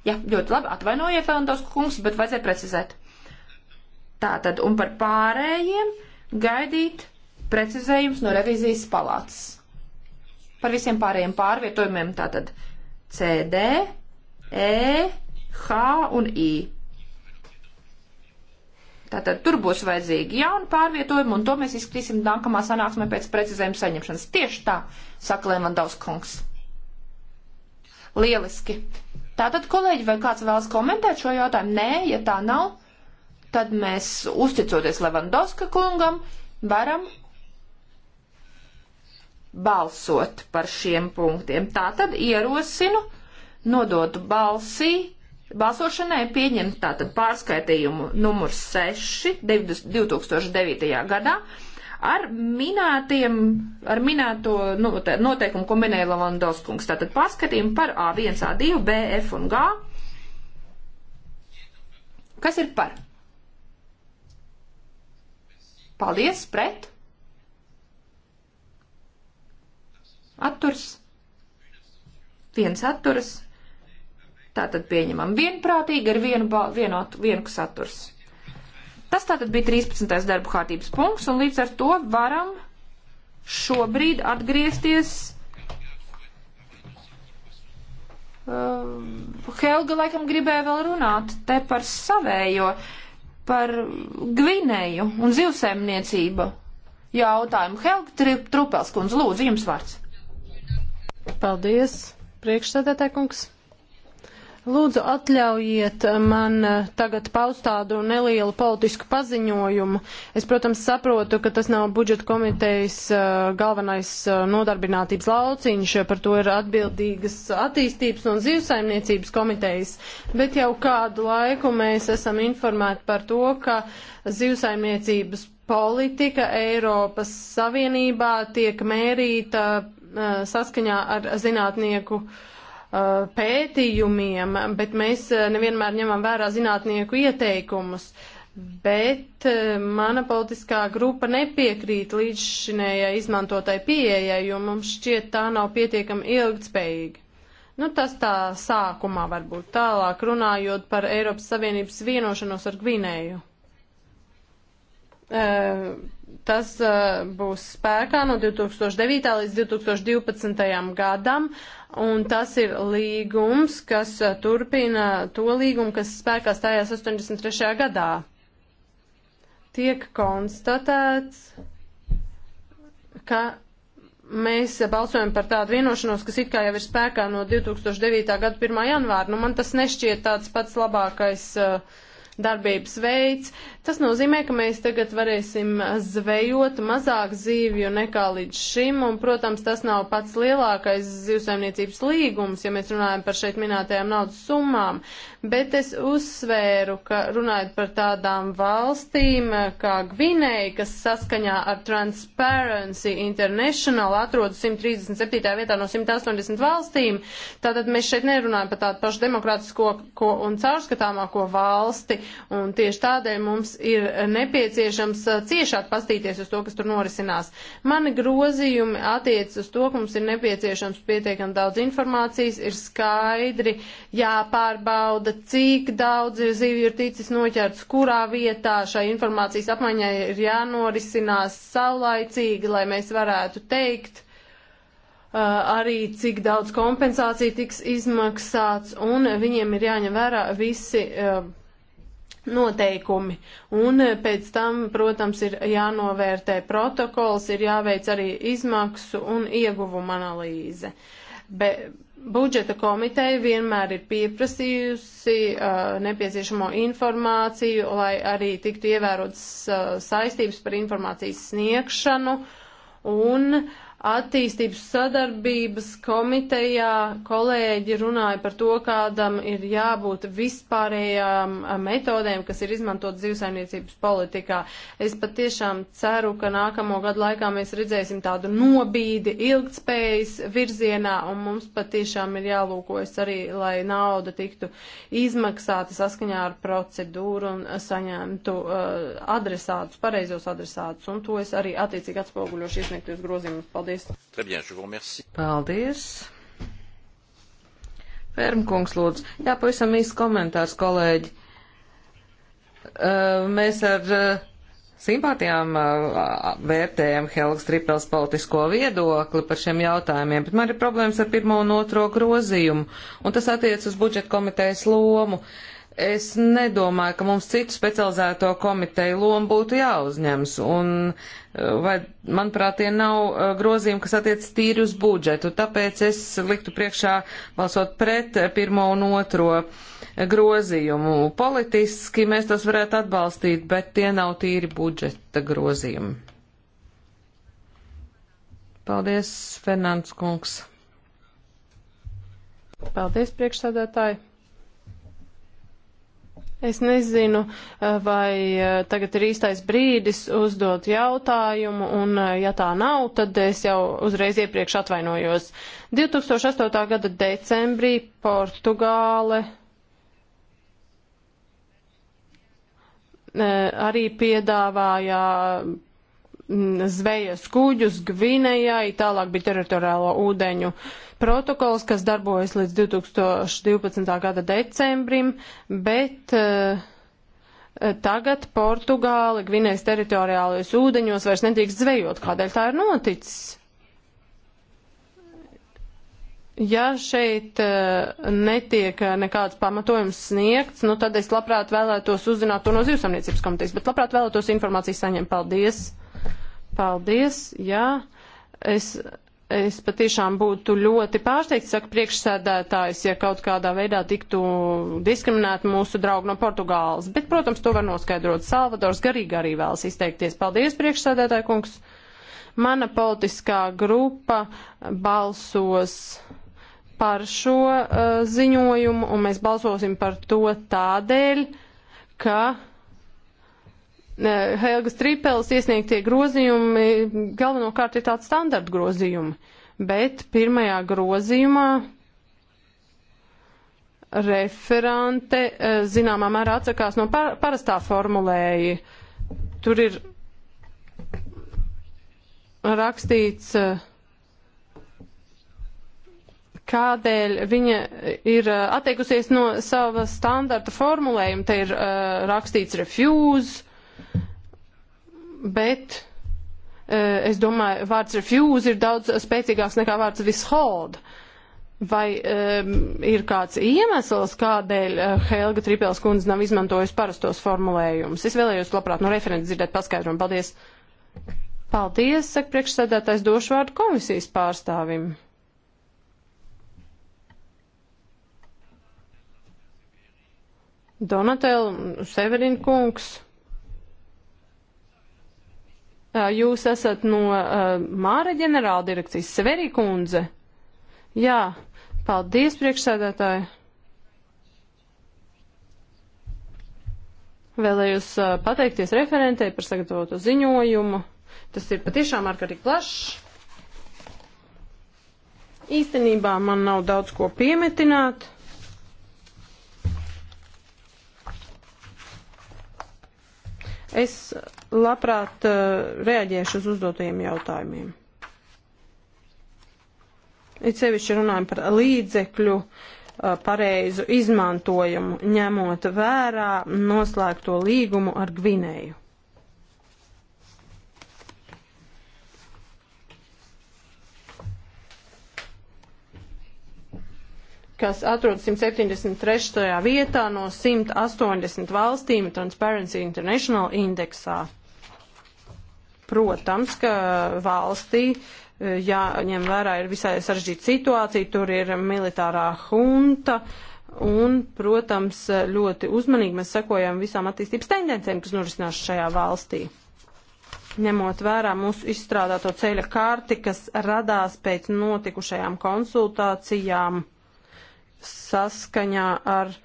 Jā, ļoti labi, atvainojiet, Levandovska kungs, bet vajadzēja precizēt. Tātad, un par pārējiem gaidīt precizējums no revizijas palātas. Par visiem pārējiem pārvietojumiem tātad CD, E, H un I. Tātad tur būs vajadzīgi jauni pārvietojumi, un to mēs izskatīsim nākamā sanāksmē pēc precizējuma saņemšanas. Tieši tā, saka Lēmandaus kungs. Lieliski. Tātad, kolēģi, vai kāds vēlas komentēt šo jautājumu? Nē, ja tā nav, tad mēs, uzticoties Levandovska kungam, varam balsot par šiem punktiem. Tā tad ierosinu nodot balsī, balsošanai pieņemt tātad pārskaitījumu numur 6 2009. gadā ar minētiem, ar minēto note, nu, noteikumu, ko minēja Lavandovskungs. Tātad pārskatījumu par A1, A2, B, F un G. Kas ir par? Paldies, pret! atturs, viens atturs, tātad pieņemam vienprātīgi ar vienu, bal, vienu, at, vienu kas atturs. Tas tātad bija 13. darba kārtības punkts, un līdz ar to varam šobrīd atgriezties. Uh, Helga laikam gribēja vēl runāt te par savējo, par Gvinēju un zivsēmniecību jautājumu. Helga Trupelskundze, lūdzu, jums vārds. Paldies, priekšsēdētāj kungs. Lūdzu, atļaujiet man eh, tagad paust tādu nelielu politisku paziņojumu. Es, protams, saprotu, ka tas nav budžeta komitejas eh, galvenais eh, nodarbinātības lauciņš, par to ir atbildīgas attīstības un zivsaimniecības komitejas, bet jau kādu laiku mēs esam informēti par to, ka zivsaimniecības politika Eiropas Savienībā tiek mērīta saskaņā ar zinātnieku pētījumiem, bet mēs nevienmēr ņemam vērā zinātnieku ieteikumus. Bet mana politiskā grupa nepiekrīt līdzšinējai izmantotai pieejai, jo mums šķiet tā nav pietiekami ilgtspējīga. Nu, tas tā sākumā varbūt tālāk runājot par Eiropas Savienības vienošanos ar Gvinēju. Uh, tas uh, būs spēkā no 2009. līdz 2012. gadam, un tas ir līgums, kas uh, turpina to līgumu, kas spēkā stājās 83. gadā. Tiek konstatēts, ka mēs balsojam par tādu vienošanos, kas it kā jau ir spēkā no 2009. gada 1. janvāra. Nu, man tas nešķiet tāds pats labākais uh, darbības veids. Tas nozīmē, ka mēs tagad varēsim zvejot mazāk zīvju nekā līdz šim, un, protams, tas nav pats lielākais zivsaimniecības līgums, ja mēs runājam par šeit minētajām naudas summām, bet es uzsvēru, ka runājot par tādām valstīm kā Gvinēja, kas saskaņā ar Transparency International atrodas 137. vietā no 180 valstīm, tātad mēs šeit nerunājam par tādu pašu demokrātisko un caurskatāmāko valsti, un tieši tādēļ mums mums ir nepieciešams ciešāk pastīties uz to, kas tur norisinās. Mani grozījumi attiec uz to, ka mums ir nepieciešams pietiekam daudz informācijas, ir skaidri jāpārbauda, cik daudz ir zivju ir ticis noķerts, kurā vietā šai informācijas apmaiņai ir jānorisinās saulaicīgi, lai mēs varētu teikt, arī cik daudz kompensācija tiks izmaksāts, un viņiem ir jāņem vērā visi uh, noteikumi. Un eh, pēc tam, protams, ir jānovērtē protokols, ir jāveic arī izmaksu un ieguvumu analīze. Be, budžeta komiteja vienmēr ir pieprasījusi uh, nepieciešamo informāciju, lai arī tiktu ievērotas uh, saistības par informācijas sniegšanu. Un uh, attīstības sadarbības komitejā kolēģi runāja par to, kādam ir jābūt vispārējām metodēm, kas ir izmantot zivsaimniecības politikā. Es patiešām ceru, ka nākamo gadu laikā mēs redzēsim tādu nobīdi ilgtspējas virzienā, un mums patiešām ir jālūkojas arī, lai nauda tiktu izmaksāta saskaņā ar procedūru un saņemtu uh, adresātus, pareizos adresātus, un to es arī attiecīgi atspoguļošu iesniegtos grozījumus. Paldies! Paldies! Bien, Paldies! Fermkungs lūdzu. Jā, pavisam īsts komentārs, kolēģi. Uh, mēs ar uh, simpātijām uh, vērtējam Helgas Tripels politisko viedokli par šiem jautājumiem, bet man ir problēmas ar pirmo un otro grozījumu, un tas attiec uz budžeta komitejas lomu. Uh, Es nedomāju, ka mums citu specializēto komiteju lomu būtu jāuzņems, un, eh, vai, manuprāt, tie nav eh, grozījumi, kas attiec tīri uz budžetu, tāpēc es liktu priekšā balsot pret eh, pirmo un otro grozījumu. Politiski mēs tos varētu atbalstīt, bet tie nav tīri budžeta grozījumi. Paldies, Fernands kungs. Paldies, priekšsādātāji. Es nezinu, eh, vai eh, tagad ir īstais brīdis uzdot jautājumu, un eh, ja tā nav, tad es jau uzreiz iepriekš atvainojos. 2008. gada decembrī Portugāle arī piedāvāja Mm, zvejas kuģus Gvinējai, tālāk bija teritoriālo ūdeņu protokols, kas darbojas līdz 2012. gada decembrim, bet uh, tagad Portugāli Gvinējas teritoriālajos ūdeņos vairs nedrīkst zvejot. Kādēļ tā ir noticis? Ja šeit eh, netiek nekāds pamatojums sniegts, nu tad es labprāt vēlētos uzzināt to no zivsamniecības komitejas, bet labprāt vēlētos informāciju saņemt. Paldies! Paldies, jā. Es es patiešām būtu ļoti pārsteigts, saka priekšsēdētājs, ja kaut kādā veidā tiktu diskriminēti mūsu draugi no Portugāles. Bet, protams, to var noskaidrot. Salvadors garīgi arī vēlas izteikties. Paldies, priekšsēdētāja kungs. Mana politiskā grupa balsos par šo uh, ziņojumu, un mēs balsosim par to tādēļ, ka Eh, Helgas Trīpels iesniegtie grozījumi galvenokārt ir tādi standarta grozījumi, bet pirmajā grozījumā referante eh, zināmā mērā atsakās no par, parastā formulēja. Tur ir rakstīts, eh, kādēļ viņa ir attiekusies no sava standarta formulējuma. Te ir rakstīts refuse bet eh, es domāju, vārds refuse ir daudz spēcīgāks nekā vārds withhold. Vai um, ir kāds iemesls, kādēļ uh, Helga Tripels kundze nav izmantojusi parastos formulējumus? Es vēlējos labprāt no referenta dzirdēt paskaidrojumu. Paldies! Paldies, saka priekšsēdētājs došu vārdu komisijas pārstāvim. Donatēl Severin kungs. Jūs esat no Māra ģenerāla direkcijas Severikundze. Jā, paldies priekšsēdētāji. Vēlējos pateikties referentei par sagatavotu ziņojumu. Tas ir patiešām ārkārtīgi plašs. Īstenībā man nav daudz ko piemetināt. Es labprāt eh, reaģēšu uz uzdotajiem jautājumiem. It sevišķi runājam par līdzekļu eh, pareizu izmantojumu, ņemot vērā noslēgto līgumu ar Gvinēju. kas atrodas 173. vietā no 180 valstīm Transparency International indeksā. Protams, ka valstī e, jāņem vērā ir visai sarežģīta situācija, tur ir militārā hunta, un, protams, ļoti uzmanīgi mēs sekojam visām attīstības tendencēm, kas norisinās šajā valstī ņemot vērā mūsu izstrādāto ceļa kārti, kas radās pēc notikušajām konsultācijām saskaņā ar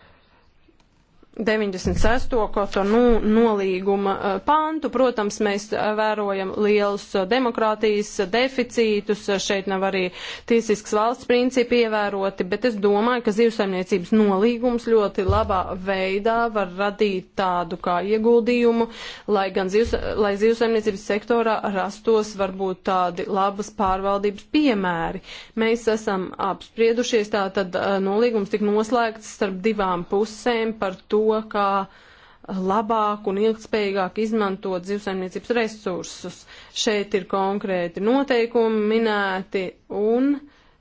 96. kotonu nolīguma eh, pantu. Protams, mēs eh, vērojam lielus eh, demokrātijas deficītus, šeit nav arī tiesisks valsts principi ievēroti, bet es domāju, ka zivsaimniecības nolīgums ļoti labā veidā var radīt tādu kā ieguldījumu, lai gan zivs, lai zivsaimniecības sektorā rastos varbūt tādi labas pārvaldības piemēri. Mēs esam apspriedušies, tātad nolīgums tik noslēgts starp divām pusēm par to, to, kā labāk un ilgspējīgāk izmantot zivsaimniecības resursus. Šeit ir konkrēti noteikumi minēti un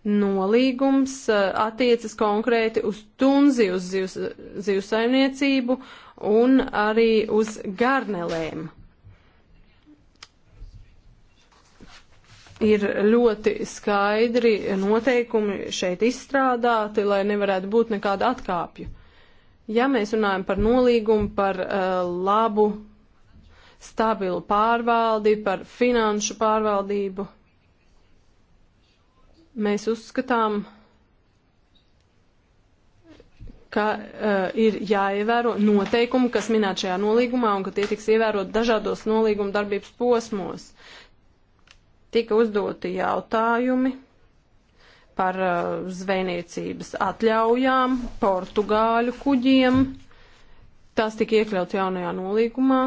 nolīgums eh, attiecas konkrēti uz tunzi, uz zivs, zivsaimniecību un arī uz garnelēm. ir ļoti skaidri noteikumi šeit izstrādāti, lai nevarētu būt nekāda atkāpju. Ja mēs runājam par nolīgumu, par uh, labu, stabilu pārvaldi, par finanšu pārvaldību, mēs uzskatām, ka uh, ir jāievēro noteikumi, kas minēt šajā nolīgumā, un ka tie tiks ievērot dažādos nolīguma darbības posmos. Tika uzdoti jautājumi par uh, zvejniecības atļaujām, portugāļu kuģiem. Tas tika iekļauts jaunajā nolīgumā.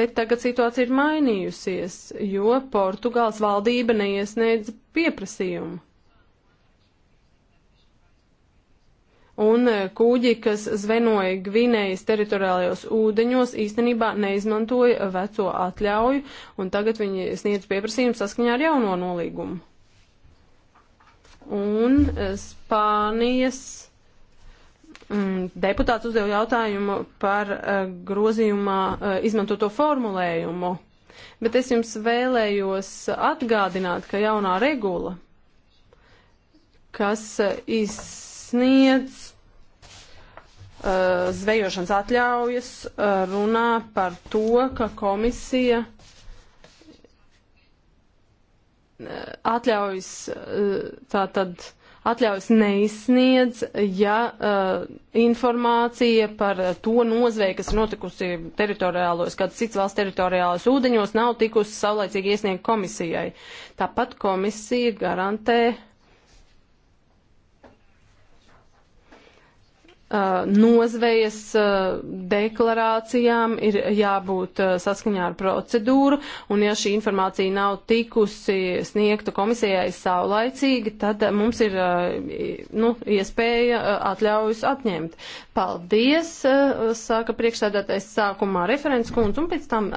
Bet tagad situācija ir mainījusies, jo Portugāles valdība neiesniedz pieprasījumu. un eh, kūģi, kas zvenoja Gvinējas teritoriālajos ūdeņos, īstenībā neizmantoja veco atļauju, un tagad viņi sniedz pieprasījumu saskaņā ar jauno nolīgumu. Un eh, Spānijas mm, deputāts uzdeva jautājumu par eh, grozījumā izmantoto formulējumu, bet es jums vēlējos atgādināt, ka jaunā regula, kas izsniedz Eh, zvejošanas atļaujas eh, runā par to, ka komisija eh, atļaujas tātad atļaujas neizsniedz, ja uh, informācija par to nozveju, kas ir notikusi teritoriālos, kāds cits valsts teritoriālos ūdeņos, nav tikusi saulēcīgi iesniegt komisijai. Tāpat komisija garantē uh, Uh, nozvejas uh, deklarācijām ir jābūt uh, saskaņā ar procedūru, un ja šī informācija nav tikusi sniegta komisijai saulaicīgi, tad mums ir nu, iespēja atļaujas atņemt. Paldies, saka priekšsēdētais sākumā referents kundz, un pēc tam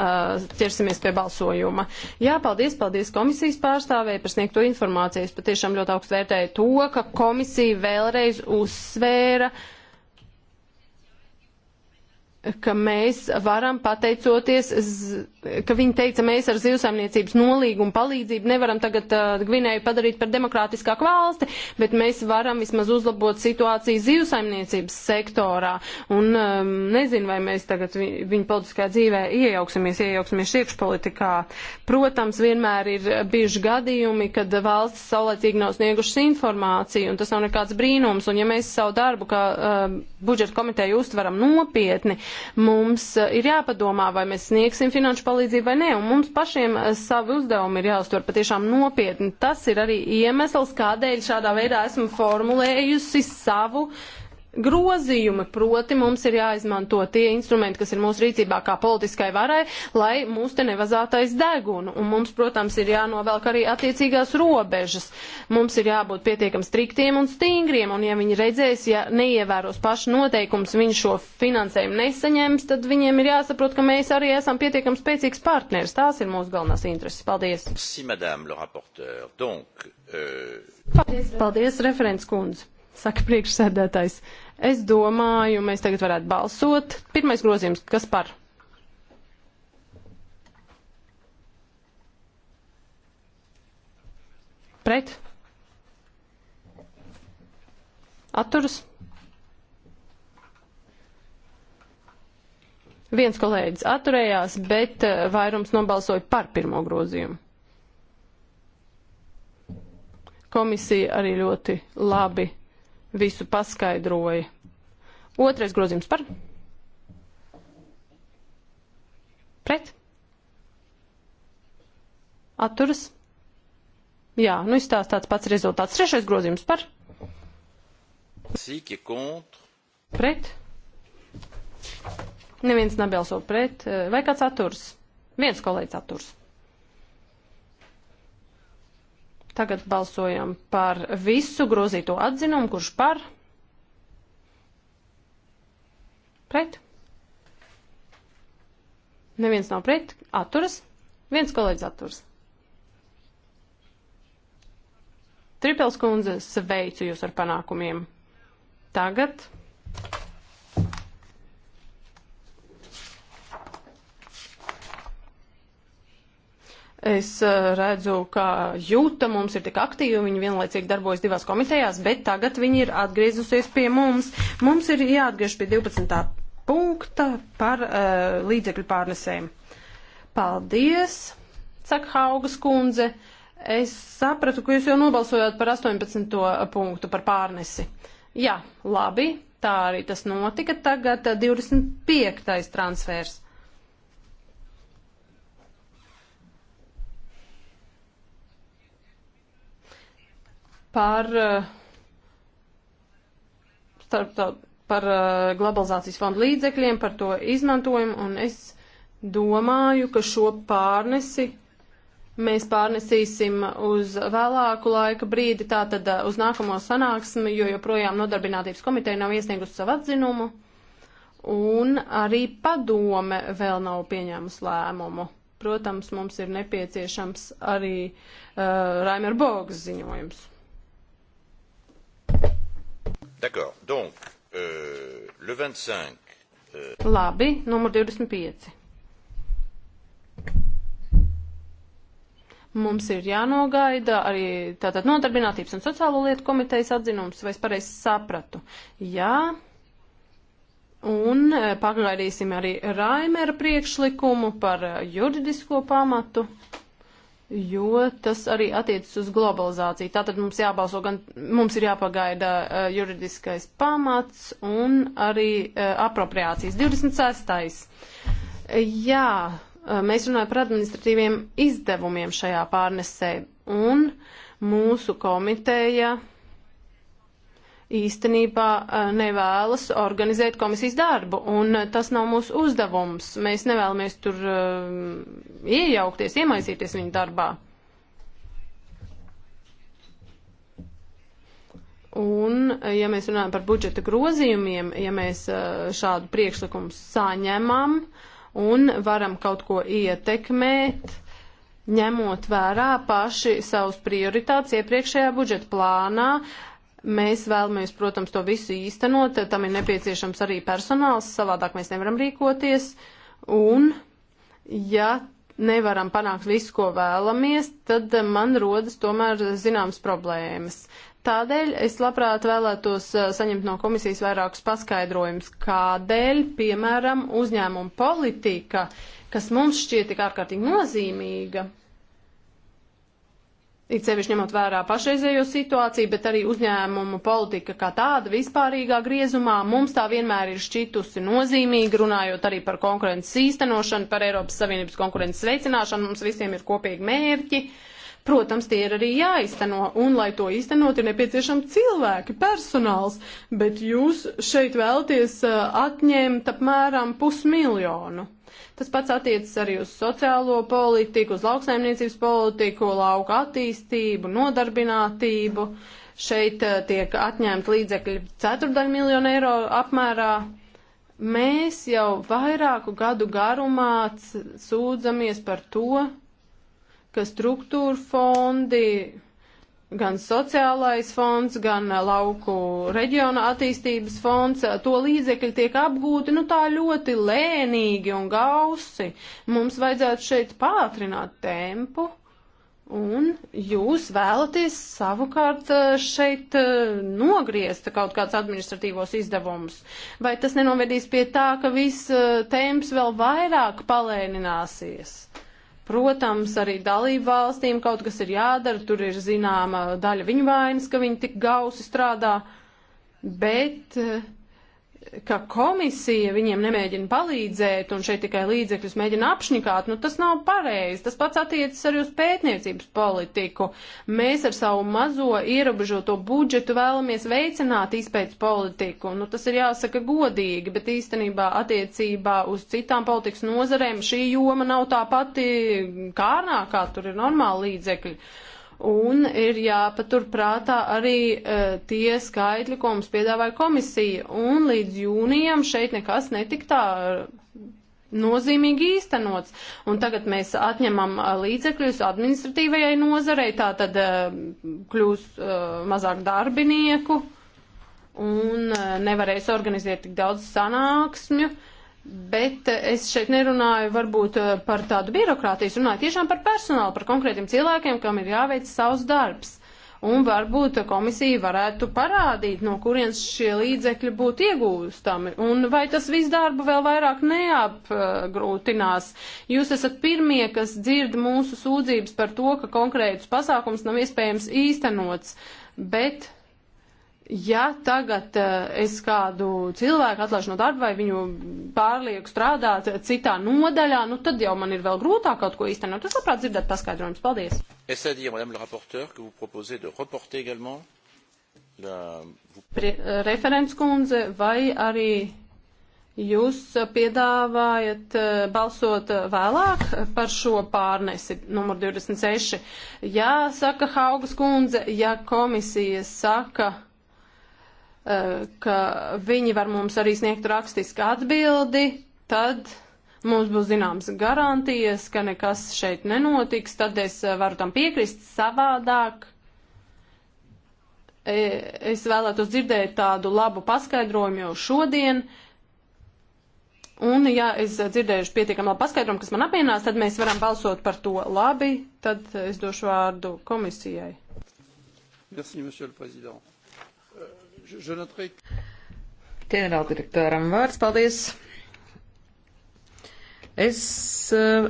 ķersimies pie balsojuma. Jā, paldies, paldies komisijas pārstāvēji par sniegto informāciju. Es patiešām ļoti augstu vērtēju to, ka komisija vēlreiz uzsvēra, ka mēs varam pateicoties, ka viņi teica, mēs ar zivsaimniecības nolīgumu palīdzību nevaram tagad uh, Gvinēju padarīt par demokrātiskāku valsti, bet mēs varam vismaz uzlabot situāciju zivsaimniecības sektorā. Un um, nezinu, vai mēs tagad vi, viņu politiskā dzīvē iejauksimies, iejauksimies iekšpolitikā. Protams, vienmēr ir bijuši gadījumi, kad valsts saulēcīgi nav sniegušas informāciju, un tas nav nekāds brīnums. Un ja mēs savu darbu, kā uh, budžeta komiteja, uztveram nopietni, Mums eh, ir jāpadomā, vai mēs sniegsim finanšu palīdzību vai nē, un mums pašiem eh, savi uzdevumi ir jāuztver patiešām nopietni. Tas ir arī iemesls, kādēļ šādā veidā esmu formulējusi savu uh, grozījumi, proti mums ir jāizmanto tie instrumenti, kas ir mūsu rīcībā kā politiskai varai, lai mūs te nevazātais degunu. Un mums, protams, ir jānovelk arī attiecīgās robežas. Mums ir jābūt pietiekam striktiem un stingriem, un ja viņi redzēs, ja neievēros pašu noteikums, viņi šo finansējumu nesaņems, tad viņiem ir jāsaprot, ka mēs arī esam pietiekam spēcīgs partners. Tās ir mūsu galvenās intereses. Paldies. Si, madame, Donc, euh... Paldies, Paldies referents kundze, saka priekšsēdētājs. Es domāju, mēs tagad varētu balsot. Pirmais grozījums, kas par? Pret? Atturas? Viens kolēģis atturējās, bet eh, vairums nobalsoja par pirmo grozījumu. Komisija arī ļoti labi visu paskaidroja. Otrais grozījums par. Pret. Atturas. Jā, nu izstāst tāds pats rezultāts. Trešais grozījums par. Sīki kontr. Pret. Neviens nebalso pret. Vai kāds atturs? Viens kolēģis atturs. Tagad balsojam par visu grozīto atzinumu, kurš par? Pret? Neviens nav pret, atturas. Viens kolēģis atturas. Tripels kundze, sveicu jūs ar panākumiem. Tagad Es eh, redzu, ka jūta mums ir tik aktīva, viņa vienlaicīgi darbojas divās komitejās, bet tagad viņa ir atgriezusies pie mums. Mums ir jāatgriež pie 12. punkta par uh, līdzekļu pārnesēm. Paldies, saka Haugas kundze. Es sapratu, ka jūs jau nobalsojāt par 18. punktu par pārnesi. Jā, labi, tā arī tas notika. Tagad 25. Eh, transfers. par, eh, starp, par eh, globalizācijas fondu līdzekļiem, par to izmantojumu, un es domāju, ka šo pārnesi mēs pārnesīsim uz vēlāku laika brīdi, tātad eh, uz nākamo sanāksmi, jo joprojām nodarbinātības komiteja nav iesniegusi savu atzinumu, un arī padome vēl nav pieņēmusi lēmumu. Protams, mums ir nepieciešams arī uh, Raimer Bogas ziņojums. D'accord. Donc, euh, le 25. Euh... Labi, numur 25. Mums ir jānogaida arī tātad nodarbinātības un sociālo lietu komitejas atzinums, vai es pareizi sapratu? Jā. Un e, pagaidīsim arī Raimera priekšlikumu par e, juridisko pamatu jo tas arī attiecas uz globalizāciju. Tātad mums jābalso gan, mums ir jāpagaida uh, juridiskais pamats un arī uh, apropriācijas. 26. Jā, uh, mēs runājam par administratīviem izdevumiem šajā pārnesē un mūsu komiteja. Uh, īstenībā e, nevēlas organizēt komisijas darbu, un e, tas nav mūsu uzdevums. Mēs nevēlamies tur e, iejaukties, iemaisīties viņu darbā. Un, ja mēs runājam par budžeta grozījumiem, ja mēs šādu priekšlikumu saņemam un varam kaut ko ietekmēt, ņemot vērā paši savus prioritātes iepriekšējā budžeta plānā, uh, Mēs vēlamies, protams, to visu īstenot, tam ir nepieciešams arī personāls, savādāk mēs nevaram rīkoties. Un, ja nevaram panākt visu, ko vēlamies, tad man rodas tomēr zināmas problēmas. Tādēļ es labprāt vēlētos eh, saņemt no komisijas vairākus paskaidrojumus, kādēļ, piemēram, uzņēmuma politika, kas mums šķiet tik ārkārtīgi nozīmīga, It sevišķi ņemot vērā pašreizējo situāciju, bet arī uzņēmumu politika kā tāda vispārīgā griezumā mums tā vienmēr ir šķitusi nozīmīga, runājot arī par konkurences īstenošanu, par Eiropas Savienības konkurences veicināšanu, mums visiem ir kopīgi mērķi. Protams, tie ir arī jāizteno, un lai to iztenot, ir nepieciešami cilvēki, personāls, bet jūs šeit vēlties eh, atņemt apmēram pusmiljonu. Tas pats attiecas arī uz sociālo politiku, uz lauksaimniecības politiku, lauka attīstību, nodarbinātību. Šeit eh, tiek atņemta līdzekļi ceturdaļ miljonu eiro apmērā. Mēs jau vairāku gadu garumā sūdzamies par to, ka struktūra fondi gan sociālais fonds, gan uh, lauku reģiona attīstības fonds, uh, to līdzekļi tiek apgūti, nu tā ļoti lēnīgi un gausi. Mums vajadzētu šeit pātrināt tempu. Un jūs vēlaties savukārt uh, šeit nogriezt kaut kādus administratīvos izdevumus. Vai tas nenovedīs pie tā, ka viss temps vēl vairāk palēnināsies? Uh, Protams, arī dalību valstīm kaut kas ir jādara, tur ir zināma daļa viņu vainas, ka viņi tik gausi strādā, bet uh, ka komisija viņiem nemēģina palīdzēt un šeit tikai līdzekļus mēģina apšņikāt, nu tas nav pareizi. Tas pats attiecas arī uz pētniecības politiku. Mēs ar savu mazo ierobežoto budžetu vēlamies veicināt izpētes politiku. Nu tas ir jāsaka godīgi, bet īstenībā attiecībā uz citām politikas nozarēm šī joma nav tā pati kārnākā, tur ir normāli līdzekļi. Uh, un ir jāpaturprātā arī uh, tie skaitļi, ko mums piedāvāja komisija, un līdz jūnijam šeit nekas netiktā e, nozīmīgi īstenots. Un tagad mēs atņemam e, līdzekļus administratīvajai nozarei, tā tad uh, kļūs uh, mazāk darbinieku un nevarēs organizēt tik daudz sanāksmju. Uh, Bet eh, es šeit nerunāju varbūt eh, par tādu birokrātijas, runāju tiešām par personālu, par konkrētiem cilvēkiem, kam ir jāveic savs darbs. Un varbūt eh, komisija varētu parādīt, no kurienes šie līdzekļi būtu iegūstami. Un vai tas viss darbu vēl vairāk neapgrūtinās? Jūs esat pirmie, kas dzird mūsu sūdzības par to, ka konkrētus pasākums nav iespējams īstenots, bet ja tagad eh, es kādu cilvēku atlaižu no darba vai viņu pārlieku strādāt citā nodaļā, nu tad jau man ir vēl grūtāk kaut ko īstenot. Es labprāt dzirdētu paskaidrojumus. Paldies. Es adier, madame le rapporteur, que vous proposez de reporter également la... Pre referents kundze vai arī Jūs piedāvājat eh, balsot vēlāk par šo pārnesi, numur 26. Jā, saka Haugas kundze, ja komisija saka, Eh, ka viņi var mums arī sniegt rakstisku atbildi, tad mums būs zināmas garantijas, ka nekas šeit nenotiks, tad es eh, varu tam piekrist savādāk. E, es vēlētos dzirdēt tādu labu paskaidrojumu jau šodien, Un, ja es dzirdēšu pietiekami labu paskaidrojumu, kas man apmienās, tad mēs varam balsot par to labi. Tad es došu vārdu komisijai. Merci, monsieur le président. Ģenerāldirektoram vārds, paldies. Es eh,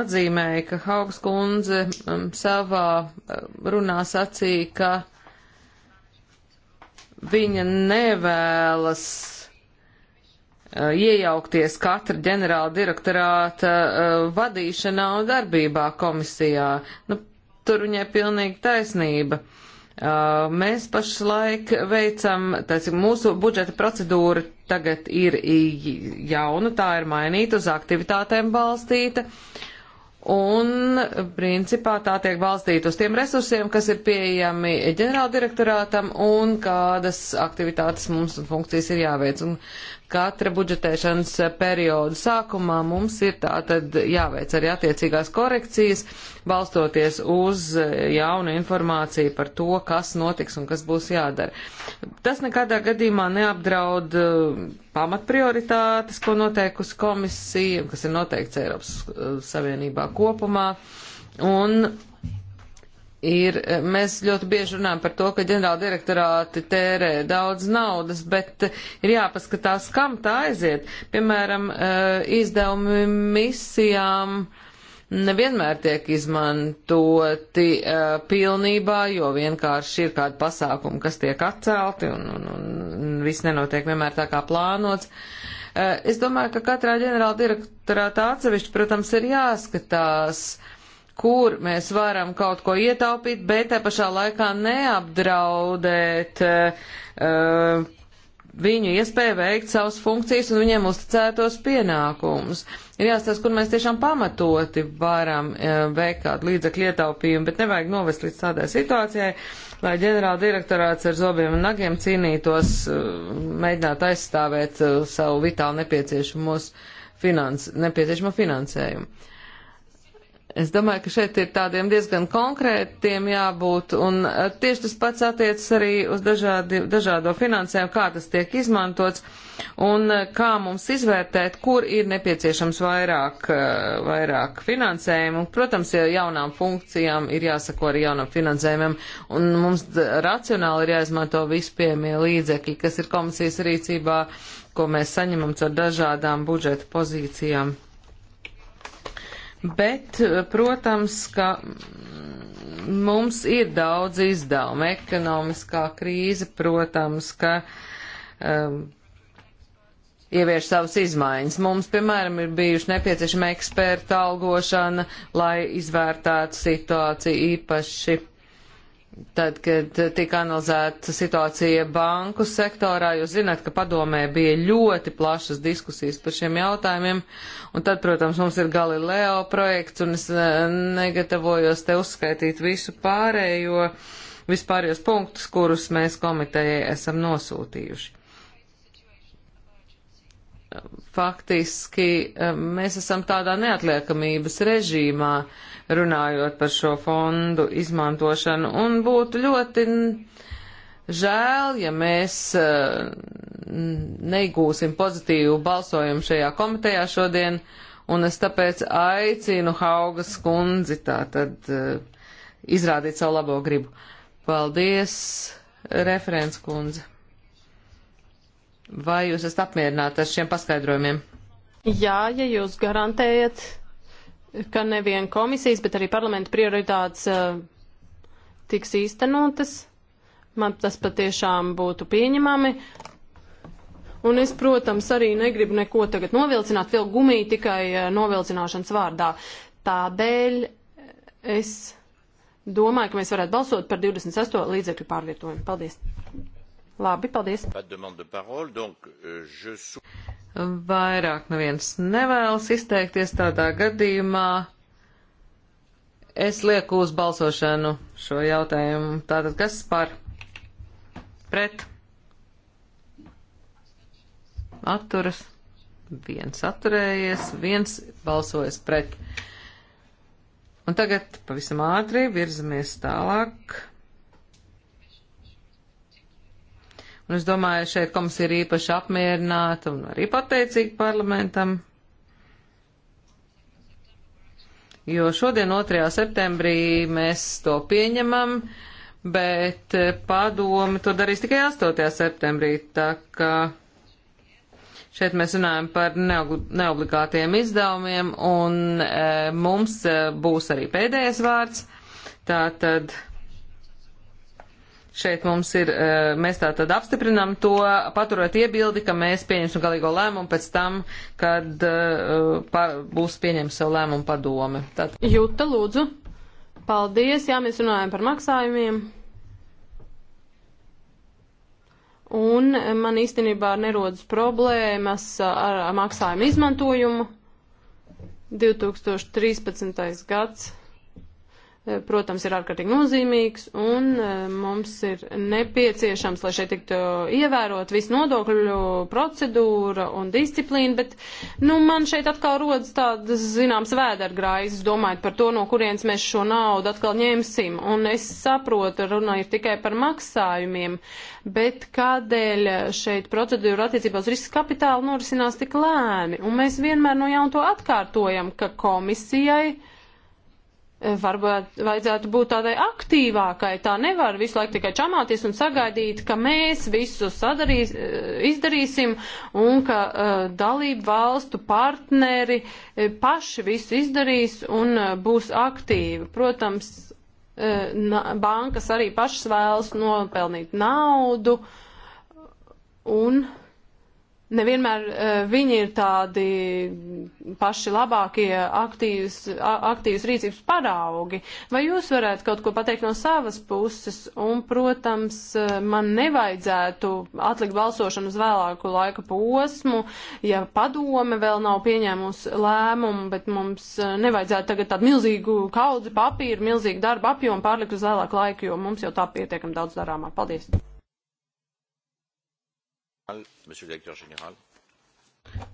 atzīmēju, ka Haugs kundze mm, savā eh, runā sacīja, ka viņa nevēlas uh, iejaukties katra ģenerāla direktorāta uh, vadīšanā un darbībā komisijā. Nu, tur viņai pilnīgi taisnība. Uh, Uh, mēs pašlaik veicam, tāsim, mūsu budžeta procedūra tagad ir jauna, tā ir mainīta uz aktivitātēm balstīta. Un, principā, tā tiek balstīta uz tiem resursiem, kas ir pieejami ģenerāldirektorātam un kādas aktivitātes mums un funkcijas ir jāveic. Un katra budžetēšanas eh, perioda sākumā mums ir tātad jāveic arī attiecīgās korekcijas, balstoties uz eh, jaunu informāciju par to, kas notiks un kas būs jādara. Tas nekādā gadījumā neapdraud eh, pamatprioritātes, ko noteikusi komisija, kas ir noteikts Eiropas Savienībā kopumā. Un ir, mēs ļoti bieži runājam par to, ka ģenerāla direktorāti tērē daudz naudas, bet ir jāpaskatās, kam tā aiziet. Piemēram, eh, izdevumi misijām nevienmēr tiek izmantoti eh, pilnībā, jo vienkārši ir kādi pasākumi, kas tiek atcelti un, un, un viss nenotiek vienmēr tā kā plānots. Eh, es domāju, ka katrā ģenerāla direktorāta atsevišķi, protams, ir jāskatās, uh, kur mēs varam kaut ko ietaupīt, bet te pašā laikā neapdraudēt uh, viņu iespēju veikt savas funkcijas un viņiem uzticētos pienākumus. Ir jāstāsta, kur mēs tiešām pamatoti varam uh, veikt kādu līdzekļu ietaupījumu, bet nevajag novest līdz tādai situācijai, lai ģenerāla direktorāts ar zobiem un nagiem cīnītos, uh, mēģinātu aizstāvēt uh, savu vitāli nepieciešamos finans, nepieciešamo finansējumu. Es domāju, ka šeit ir tādiem diezgan konkrētiem jābūt, un e, tieši tas pats attiecas arī uz dažādi, dažādo finansējumu, kā tas tiek izmantots, un e, kā mums izvērtēt, kur ir nepieciešams vairāk, e, vairāk finansējumu. Protams, ja jaunām funkcijām ir jāsako arī jaunam finansējumam, un mums racionāli ir jāizmanto vispiemie līdzekļi, kas ir komisijas rīcībā, ko mēs saņemam caur dažādām budžeta pozīcijām. Bet, protams, ka mums ir daudz izdevumu. Ekonomiskā krīze, protams, ka um, ievieš savas izmaiņas. Mums, piemēram, ir bijuši nepieciešama eksperta algošana, lai izvērtētu situāciju īpaši Tad, kad tika analizēta situācija banku sektorā, jūs zināt, ka padomē bija ļoti plašas diskusijas par šiem jautājumiem, un tad, protams, mums ir Galileo projekts, un es e, negatavojos te uzskaitīt visu pārējo, vispārējos punktus, kurus mēs komitejai esam nosūtījuši faktiski mēs esam tādā neatliekamības režīmā runājot par šo fondu izmantošanu un būtu ļoti žēl, ja mēs neigūsim pozitīvu balsojumu šajā komitejā šodien, un es tāpēc aicinu Haugas kundzi tā tad eh, izrādīt savu labo gribu. Paldies, referents kundze. Vai jūs esat apmierināti ar šiem paskaidrojumiem? Jā, ja jūs garantējat, ka nevien komisijas, bet arī parlamenta prioritātes uh, tiks īstenotas, man tas patiešām būtu pieņemami. Un es, protams, arī negribu neko tagad novilcināt, vēl gumiju tikai uh, novilcināšanas vārdā. Tādēļ uh, es domāju, ka mēs varētu balsot par 28 līdzekļu pārvietojumu. Paldies! Labi, paldies. Euh, Vairāk neviens nevēlas izteikties tādā gadījumā. Es lieku uz balsošanu šo jautājumu. Tātad kas par? Pret? Atturas? Viens atturējies, viens balsojas pret. Un tagad pavisam ātri virzamies tālāk. Un es domāju, šeit komisija ir īpaši apmierināta un arī pateicīga parlamentam. Jo šodien, 2. septembrī, mēs to pieņemam, bet padomi to darīs tikai 8. septembrī. Tā kā šeit mēs runājam par neobligātiem izdevumiem, un e, mums eh, būs arī pēdējais vārds. Tātad. tad Šeit mums ir, eh, mēs tā tad apstiprinam to, paturot iebildi, ka mēs pieņemsim galīgo lēmumu pēc tam, kad eh, pa, būs pieņems savu lēmumu padome. Tad... Jūta, lūdzu. Paldies, jā, mēs runājam par maksājumiem. Un man īstenībā nerodas problēmas ar maksājumu izmantojumu. 2013. gads Eh, protams, ir ārkārtīgi nozīmīgs, un eh, mums ir nepieciešams, lai šeit tiktu ievērot visu nodokļu procedūra un disciplīna, bet, nu, man šeit atkal rodas tādas, zināms, vēdergrājas, domājot par to, no kurienes mēs šo naudu atkal ņemsim, un es saprotu, runa ir tikai par maksājumiem, bet kādēļ šeit procedūra attiecībā uz risku kapitālu norisinās tik lēni, un mēs vienmēr no jauna to atkārtojam, ka komisijai, Eh, varbūt vajadzētu būt tādai aktīvākai. Tā nevar visu laiku tikai čamāties un sagaidīt, ka mēs visu sadarīs, eh, izdarīsim un ka uh, dalību valstu partneri paši visu izdarīs un uh, būs aktīvi. Protams, uh, na, bankas arī pašas vēlas nopelnīt naudu un nevienmēr uh, viņi ir tādi paši labākie aktīvas, aktīvas rīcības paraugi. Vai jūs varētu kaut ko pateikt no savas puses? Un, protams, e, man nevajadzētu atlikt balsošanu uz vēlāku laika posmu, ja padome vēl nav pieņēmusi lēmumu, bet mums e, nevajadzētu tagad tādu milzīgu kaudzi papīru, milzīgu darbu apjomu pārlikt uz vēlāku laiku, jo mums jau tā pietiekam daudz darāmā. Paldies! Monsieur le directeur général.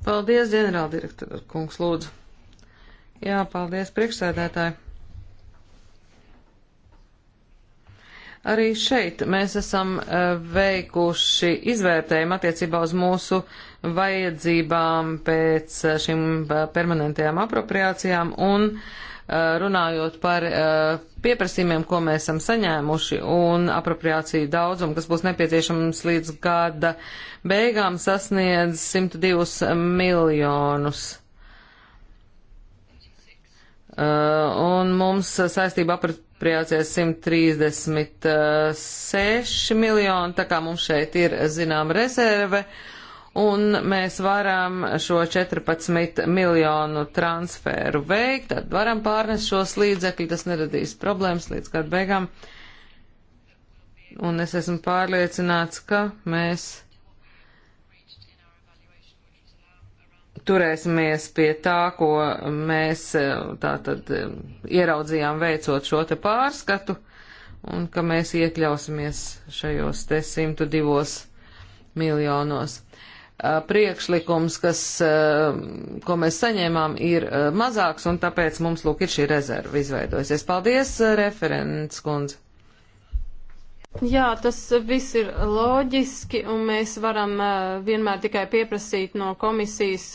Paldies, ģenerāldirektor kungs, lūdzu. Jā, paldies, priekšsēdētāji. Arī šeit mēs esam eh, veikuši izvērtējumu attiecībā uz mūsu vajadzībām pēc eh, šīm eh, permanentajām apropriācijām un uh, Eh, runājot par eh, pieprasījumiem, ko mēs esam saņēmuši un apropriāciju daudzumu, kas būs nepieciešams līdz gada beigām, sasniedz 102 miljonus. Eh, un mums saistība apropriācijas 136 miljoni, tā kā mums šeit ir zinām rezerve. Uh, un mēs varam šo 14 miljonu transferu veikt, tad varam pārnest šos līdzekļus, tas neradīs problēmas līdz kādu beigām. Un es esmu pārliecināts, ka mēs turēsimies pie tā, ko mēs e, tā tad e, ieraudzījām veicot šo te pārskatu, un ka mēs iekļausimies šajos te 102 miljonos priekšlikums, kas, ko mēs saņēmām, ir mazāks, un tāpēc mums, lūk, ir šī rezerva izveidojusies. Paldies, referents kundze! Jā, tas viss ir loģiski, un mēs varam vienmēr tikai pieprasīt no komisijas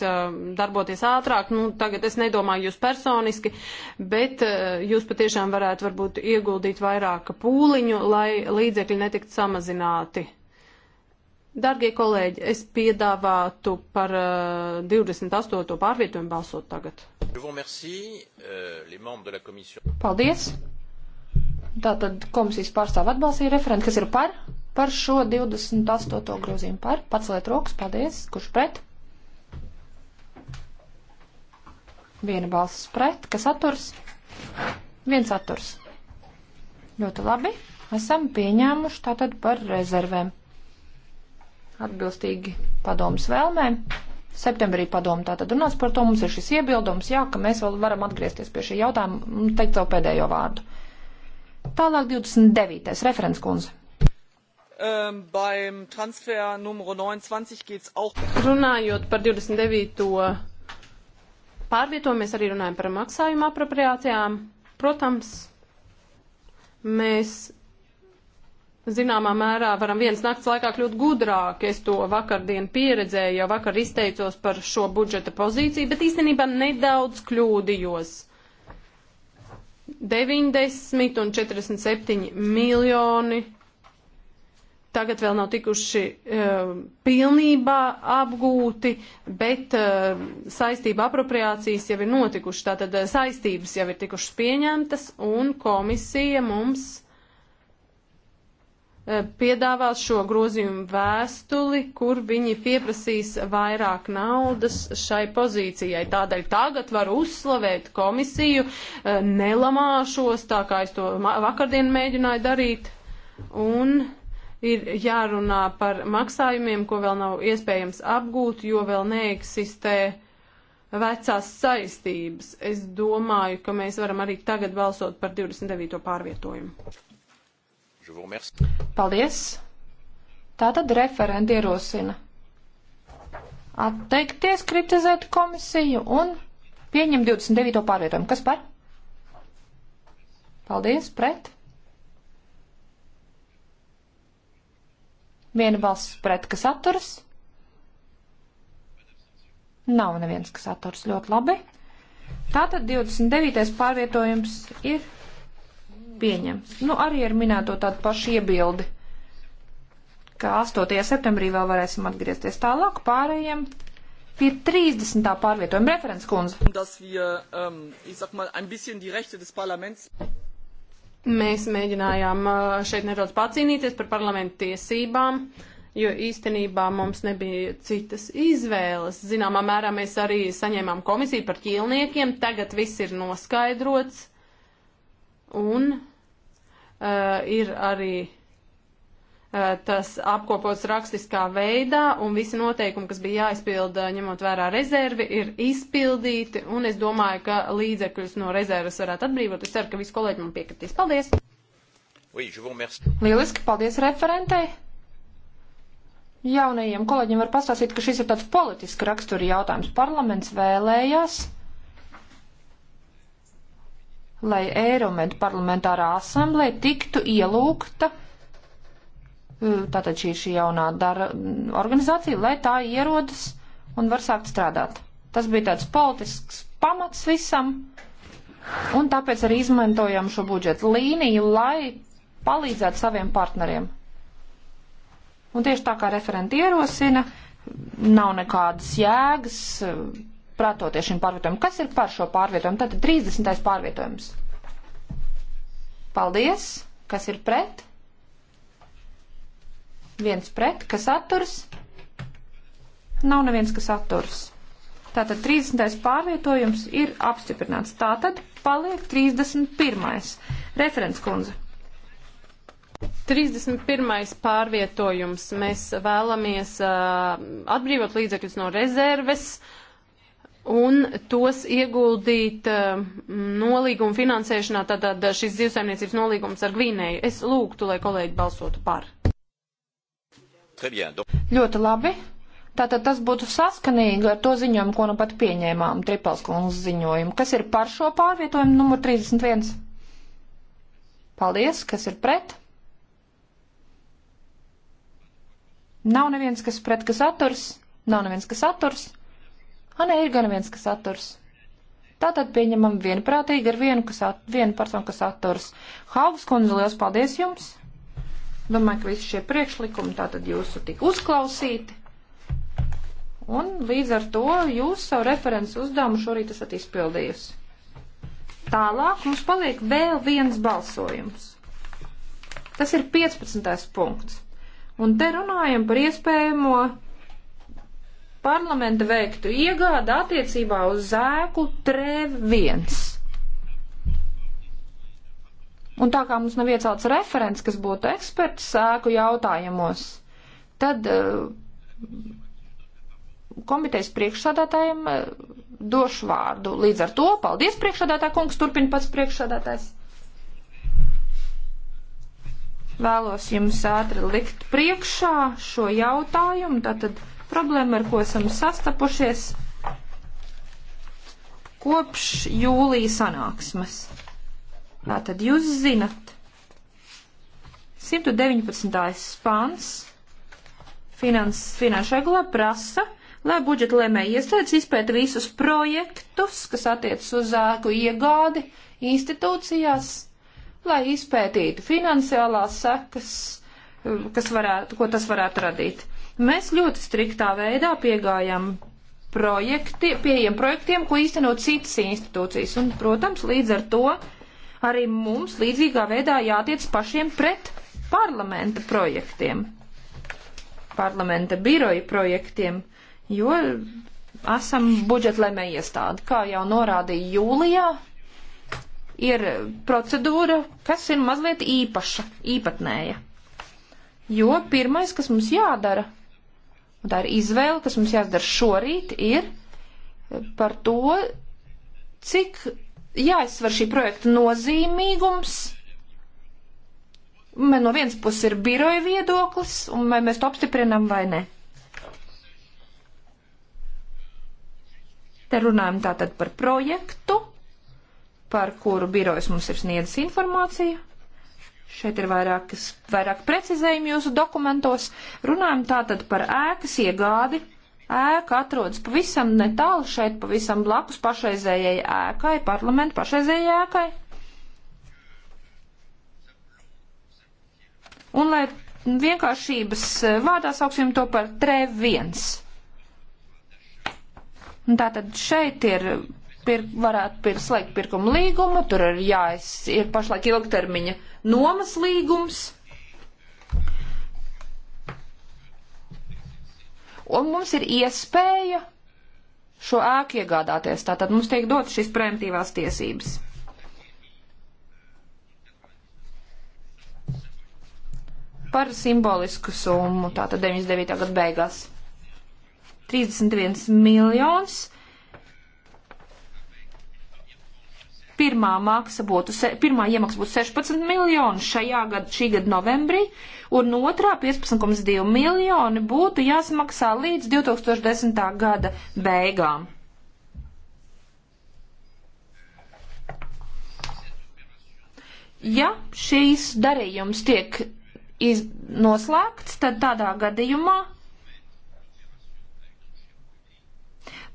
darboties ātrāk. Nu, tagad es nedomāju jūs personiski, bet jūs patiešām varētu varbūt ieguldīt vairāk pūliņu, lai līdzekļi netiktu samazināti. Dargie kolēģi, es piedāvātu par uh, 28. pārvietojumu balsot tagad. Euh, paldies. Tātad komisijas pārstāv atbalstīja referenti, kas ir par, par šo 28. grozījumu par. Paceliet rokas, paldies. Kurš pret? Viena balss pret, kas atturs? Viens atturs. Ļoti labi. Esam pieņēmuši tātad par rezervēm atbilstīgi padomas vēlmēm. Septembrī padomu tā tad runās par to, mums ir šis iebildums, jā, ka mēs vēl varam atgriezties pie šī jautājuma un teikt savu pēdējo vārdu. Tālāk 29. referents kundze. Um, beim transfer numuru 29 geht's auch. Runājot par 29. pārvietojumu, mēs arī runājam par maksājumu apropriācijām. Protams, mēs zināmā mērā varam vienas nakts laikā kļūt gudrāki. Es to vakardien pieredzēju, jau vakar izteicos par šo budžeta pozīciju, bet īstenībā nedaudz kļūdījos. 90 un 47 miljoni tagad vēl nav tikuši uh, pilnībā apgūti, bet uh, saistība apropriācijas jau ir notikušas, tātad uh, saistības jau ir tikušas pieņemtas un komisija mums E, piedāvās šo grozījumu vēstuli, kur viņi pieprasīs vairāk naudas šai pozīcijai. Tādēļ tagad var uzslavēt komisiju, e, nelamāšos, tā kā es to vakardien mēģināju darīt. Un ir jārunā par maksājumiem, ko vēl nav iespējams apgūt, jo vēl neeksistē vecās saistības. Es domāju, ka mēs varam arī tagad balsot par 29. pārvietojumu. Paldies! Tātad referenti ierosina atteikties kritizēt komisiju un pieņemt 29. pārvietojumu. Kas par? Paldies, pret. Viena balss pret, kas atturas. Nav neviens, kas atturas ļoti labi. Tātad 29. pārvietojums ir pieņemts. Nu, arī ar minēto tādu pašu iebildi, ka 8. septembrī vēl varēsim atgriezties tālāk pārējiem pie 30. pārvietojuma referents kundze. Ähm, mēs mēģinājām äh, šeit nedaudz pacīnīties par parlamentu tiesībām, jo īstenībā mums nebija citas izvēles. Zināmā mērā mēs arī saņēmām komisiju par ķīlniekiem, tagad viss ir noskaidrots. Un uh, ir arī uh, tas apkopots rakstiskā veidā, un visi noteikumi, kas bija jāizpilda, eh, ņemot vērā rezervi, ir izpildīti, un es domāju, ka līdzekļus no rezervas varētu atbrīvot. Es ceru, ka visi kolēģi man piekritīs. Paldies! Oui, Lieliski, paldies referentei! Jaunajiem kolēģiem var pastāstīt, ka šis ir tāds politiski rakstura jautājums. Parlaments vēlējās lai Eiromed parlamentārā asamblē tiktu ielūgta eh, tātad šī, šī jaunā dara, organizācija, lai tā ierodas un var sākt strādāt. Tas bija tāds politisks pamats visam, un tāpēc arī izmantojam šo budžetu līniju, lai palīdzētu saviem partneriem. Un tieši tā kā referenti ierosina, nav nekādas jēgas eh, prātoties šim pārvietojumam. Kas ir par šo pārvietojumu? Tātad 30. pārvietojums. Paldies. Kas ir pret? Viens pret. Kas atturs? Nav neviens, kas atturs. Tātad 30. pārvietojums ir apstiprināts. Tātad paliek 31. referents kundze. 31. pārvietojums. Mēs vēlamies uh, atbrīvot līdzekļus no rezerves un tos ieguldīt uh, eh, nolīguma finansēšanā, tātad šis zivsaimniecības nolīgums ar Gvīnēju. Es lūgtu, lai kolēģi balsotu par. Ļoti labi. Tātad tas būtu saskanīgi ar to ziņojumu, ko nu pat pieņēmām, Tripelskundas ziņojumu. Kas ir par šo pārvietojumu numur 31? Paldies, kas ir pret? Nav neviens, kas pret, kas atturs. Nav neviens, kas atturs. Anē, ah, ir gan viens, kas atturs. Tātad pieņemam vienprātīgi ar vienu, kas at, vienu personu, kas atturs. Haugs kundze, liels paldies jums! Domāju, ka visi šie priekšlikumi tātad jūsu tik uzklausīti. Un līdz ar to jūs savu referents uzdevumu šorīt esat izpildījusi. Tālāk mums paliek vēl viens balsojums. Tas ir 15. punkts. Un te runājam par iespējamo parlamenta veiktu iegādi attiecībā uz zēku trēv viens. Un tā kā mums nav iecelts referents, kas būtu eksperts sēku jautājumos, tad eh, komitejas priekšsādātājiem eh, došu vārdu. Līdz ar to paldies priekšsādātā kungs, turpina pats priekšsādātājs. Vēlos jums ātri likt priekšā šo jautājumu. Tātad Problēma, ar ko esam sastapušies kopš jūlija sanāksmes. Tātad jūs zinat, 119. pāns finans, finanšu regulā prasa, lai budžeta lēmēji iestādes izpēta visus projektus, kas attiecas uz ēku iegādi institūcijās, lai izpētītu finansiālās sekas, kas varētu, ko tas varētu radīt. Mēs ļoti striktā veidā piegājām projekti, pieejam projektiem, ko īstenot citas institūcijas. Un, protams, līdz ar to arī mums līdzīgā veidā jātiec pašiem pret parlamenta projektiem, parlamenta biroja projektiem, jo esam budžetlēmē iestādi. Kā jau norādīja jūlijā, ir procedūra, kas ir mazliet īpaša, īpatnēja. Jo pirmais, kas mums jādara, un tā ir izvēle, kas mums jāsadara šorīt, ir par to, cik jāizsver šī projekta nozīmīgums. Man no vienas puses ir biroja viedoklis, un vai mēs to apstiprinām vai nē. Te runājam tātad par projektu, par kuru birojas mums ir sniedzis informāciju. Šeit ir vairākas, vairāk precizējumi jūsu dokumentos. Runājam tātad par ēkas iegādi. Ēka atrodas pavisam netālu šeit, pavisam blakus pašreizējai ēkai, parlamentu pašreizējai ēkai. Un, lai vienkāršības vārdā sauksim to par tre viens. Un tātad šeit ir pir, varētu pir, slēgt pirkuma līgumu, tur ir jāiz, ir pašlaik ilgtermiņa nomas līgums. Un mums ir iespēja šo ēku iegādāties, tātad mums tiek dot šīs preemptīvās tiesības. Par simbolisku summu, tātad 99. gada beigās. 31 miljonus Pirmā, maksa būtu, pirmā iemaksa būtu 16 miljoni šajā gada, šī gada novembrī, un otrā 15,2 miljoni būtu jāsmaksā līdz 2010. gada beigām. Ja šīs darījums tiek iz, noslēgts, tad tādā gadījumā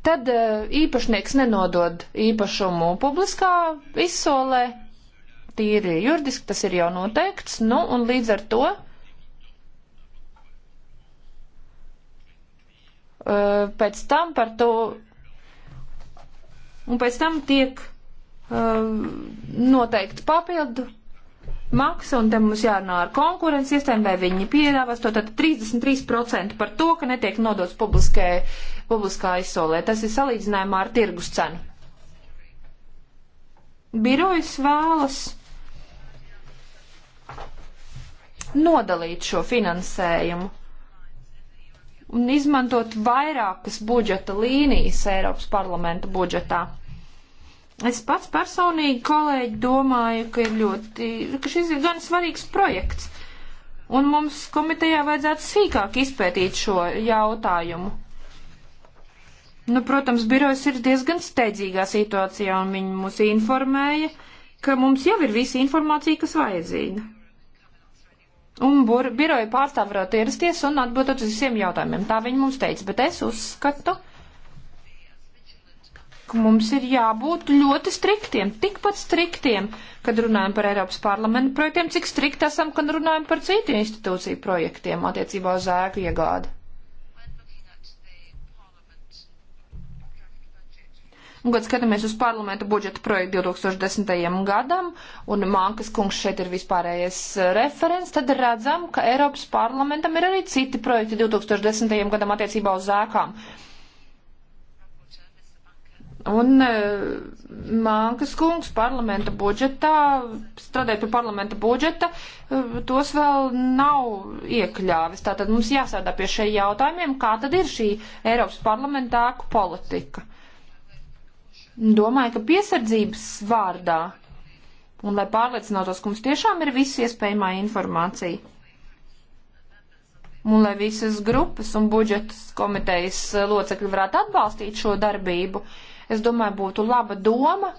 tad eh, īpašnieks nenodod īpašumu publiskā izsolē, tīri juridiski tas ir jau noteikts, nu un līdz ar to eh, pēc tam par to un pēc tam tiek eh, noteikti papildu maksa, un te mums jārunā ar konkurences iestēm, vai viņi piedāvās to tad 33% par to, ka netiek nodots publiskē, publiskā izsolē. Tas ir salīdzinājumā ar tirgus cenu. Birojas vēlas nodalīt šo finansējumu un izmantot vairākas budžeta līnijas Eiropas parlamenta budžetā. Es pats personīgi, kolēģi, domāju, ka, ļoti, ka šis ir gan svarīgs projekts, un mums komitejā vajadzētu sīkāk izpētīt šo jautājumu. Nu, protams, birojas ir diezgan steidzīgā situācijā, un viņi mūs informēja, ka mums jau ir visa informācija, kas vajadzīga. Un bur, biroja pārstāv varētu ierasties un atbildot uz visiem jautājumiem. Tā viņi mums teica, bet es uzskatu, ka ka mums ir jābūt ļoti striktiem, tikpat striktiem, kad runājam par Eiropas parlamentu projektiem, cik strikt esam, kad runājam par citu institūciju projektiem attiecībā uz ēku iegādi. Un, kad skatāmies uz parlamenta budžeta projektu 2010. gadam, un Mankas kungs šeit ir vispārējais eh, referents, tad redzam, ka Eiropas parlamentam ir arī citi projekti 2010. gadam attiecībā uz ēkām. Uh, Un e, Mankas kungs parlamenta budžetā, strādājot pie parlamenta budžeta, e, tos vēl nav iekļāvis. Tātad mums jāsādā pie šiem jautājumiem, kā tad ir šī Eiropas parlamentāku politika. Domāju, ka piesardzības vārdā, un lai pārliecinātos, ka mums tiešām ir viss iespējamā informācija, un lai visas grupas un budžetas komitejas locekļi varētu atbalstīt šo darbību, uh, es domāju, būtu laba doma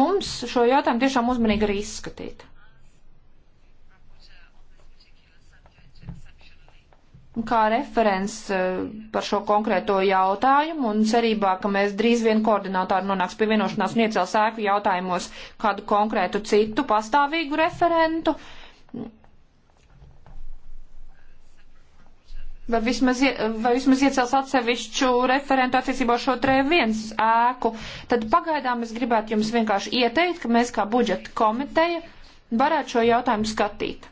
mums šo jautājumu tiešām uzmanīgi arī izskatīt. Kā referents eh, par šo konkrēto jautājumu un cerībā, ka mēs drīz vien koordinātāri nonāks pie vienošanās un iecels ēku jautājumos kādu konkrētu citu pastāvīgu referentu, Vai vismaz, vai vismaz iecels atsevišķu referentu attiecībā šo trēviens ēku, tad pagaidām es gribētu jums vienkārši ieteikt, ka mēs kā budžeta komiteja varētu šo jautājumu skatīt.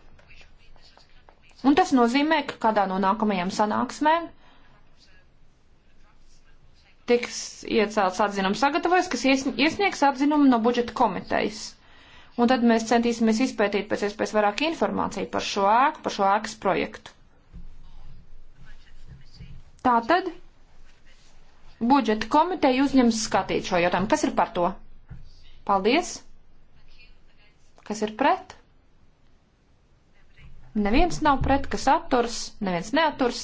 Un tas nozīmē, ka kādā no nākamajām sanāksmēm tiks iecelts atzinums sagatavojas, kas iesniegs atzinumu no budžeta komitejas. Un tad mēs centīsimies izpētīt pēc iespējas vairāk informāciju par šo ēku, par šo ēkas projektu. Tātad budžeta komiteja uzņems skatīt šo jautājumu. Kas ir par to? Paldies! Kas ir pret? Neviens nav pret, kas atturs, neviens neaturs.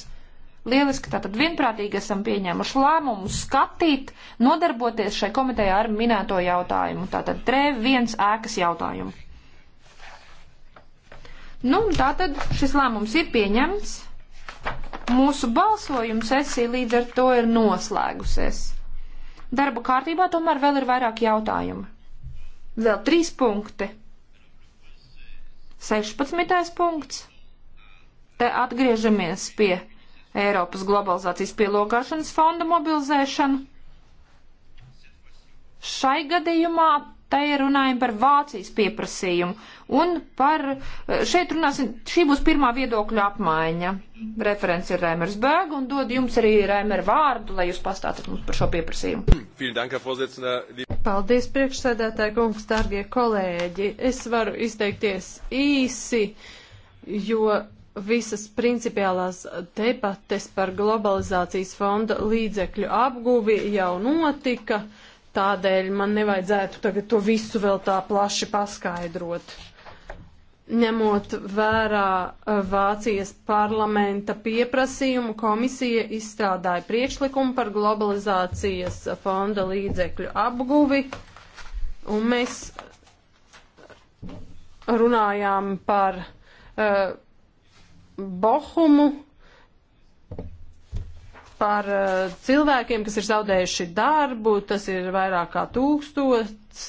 Lieliski, tātad vienprātīgi esam pieņēmuši lēmumu skatīt, nodarboties šai komitejā ar minēto jautājumu. Tātad trēv viens ēkas jautājumu. Nu, tātad šis lēmums ir pieņemts. Mūsu balsojuma sesija līdz ar to ir noslēgusies. Darba kārtībā tomēr vēl ir vairāk jautājumu. Vēl trīs punkti. 16. punkts. Te atgriežamies pie Eiropas globalizācijas pielogāšanas fonda mobilizēšanu. Šai gadījumā Te runājam par Vācijas pieprasījumu un par, šeit runāsim, šī būs pirmā viedokļa apmaiņa. Referents ir Rēmers Bēg un dod jums arī Rēmer vārdu, lai jūs pastāstat mums par šo pieprasījumu. Paldies, priekšsēdētāji kungs, dargie kolēģi. Es varu izteikties īsi, jo visas principiālās debates par globalizācijas fonda līdzekļu apguvi jau notika. Tādēļ man nevajadzētu tagad to visu vēl tā plaši paskaidrot ņemot vērā eh, Vācijas parlamenta pieprasījumu, komisija izstrādāja priekšlikumu par globalizācijas fonda līdzekļu apguvi, un mēs runājām par uh, eh, Bohumu par uh, cilvēkiem, kas ir zaudējuši darbu, tas ir vairāk kā tūkstots.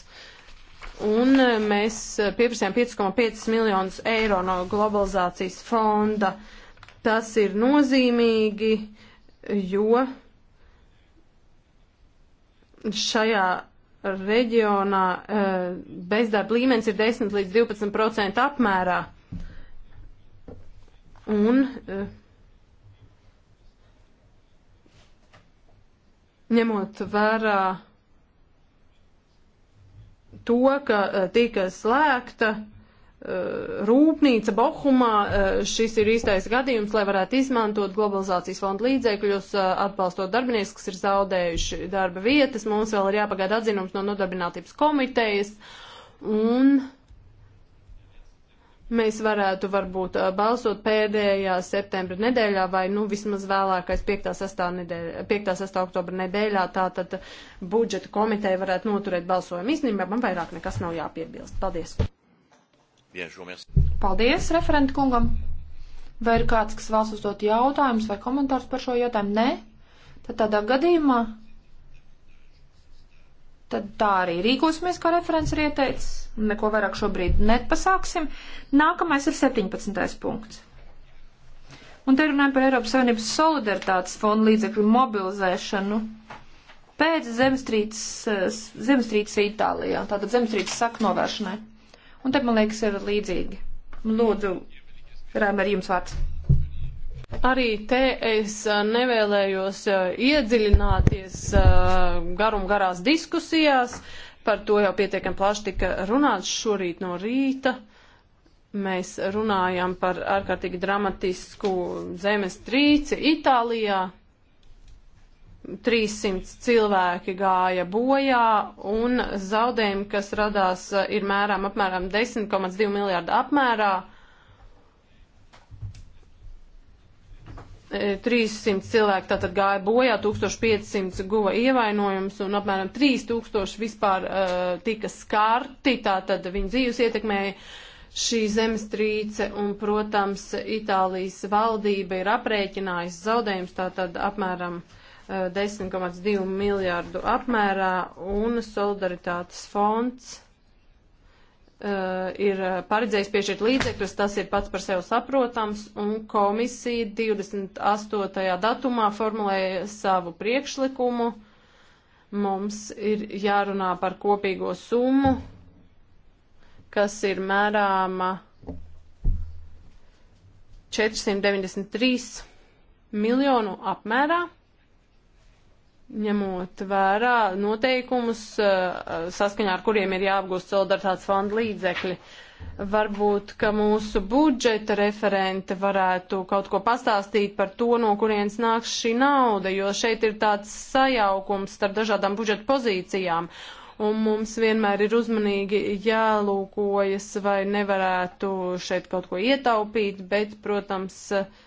Un uh, mēs pieprasījām 5,5 miljonus eiro no globalizācijas fonda. Tas ir nozīmīgi, jo šajā reģionā uh, bezdarba līmenis ir 10 līdz 12 procentu apmērā. Un uh, ņemot vērā to, ka eh, tika slēgta eh, rūpnīca Bohumā, eh, šis ir īstais gadījums, lai varētu izmantot globalizācijas fonda līdzekļus, atbalstot darbinieks, kas ir zaudējuši darba vietas. Mums vēl ir jāpagaida atzinums no nodarbinātības komitejas. Un Mēs varētu varbūt balsot pēdējā septembra nedēļā vai nu vismaz vēlākais 5.6. oktobra nedēļā, tātad budžeta komiteja varētu noturēt balsojumu. Īstenībā man vairāk nekas nav jāpiebilst. Paldies. Paldies referentu kungam. Vai ir kāds, kas vēlas uzdot jautājumus vai komentārus par šo jautājumu? Nē. Tad tādā gadījumā tad tā arī rīkosimies, kā referents ir ieteicis. Neko vairāk šobrīd nepasāksim. Nākamais ir 17. punkts. Un te runājam par Eiropas Savienības solidaritātes fondu līdzekļu mobilizēšanu pēc zemestrīces, eh, zemestrīces Itālijā, tātad zemestrīces saku novēršanai. Un te, man liekas, ir līdzīgi. Lūdzu, Rēm, ar jums vārds. Arī te es nevēlējos iedziļināties garum garās diskusijās, par to jau pietiekam plaši tika runāts šorīt no rīta. Mēs runājam par ārkārtīgi dramatisku zemestrīci Itālijā. 300 cilvēki gāja bojā un zaudējumi, kas radās, ir mēram apmēram 10,2 miljārdu apmērā 300 e, cilvēki tātad gāja bojā, 1500 guva ievainojumus un apmēram 3000 vispār uh, tika skarti, tātad viņu dzīves ietekmēja šī zemestrīce un, protams, Itālijas valdība ir aprēķinājusi zaudējums tātad apmēram e, uh, 10,2 miljārdu apmērā un solidaritātes fonds Eh, ir eh, paredzējis piešķirt līdzekļus, tas ir pats par sevi saprotams, un komisija 28. datumā formulēja savu priekšlikumu. Mums ir jārunā par kopīgo summu, kas ir mērāma 493 miljonu apmērā ņemot vērā noteikumus, uh, uh, saskaņā ar kuriem ir jāapgūst solidaritātes fonda līdzekļi. Varbūt, ka mūsu budžeta referente varētu kaut ko pastāstīt par to, no kurienes nāks šī nauda, jo šeit ir tāds sajaukums starp dažādām budžeta pozīcijām. Un mums vienmēr ir uzmanīgi jālūkojas, vai nevarētu šeit kaut ko ietaupīt, bet, protams, uh,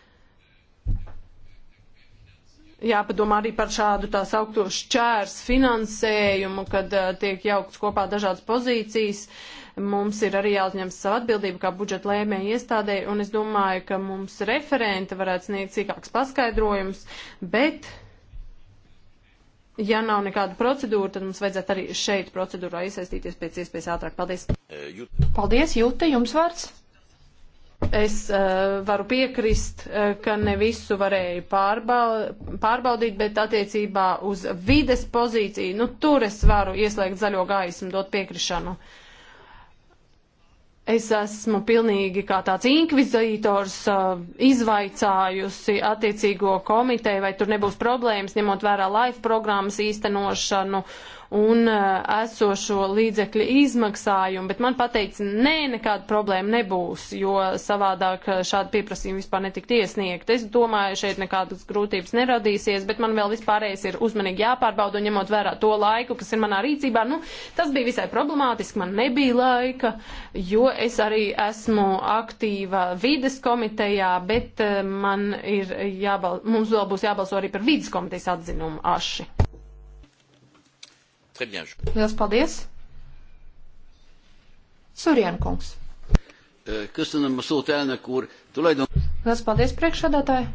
jāpadomā arī par šādu tā saukto šķērs finansējumu, kad uh, tiek jauktas kopā dažādas pozīcijas. Mums ir arī jāuzņemas savu atbildību kā budžeta lēmēja iestādē, un es domāju, ka mums referenta varētu sniegt sīkāks paskaidrojums, bet, ja nav nekāda procedūra, tad mums vajadzētu arī šeit procedūrā iesaistīties pēc iespējas ātrāk. Paldies! Paldies, Jūte, jums vārds! Es uh, varu piekrist, uh, ka ne visu varēju pārbaud, pārbaudīt, bet attiecībā uz vides pozīciju, nu tur es varu ieslēgt zaļo gaismu, dot piekrišanu. Es esmu pilnīgi kā tāds inkvizītors uh, eh, izvaicājusi attiecīgo komiteju, vai tur nebūs problēmas, ņemot vērā live programmas īstenošanu. Uh, un uh, esošo līdzekļu izmaksājumu, bet man pateica, nē, nekāda problēma nebūs, jo savādāk uh, šāda pieprasījuma vispār netikt iesniegt. Es domāju, šeit nekādas grūtības neradīsies, bet man vēl vispārējais ir uzmanīgi jāpārbauda un ņemot vērā to laiku, kas ir manā rīcībā. Nu, tas bija visai problemātiski, man nebija laika, jo es arī esmu aktīva vides komitejā, bet uh, man ir jābal, mums vēl būs jābalso arī par vidas komitejas atzinumu aši. Très bien. Liels paldies! Surjēna kungs. Eh, köszönöm a szót, elnök úr. Tulajdon... Liels paldies, priekšsādātāji!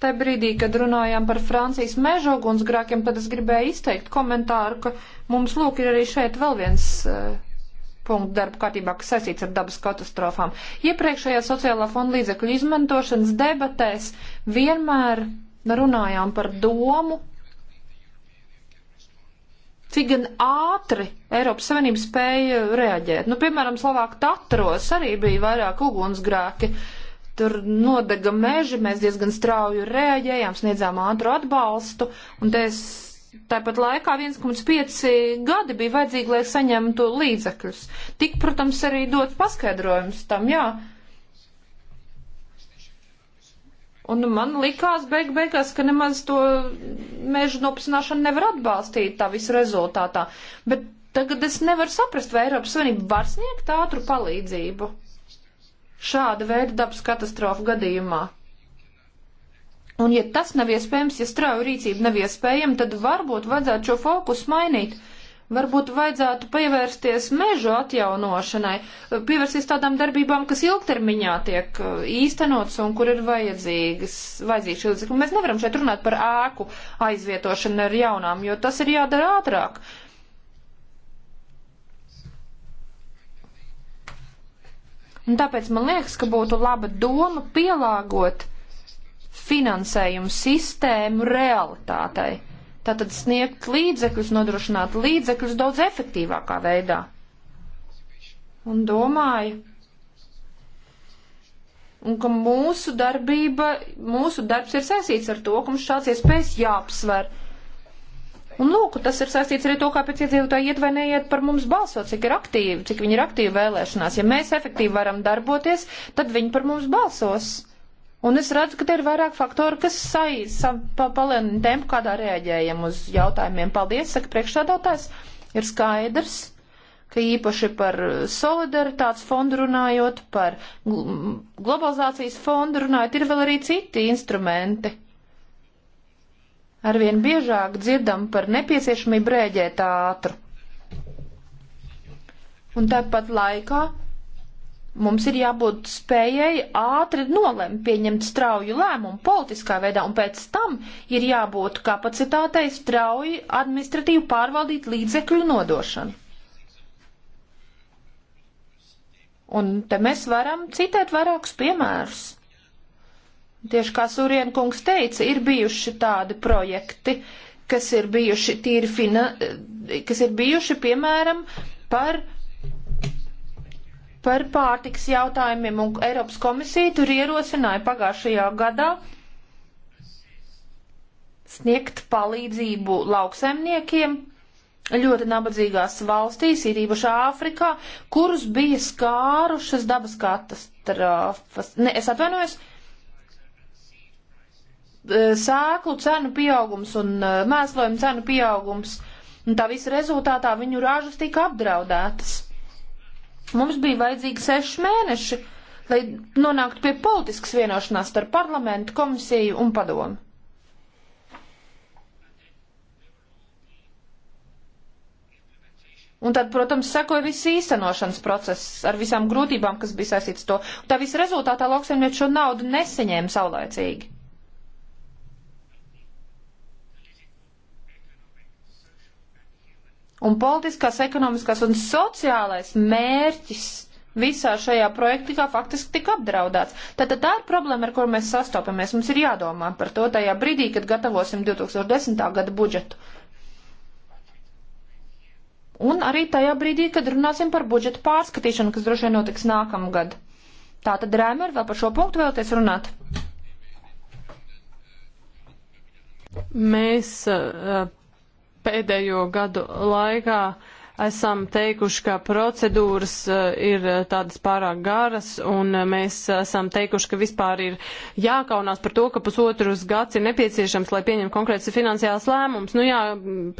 Tā brīdī, kad runājām par Francijas meža ugunsgrākiem, tad es gribēju izteikt komentāru, ka mums lūk ir arī šeit vēl viens uh, punkts darba kārtībā, kas saistīts ar dabas katastrofām. Iepriekšējā sociālā fonda līdzekļu izmantošanas debatēs vienmēr Nu, runājām par domu, cik gan ātri Eiropas Savienība spēja reaģēt. Nu, piemēram, Slovāku Tatros arī bija vairāk ugunsgrēki. Tur nodega meži, mēs diezgan strauju reaģējām, sniedzām ātru atbalstu, un te es Tāpat laikā 1,5 gadi bija vajadzīgi, lai saņemtu līdzekļus. Tik, protams, arī dots paskaidrojums tam, jā, Un man likās beig beigās, ka nemaz to mežu nopasināšanu nevar atbalstīt tā visu rezultātā. Bet tagad es nevaru saprast, vai Eiropas Savienība var sniegt ātru palīdzību šāda veida dabas katastrofu gadījumā. Un ja tas nav iespējams, ja strauja rīcība nav iespējama, tad varbūt vajadzētu šo fokusu mainīt Varbūt vajadzētu pievērsties mežu atjaunošanai, pievērsties tādām darbībām, kas ilgtermiņā tiek e, īstenots un kur ir vajadzīgas, vajadzīgs šī līdzekļa. Mēs nevaram šeit runāt par ēku aizvietošanu ar jaunām, jo tas ir jādara ātrāk. Un tāpēc man liekas, ka būtu laba doma pielāgot finansējumu sistēmu realitātei Tātad sniegt līdzekļus, nodrošināt līdzekļus daudz efektīvākā veidā. Un domāju, un ka mūsu darbība, mūsu darbs ir saistīts ar to, ka mums šāds iespējas jāapsver. Un lūk, tas ir saistīts arī to, kāpēc iedzīvotāji iet vai neiet par mums balsot, cik ir aktīvi, cik viņi ir aktīvi vēlēšanās. Ja mēs efektīvi varam darboties, tad viņi par mums balsos. Un es redzu, ka te ir vairāk faktori, kas saisa pa, palielina tempu, kādā reaģējam uz jautājumiem. Paldies, saka priekšstādātājs. Ir skaidrs, ka īpaši par solidaritātes fondu runājot, par globalizācijas fondu runājot, ir vēl arī citi instrumenti. Arvien biežāk dzirdam par nepieciešamību rēģēt ātru. Un tāpat laikā Mums ir jābūt spējai ātri nolemt, pieņemt strauju lēmumu politiskā veidā, un pēc tam ir jābūt kapacitātei strauji administratīvi pārvaldīt līdzekļu nodošanu. Un te mēs varam citēt vairākus piemērus. Tieši kā Surien kungs teica, ir bijuši tādi projekti, kas ir bijuši tīri fina, kas ir bijuši, piemēram, par par pārtiks jautājumiem, un Eiropas komisija tur ierosināja pagājušajā gadā sniegt palīdzību lauksaimniekiem ļoti nabadzīgās valstīs, ir īpaši Āfrikā, kurus bija skārušas dabas katastrofas. Ne, es atvainojos, e, sēklu cenu pieaugums un e, mēslojumu cenu pieaugums, un tā visa rezultātā viņu ražas tika apdraudētas. Mums bija vajadzīgi seši mēneši, lai nonāktu pie politiskas vienošanās starp parlamentu, komisiju un padomu. Un tad, protams, sekoja viss īstenošanas process ar visām grūtībām, kas bija saistīts to. Un tā visa rezultātā lauksaimnieks šo naudu nesaņēma saulēcīgi. Un politiskās, ekonomiskās un sociālais mērķis visā šajā projektā faktiski tika apdraudēts. Tātad tā ir problēma, ar kuru mēs sastopamies. Mums ir jādomā par to tajā brīdī, kad gatavosim 2010. gada budžetu. Un arī tajā brīdī, kad runāsim par budžetu pārskatīšanu, kas droši vien notiks nākamgad. Tātad, Rēmer, vēl par šo punktu vēlaties runāt? Mēs uh, pēdējo gadu laikā esam teikuši, ka procedūras eh, ir eh, tādas pārāk garas, un eh, mēs esam teikuši, ka vispār ir jākaunās par to, ka pusotrus gads ir nepieciešams, lai pieņem konkrēts finansiāls lēmums. Nu jā,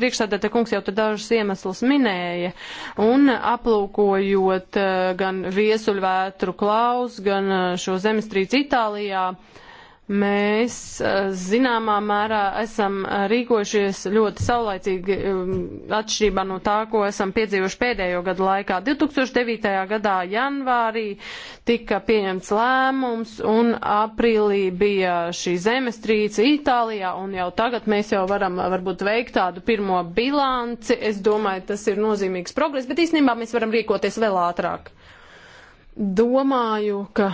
priekšsēdētā kungs jau te dažus iemeslus minēja, un aplūkojot gan viesuļvētru klaus, gan šo zemestrīci Itālijā, uh, mēs eh, zināmā mērā esam eh, rīkojušies ļoti saulaicīgi um, atšķirībā no tā, ko esam piedzīvojuši pēdējo gadu laikā. 2009. gadā janvārī tika pieņemts lēmums un aprīlī bija šī zemestrīce Itālijā un jau tagad mēs jau varam eh, varbūt veikt tādu pirmo bilanci. Es domāju, tas ir nozīmīgs progress, bet īstenībā mēs varam rīkoties vēl ātrāk domāju, ka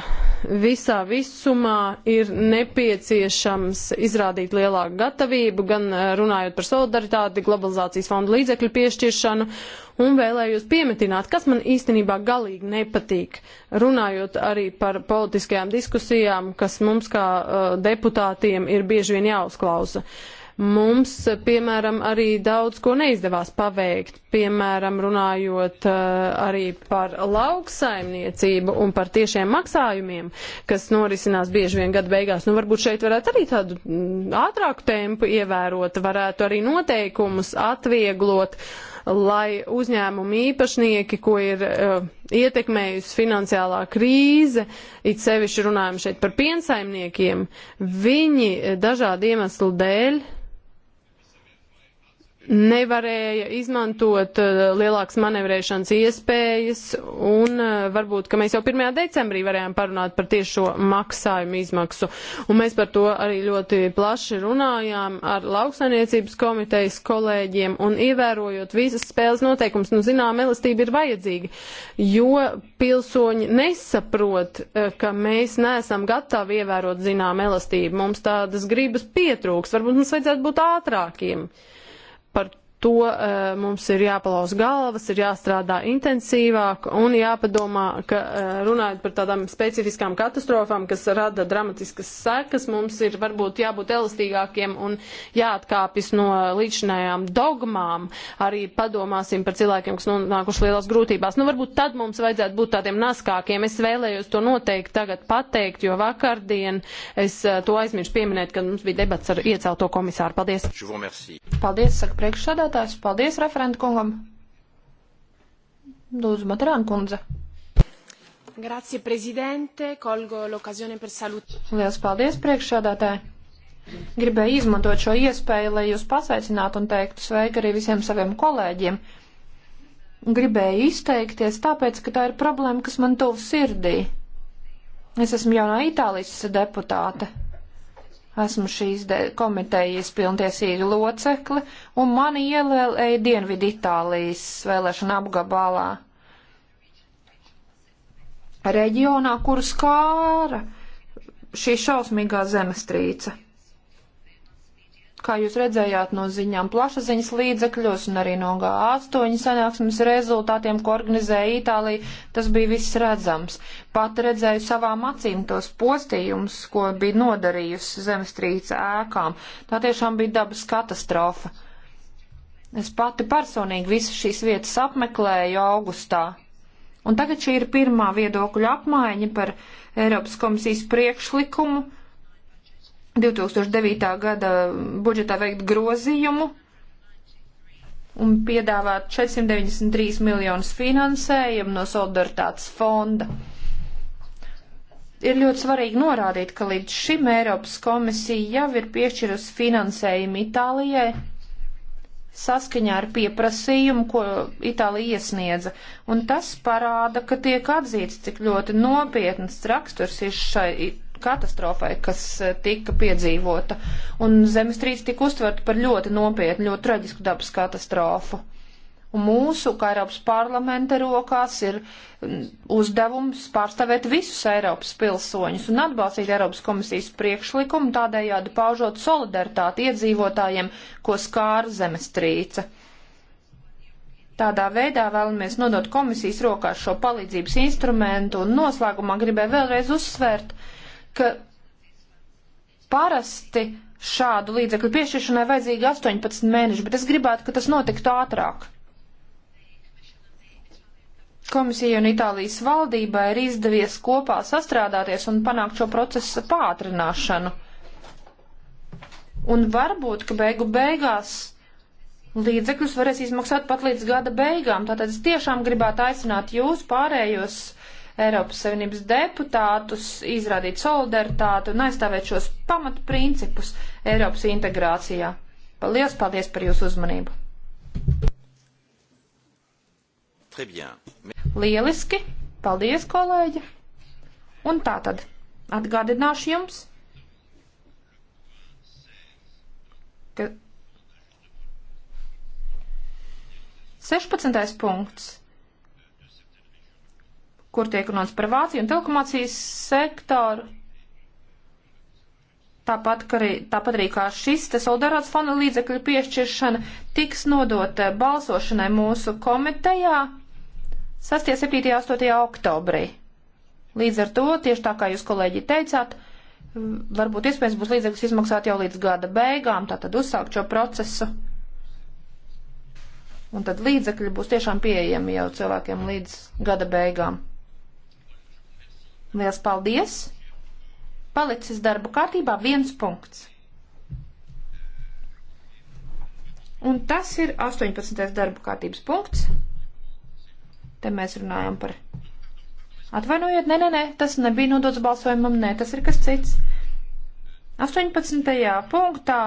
visā visumā ir nepieciešams izrādīt lielāku gatavību, gan eh, runājot par solidaritāti, globalizācijas fonda līdzekļu piešķiršanu, un vēlējos piemetināt, kas man īstenībā galīgi nepatīk, runājot arī par politiskajām diskusijām, kas mums kā uh, deputātiem ir bieži vien jāuzklausa. Uh, Mums, piemēram, arī daudz ko neizdevās paveikt, piemēram, runājot uh, arī par lauksaimniecību un par tiešiem maksājumiem, kas norisinās bieži vien gada beigās. Nu, varbūt šeit varētu arī tādu mm, ātrāku tempu ievērot, varētu arī noteikumus atvieglot lai uzņēmumu īpašnieki, ko ir uh, ietekmējusi finansiālā krīze, it sevišķi runājam šeit par piensaimniekiem, viņi dažādu iemeslu dēļ nevarēja izmantot uh, lielākas manevrēšanas iespējas, un uh, varbūt, ka mēs jau 1. decembrī varējām parunāt par tiešo maksājumu izmaksu. Un mēs par to arī ļoti plaši runājām ar lauksainiecības komitejas kolēģiem, un ievērojot visas spēles noteikums, nu, zinām, elastība ir vajadzīga, jo pilsoņi nesaprot, uh, ka mēs neesam gatavi ievērot, zinām, elastību. Mums tādas gribas pietrūks, varbūt mums vajadzētu būt ātrākiem. Yeah par to uh, mums ir jāpalauz galvas, ir jāstrādā intensīvāk un jāpadomā, ka uh, runājot par tādām specifiskām katastrofām, kas rada dramatiskas sekas, mums ir varbūt jābūt elastīgākiem un jāatkāpjas no līdzinājām dogmām. Arī padomāsim par cilvēkiem, kas nonākuši lielās grūtībās. Nu, varbūt tad mums vajadzētu būt tādiem naskākiem. Es vēlējos to noteikti tagad pateikt, jo vakardien es uh, to aizmirsu pieminēt, kad mums bija debats ar iecelto komisāru. Paldies! Paldies, saka priekšsādāt priekšsēdētājs. Paldies referentu kungam. Lūdzu, Materāna kundze. Grazie, prezidente. Kolgo l'occasione per salut. Lielas paldies priekšsēdētāji. Gribēju izmantot šo iespēju, lai jūs pasveicinātu un teiktu sveiki arī visiem saviem kolēģiem. Gribēju izteikties tāpēc, ka tā ir problēma, kas man tuvu sirdī. Es esmu jaunā Itālijas deputāte. Esmu šīs komitejas pilntiesīga locekle, un mani ielēja Dienvidu Itālijas vēlēšana apgabalā. Reģionā, kuru skāra šī šausmīgā zemestrīce kā jūs redzējāt no ziņām plašaziņas līdzekļos un arī no G8 sanāksmes rezultātiem, ko organizēja Itālija, tas bija viss redzams. Pat redzēju savām acīm tos postījumus, ko bija nodarījusi zemestrīce ēkām. Tā tiešām bija dabas katastrofa. Es pati personīgi visas šīs vietas apmeklēju augustā. Un tagad šī ir pirmā viedokļa apmaiņa par Eiropas komisijas priekšlikumu 2009. gada budžetā veikt grozījumu un piedāvāt 493 miljonus finansējumu no solidaritātes fonda. Ir ļoti svarīgi norādīt, ka līdz šim Eiropas komisija jau ir piešķirusi finansējumu Itālijai saskaņā ar pieprasījumu, ko Itālija iesniedza, un tas parāda, ka tiek atzīts, cik ļoti nopietnas raksturs ir šai katastrofai, kas eh, tika piedzīvota. Un zemestrīce tika uztverta par ļoti nopietnu, ļoti traģisku dabas katastrofu. Un mūsu, kā Eiropas parlamenta rokās, ir mm, uzdevums pārstāvēt visus Eiropas pilsoņus un atbalstīt Eiropas komisijas priekšlikumu, tādējādi paužot solidaritāti iedzīvotājiem, ko skāra zemestrīce. Tādā veidā vēlamies nodot komisijas rokās šo palīdzības instrumentu un noslēgumā gribēju vēlreiz uzsvērt, ka parasti šādu līdzekļu piešķiršanai vajadzīgi 18 mēneši, bet es gribētu, ka tas notiktu ātrāk. Komisija un Itālijas valdībai ir izdevies kopā sastrādāties un panākt šo procesu pātrināšanu. Un varbūt, ka beigu beigās līdzekļus varēs izmaksāt pat līdz gada beigām. Tātad es tiešām gribētu aicināt jūs pārējos Eiropas Savienības deputātus, izrādīt solidaritāti un aizstāvēt šos pamatprincipus Eiropas integrācijā. Lielas paldies par jūsu uzmanību! Lieliski! Paldies, kolēģi! Un tā tad atgādināšu jums, ka 16. punkts kur tiek runāts par Vāciju un telekomācijas sektoru. Tāpat, ka arī, tāpat arī kā šis te soldarāts fonda līdzekļu piešķiršana tiks nodota eh, balsošanai mūsu komitejā 6., 7., 8. oktobrī. Līdz ar to, tieši tā kā jūs kolēģi teicāt, varbūt iespējams būs līdzekļus izmaksāt jau līdz gada beigām, tātad uzsākt šo procesu. Un tad līdzekļi būs tiešām pieejami jau cilvēkiem līdz gada beigām. Liels paldies! Palicis darbu kārtībā viens punkts. Un tas ir 18. darbu kārtības punkts. Te mēs runājam par. Atvainojiet, nē, nē, nē, tas nebija nodots balsojumam, nē, tas ir kas cits. 18. punktā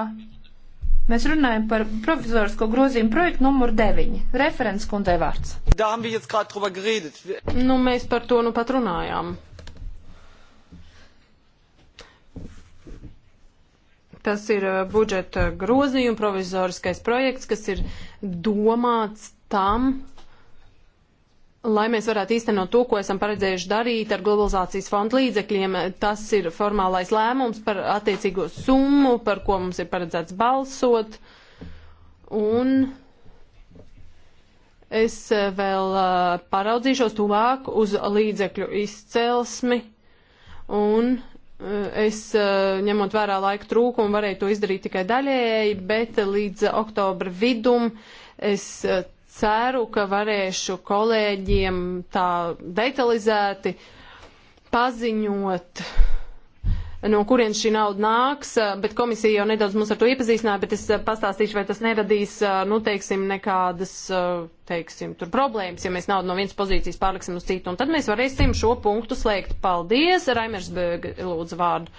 mēs runājam par provizorisko grozījumu projektu numuru 9. Referents kundzei vārds. Nu, mēs par to nu pat runājām. Tas ir uh, budžeta grozījuma provizoriskais projekts, kas ir domāts tam, lai mēs varētu īstenot to, ko esam paredzējuši darīt ar globalizācijas fondu līdzekļiem. Tas ir formālais lēmums par attiecīgo summu, par ko mums ir paredzēts balsot. Un es uh, vēl uh, paraudzīšos tuvāk uz līdzekļu izcelsmi un Es, eh, ņemot vērā laika trūkumu, varēju to izdarīt tikai daļēji, bet eh, līdz oktobra vidum es eh, ceru, ka varēšu kolēģiem tā detalizēti paziņot no kurienes šī nauda nāks, eh, bet komisija jau nedaudz mums ar to iepazīstināja, bet es eh, pastāstīšu, vai tas neradīs, eh, nu, teiksim, nekādas, teiksim, tur problēmas, ja mēs naudu no vienas pozīcijas pārliksim uz citu. Un tad mēs varēsim šo punktu slēgt. Paldies, Raimers Bēga, lūdzu vārdu.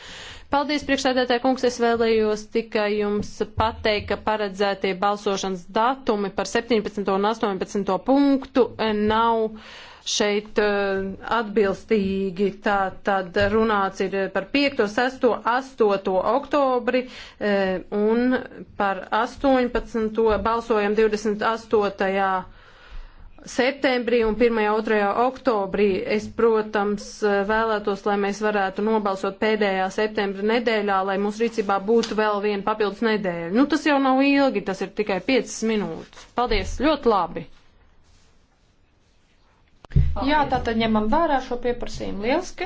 Paldies, priekšsēdētāji kungs, es vēlējos tikai jums pateikt, ka paredzētie balsošanas datumi par 17. un 18. punktu nav šeit eh, atbilstīgi. Tā tad runāts ir par 5, 6, 8 oktobri eh, un par 18. balsojam 28 septembrī un 1. 2. oktobrī. Es, protams, vēlētos, lai mēs varētu nobalsot pēdējā septembra nedēļā, lai mūsu rīcībā būtu vēl viena papildus nedēļa. Nu, tas jau nav ilgi, tas ir tikai 5 minūtes. Paldies, ļoti labi! Paldies. Jā, tā tad ņemam vērā šo pieprasījumu. Lieliski.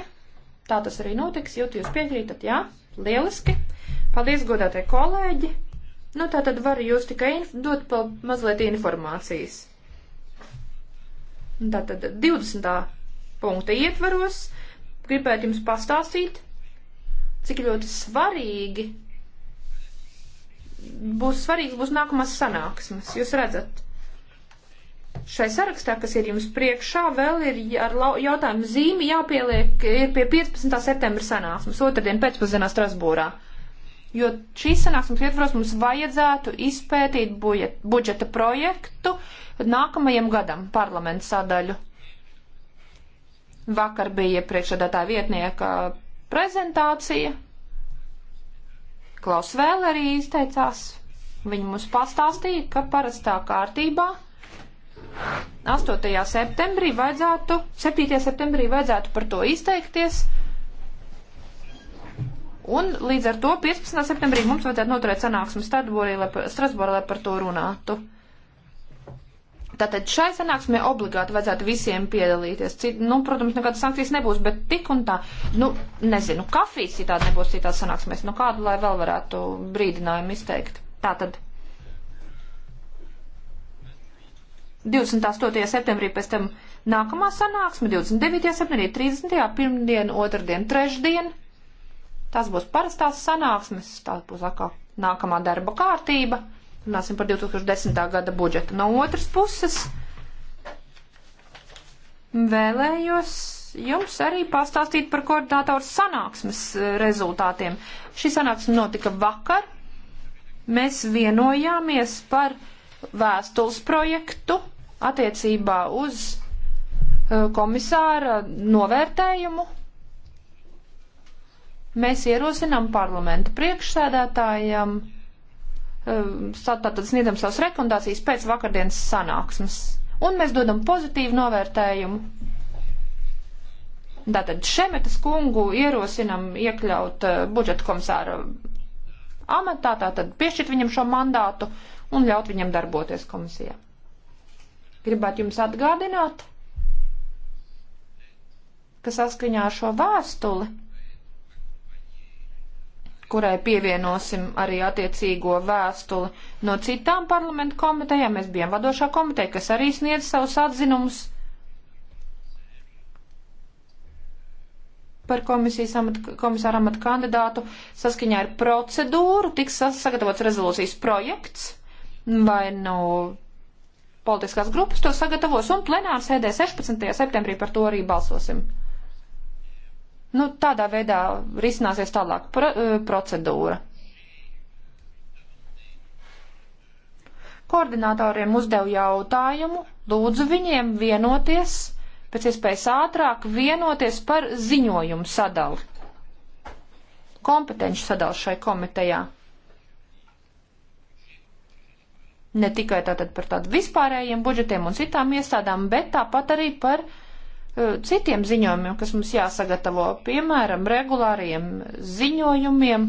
Tā tas arī notiks, jo jūs piekrītat, jā? Lieliski. Paldies, godātie kolēģi. Nu, tā tad var jūs tikai dot pa mazliet informācijas. Tā tad 20. punkta ietvaros gribētu jums pastāstīt, cik ļoti svarīgi būs svarīgs būs nākamās sanāksmes. Jūs redzat, Šai sarakstā, kas ir jums priekšā, vēl ir ar jautājumu zīmi jāpieliek ir pie 15. septembra sanāksmes, otrdien pēcpusdienā Strasbūrā. Jo šīs sanāksmes ietvaros mums vajadzētu izpētīt budžeta projektu nākamajam gadam parlamentu sadaļu. Vakar bija priekšsēdētāja vietnieka prezentācija. Klaus vēl arī izteicās. Viņa mums pastāstīja, ka parastā kārtībā 8. septembrī vajadzētu, 7. septembrī vajadzētu par to izteikties. Un līdz ar to 15. septembrī mums vajadzētu noturēt sanāksmi Strasbūrē, lai par to runātu. Tātad šai sanāksmē obligāti vajadzētu visiem piedalīties. Cit, nu, protams, nekādas sankcijas nebūs, bet tik un tā, nu, nezinu, kafijas citādi nebūs citās sanāksmēs. Nu, kādu lai vēl varētu brīdinājumu izteikt. Tātad 28. septembrī pēc tam nākamā sanāksme, 29. septembrī, 30. pirmdien, otrdien, trešdien. Tas būs parastās sanāksmes, tās būs atkal nākamā darba kārtība. Runāsim par 2010. gada budžetu. No otras puses, vēlējos jums arī pastāstīt par koordinātoru sanāksmes eh, rezultātiem. Šī sanāksme notika vakar. Mēs vienojāmies par vēstules projektu attiecībā uz e, komisāra novērtējumu. Mēs ierosinām parlamenta priekšsēdētājiem, e, tātad sniedzam savas rekomendācijas pēc vakardienas sanāksmes. Un mēs dodam pozitīvu novērtējumu. Tātad Šemetas kungu ierosinam iekļaut e, budžeta komisāra amatā, tātad piešķirt viņam šo mandātu, un ļaut viņam darboties komisijā. Gribētu jums atgādināt, ka saskaņā ar šo vēstuli, kurai pievienosim arī attiecīgo vēstuli no citām parlamentu komitejām, mēs bijām vadošā komiteja, kas arī sniedz savus atzinumus par komisijas amat, komisāra amatu kandidātu saskaņā ar procedūru tiks sagatavots rezolūcijas projekts vai no nu politiskās grupas to sagatavos, un plenāra sēdē 16. septembrī par to arī balsosim. Nu, tādā veidā risināsies tālāk pro, e, procedūra. Koordinatoriem uzdevu jautājumu, lūdzu viņiem vienoties, pēc iespējas ātrāk vienoties par ziņojumu sadali, kompetenci sadali šai komitejā. Ne tikai tātad par tādu vispārējiem budžetiem un citām iestādām, bet tāpat arī par uh, citiem ziņojumiem, kas mums jāsagatavo, piemēram, regulāriem ziņojumiem,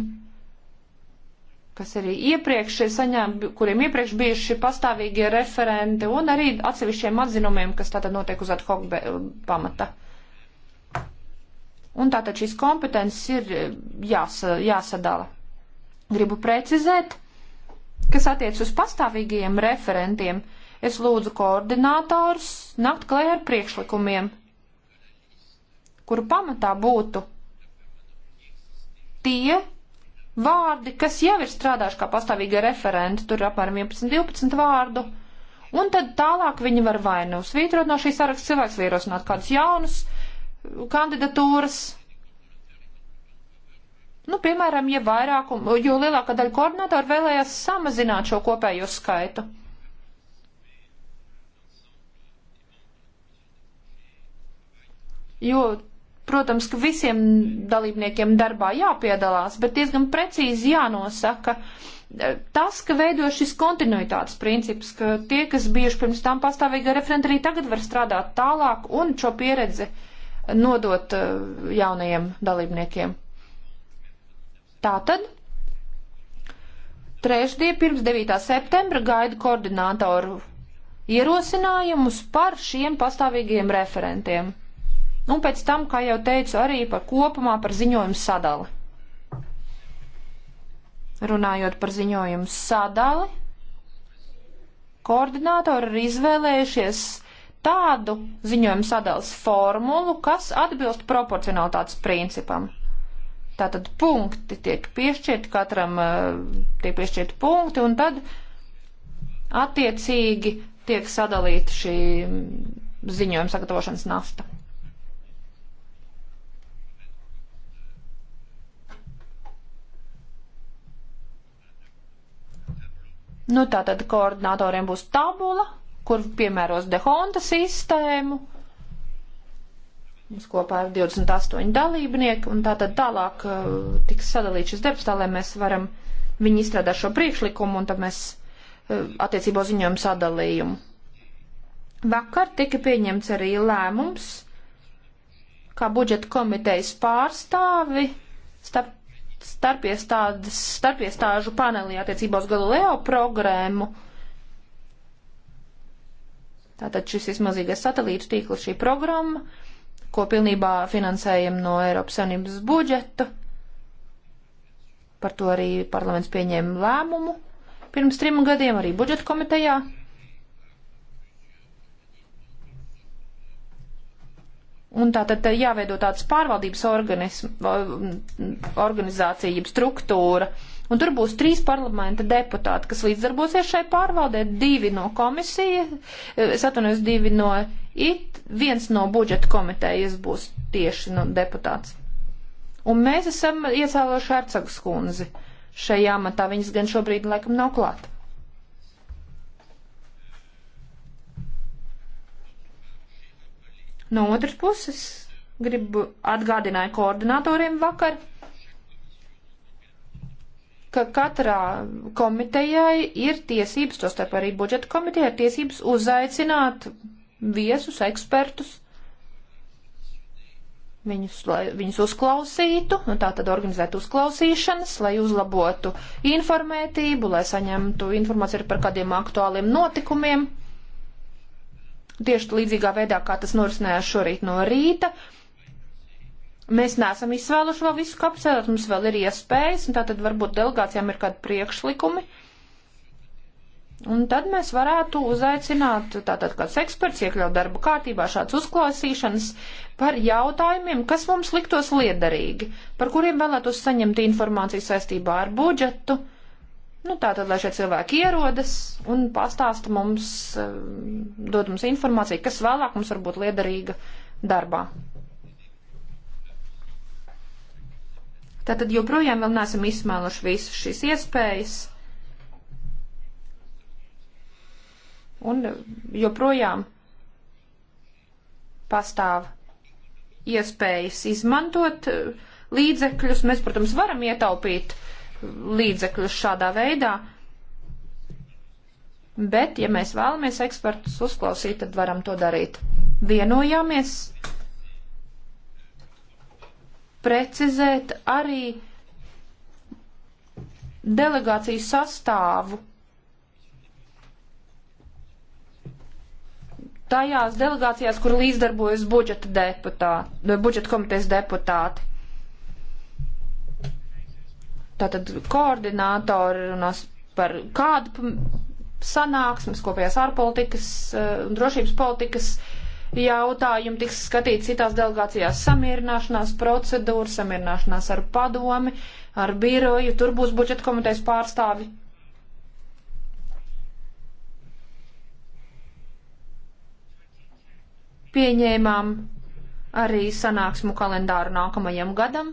kas arī iepriekš ir saņēmti, kuriem iepriekš bijuši pastāvīgie referenti un arī atsevišķiem atzinumiem, kas tātad notiek uz ad hoc pamata. Un tātad šīs kompetences ir eh, jās, jāsadala. Gribu precizēt, Kas attiec uz pastāvīgajiem referentiem, es lūdzu koordinātors nakt klē ar priekšlikumiem, kuru pamatā būtu tie vārdi, kas jau ir strādājuši kā pastāvīgie referenti, tur ir apmēram 11-12 vārdu, un tad tālāk viņi var vai nu svītrot no šīs saraksts cilvēks, vai ierosināt kādus jaunus kandidatūras, Nu, piemēram, ja vairākum, jo lielākā daļa koordinatoru vēlējās samazināt šo kopējo skaitu. Jo, protams, ka visiem dalībniekiem darbā jāpiedalās, bet diezgan precīzi jānosaka eh, tas, ka veido šis kontinuitātes princips, ka tie, kas bieži pirms tam pastāvīga referenta, arī tagad var strādāt tālāk un šo pieredzi nodot eh, jaunajiem dalībniekiem. Tātad trešdien pirms 9. septembra gaida koordinātoru ierosinājumus par šiem pastāvīgiem referentiem. Un pēc tam, kā jau teicu, arī par kopumā par ziņojumu sadali. Runājot par ziņojumu sadali, koordinātori ir izvēlējušies tādu ziņojumu sadalas formulu, kas atbilst proporcionalitātes principam. Tātad punkti tiek piešķirti katram, eh, tiek piešķirti punkti, un tad attiecīgi tiek sadalīta šī mm, ziņojuma sagatavošanas nasta. Nu, tātad koordinatoriem būs tabula, kur piemēros dehonta sistēmu, Mums kopā ir 28 dalībnieki, un tā tad tālāk uh, tiks sadalīts šis darbs, tā lai mēs varam viņi izstrādāt šo priekšlikumu, un tad mēs uh, attiecībā ziņojumu sadalījumu. Vakar tika pieņemts arī lēmums, kā budžeta komitejas pārstāvi starp, starpiestādes, starpiestāžu panelī attiecībā uz Galileo programmu. Tātad šis izmazīgais satelītu tīkls šī programma ko pilnībā finansējam no Eiropas Savienības budžeta. Par to arī parlaments pieņēma lēmumu pirms trim gadiem arī budžeta komitejā. Un tātad jāveido tāds pārvaldības organizācija, jeb struktūra. Un tur būs trīs parlamenta deputāti, kas līdzdarbosies šai pārvaldē, divi no komisijas, es atvainojos, divi no uh, It viens no budžeta komitejas būs tieši nu, deputāts. Un mēs esam iecēloši Hercegas kundzi šajā amatā. Viņas gan šobrīd laikam nav klāt. No otras puses, gribu atgādināju koordinatoriem vakar, ka katrā komitejai ir tiesības, to starp arī budžeta komitejai, ir tiesības uzaicināt viesus, ekspertus, viņus, lai, viņus uzklausītu, nu, tā tad organizētu uzklausīšanas, lai uzlabotu informētību, lai saņemtu informāciju par kādiem aktuāliem notikumiem. Tieši līdzīgā veidā, kā tas norisinājās šorīt no rīta, mēs neesam izsvēluši vēl visu kapsētu, mums vēl ir iespējas, un tātad varbūt delegācijām ir kādi priekšlikumi. Uh, Un tad mēs varētu uzaicināt tātad kāds eksperts, iekļaut darba kārtībā šāds uzklāsīšanas par jautājumiem, kas mums liktos liederīgi, par kuriem vēlētos saņemt informāciju saistībā ar budžetu. Nu, tātad, lai šie cilvēki ierodas un pastāsta mums, eh, dod mums informāciju, kas vēlāk mums var būt liederīga darbā. Tātad joprojām vēl neesam izsmēluši visas šīs iespējas Un joprojām pastāv iespējas izmantot uh, līdzekļus. Mēs, protams, varam ietaupīt uh, līdzekļus šādā veidā, bet, ja mēs vēlamies ekspertus uzklausīt, tad varam to darīt. Vienojāmies precizēt arī delegāciju sastāvu tajās delegācijās, kur līdzdarbojas budžeta, deputāti, budžeta komitejas deputāti. Tātad koordinātori runās par kādu sanāksmes, kopējās ārpolitikas eh, un drošības politikas jautājumu tiks skatīts citās delegācijās samierināšanās procedūra, samierināšanās ar padomi, ar biroju, tur būs budžeta komitejas pārstāvi pieņēmām arī sanāksmu kalendāru nākamajam gadam.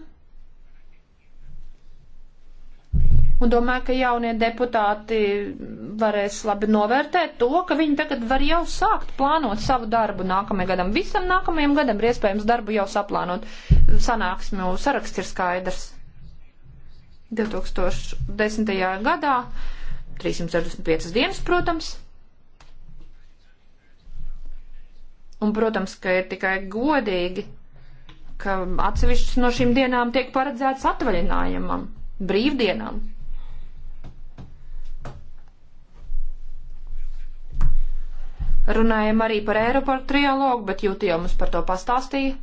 Un domāju, ka jaunie deputāti varēs labi novērtēt to, ka viņi tagad var jau sākt plānot savu darbu nākamajam gadam. Visam nākamajam gadam ir iespējams darbu jau saplānot. Sanāksmju saraksts ir skaidrs. 2010. gadā 365 dienas, protams. Un, protams, ka ir tikai godīgi, ka atsevišķas no šīm dienām tiek paredzētas atvaļinājumam, brīvdienām. Runājam arī par aeroportu trialogu, bet Jūti jau mums par to pastāstīja.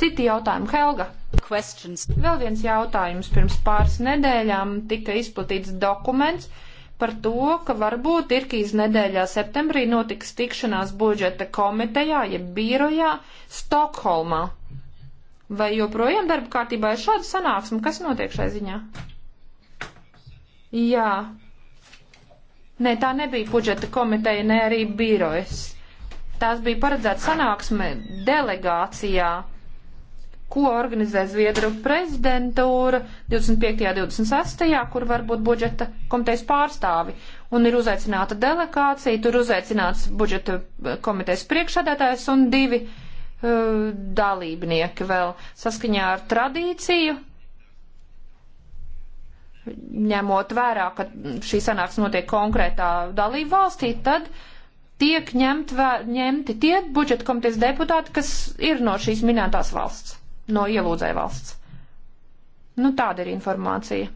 Citi jautājumi, Helga. Questions. Vēl viens jautājums. Pirms pāris nedēļām tika izplatīts dokuments, uh, par to, ka varbūt Irkijas nedēļā septembrī notiks tikšanās budžeta komitejā, jeb ja birojā Stokholmā. Vai joprojām darba kārtībā ir šāda sanāksme? Kas notiek šai ziņā? Jā. Nē, tā nebija budžeta komiteja, ne arī birojas. Tās bija paredzēta sanāksme delegācijā ko organizē Zviedru prezidentūra 25. un 26. kur var būt budžeta komitejas pārstāvi. Un ir uzaicināta delegācija, tur uzaicināts budžeta komitejas priekšsēdētājs un divi uh, dalībnieki vēl saskaņā ar tradīciju. Ņemot vērā, ka šī sanāks notiek konkrētā dalība valstī, tad uh, tiek ņemt vē, ņemti tie budžeta komitejas deputāti, kas ir no šīs minētās valsts no ielūdzēja valsts. Nu, tāda ir informācija.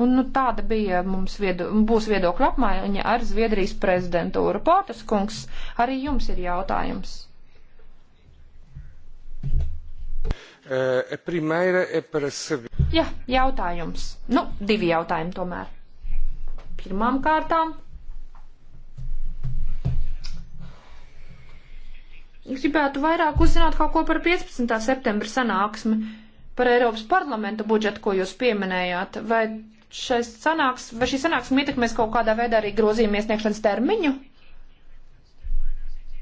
Un nu, tāda bija mums viedo, būs viedokļu apmaiņa ar Zviedrijas prezidentūru. Pārtas kungs, arī jums ir jautājums. E, e e Jā, jautājums. Nu, divi jautājumi tomēr. Pirmām kārtām gribētu vairāk uzzināt kaut ko par 15. septembra sanāksmi, par Eiropas parlamenta budžetu, ko jūs pieminējāt. Vai, sanāks, vai šī sanāksme ietekmēs kaut kādā veidā arī grozījuma iesniegšanas termiņu?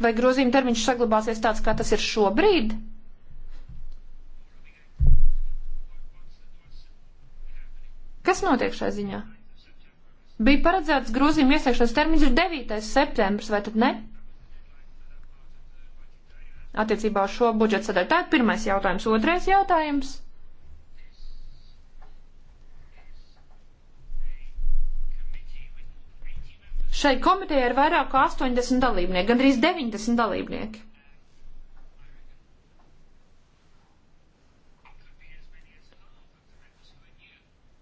Vai grozījuma termiņš saglabāsies tāds, kā tas ir šobrīd? Kas notiek šajā ziņā? Bija paredzēts grozījuma iesniegšanas termiņš 9. septembris, vai tad ne? attiecībā uz šo budžetu sadaļu. Tātad pirmais jautājums. Otrais jautājums. Šai komitejai ir vairāk kā 80 dalībnieki, gandrīz 90 dalībnieki.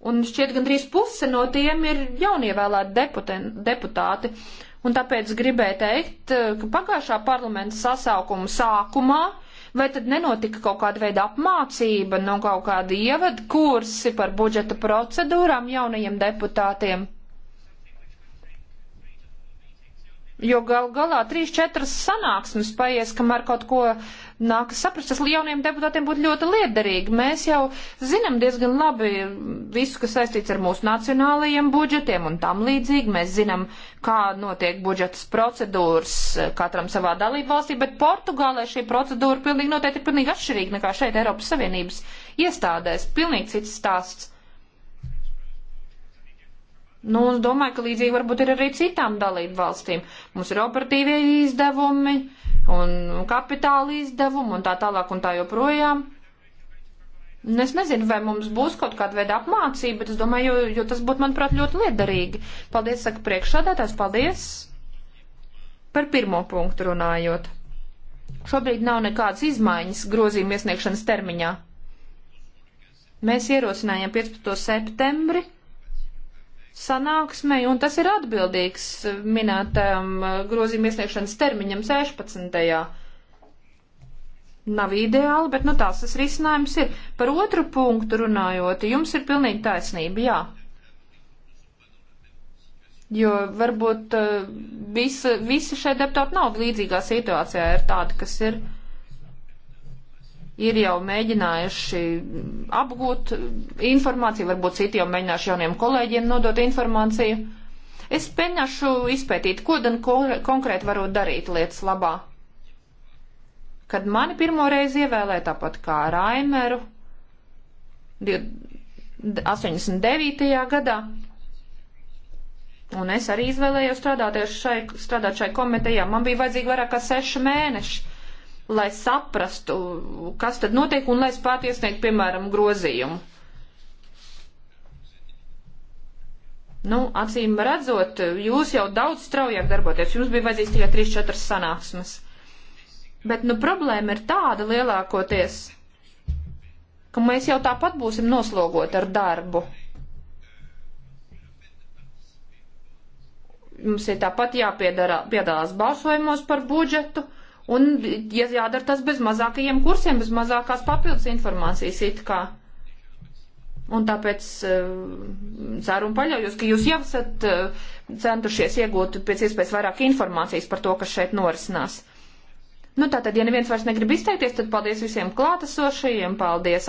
Un šķiet, gandrīz puse no tiem ir jaunievēlēti deputāti. Un tāpēc gribēju teikt, eh, ka pagājušā parlamenta sasaukuma sākumā vai tad nenotika kaut kāda veida apmācība, nu kaut kāda ievada kursi par budžeta procedūrām jaunajiem deputātiem? Jo gal galā 3-4 sanāksmes paies, kamēr kaut ko nāk saprast, tas jauniem deputātiem būtu ļoti liederīgi. Mēs jau zinām diezgan labi visu, kas saistīts ar mūsu nacionālajiem budžetiem un tam līdzīgi. Mēs zinām, kā notiek budžetas procedūras katram savā dalību valstī, bet Portugālē šī procedūra pilnīgi noteikti ir pilnīgi atšķirīga nekā šeit Eiropas Savienības iestādēs. Pilnīgi cits stāsts. Nu, un domāju, ka līdzīgi varbūt ir arī citām dalību valstīm. Mums ir operatīvie izdevumi un kapitāla izdevumi un tā tālāk un tā joprojām. Un es nezinu, vai mums būs kaut kāda veida apmācība, bet es domāju, jo, jo tas būtu, manuprāt, ļoti liederīgi. Paldies, saka priekšsādātājs, paldies par pirmo punktu runājot. Šobrīd nav nekādas izmaiņas grozījuma iesniegšanas termiņā. Mēs ierosinājām 15. septembri sanāksmei, un tas ir atbildīgs minētajam eh, grozījuma iesniegšanas termiņam 16. Nav ideāli, bet nu tās tas risinājums ir. Par otru punktu runājot, jums ir pilnīgi taisnība, jā. Jo varbūt eh, visi, visi šeit deputāti nav līdzīgā situācijā, ir tādi, kas ir. Uh, ir jau mēģinājuši apgūt informāciju, varbūt citi jau mēģināšu jauniem kolēģiem nodot informāciju. Es mēģināšu izpētīt, ko gan konkrēti varu darīt lietas labā. Kad mani pirmo reizi ievēlēja tāpat kā Raimeru 89. gadā, un es arī izvēlējos strādāt šai, strādāt šai komitejā, man bija vajadzīgi vairāk kā seši mēneši lai saprastu, kas tad notiek un lai spētu iesniegt, piemēram, grozījumu. Nu, acīm redzot, jūs jau daudz straujāk darboties, jums bija vajadzīgs tikai 3-4 sanāksmes. Bet, nu, problēma ir tāda lielākoties, ka mēs jau tāpat būsim noslogoti ar darbu. Mums ir tāpat jāpiedalās balsojumos par budžetu, uh, Un ja jādara tas bez mazākajiem kursiem, bez mazākās papildus informācijas it kā. Un tāpēc eh, ceru un paļaujos, ka jūs jau esat eh, centušies iegūt pēc iespējas vairāk informācijas par to, kas šeit norisinās. Nu, tātad, ja neviens vairs negrib izteikties, tad paldies visiem klātesošajiem, paldies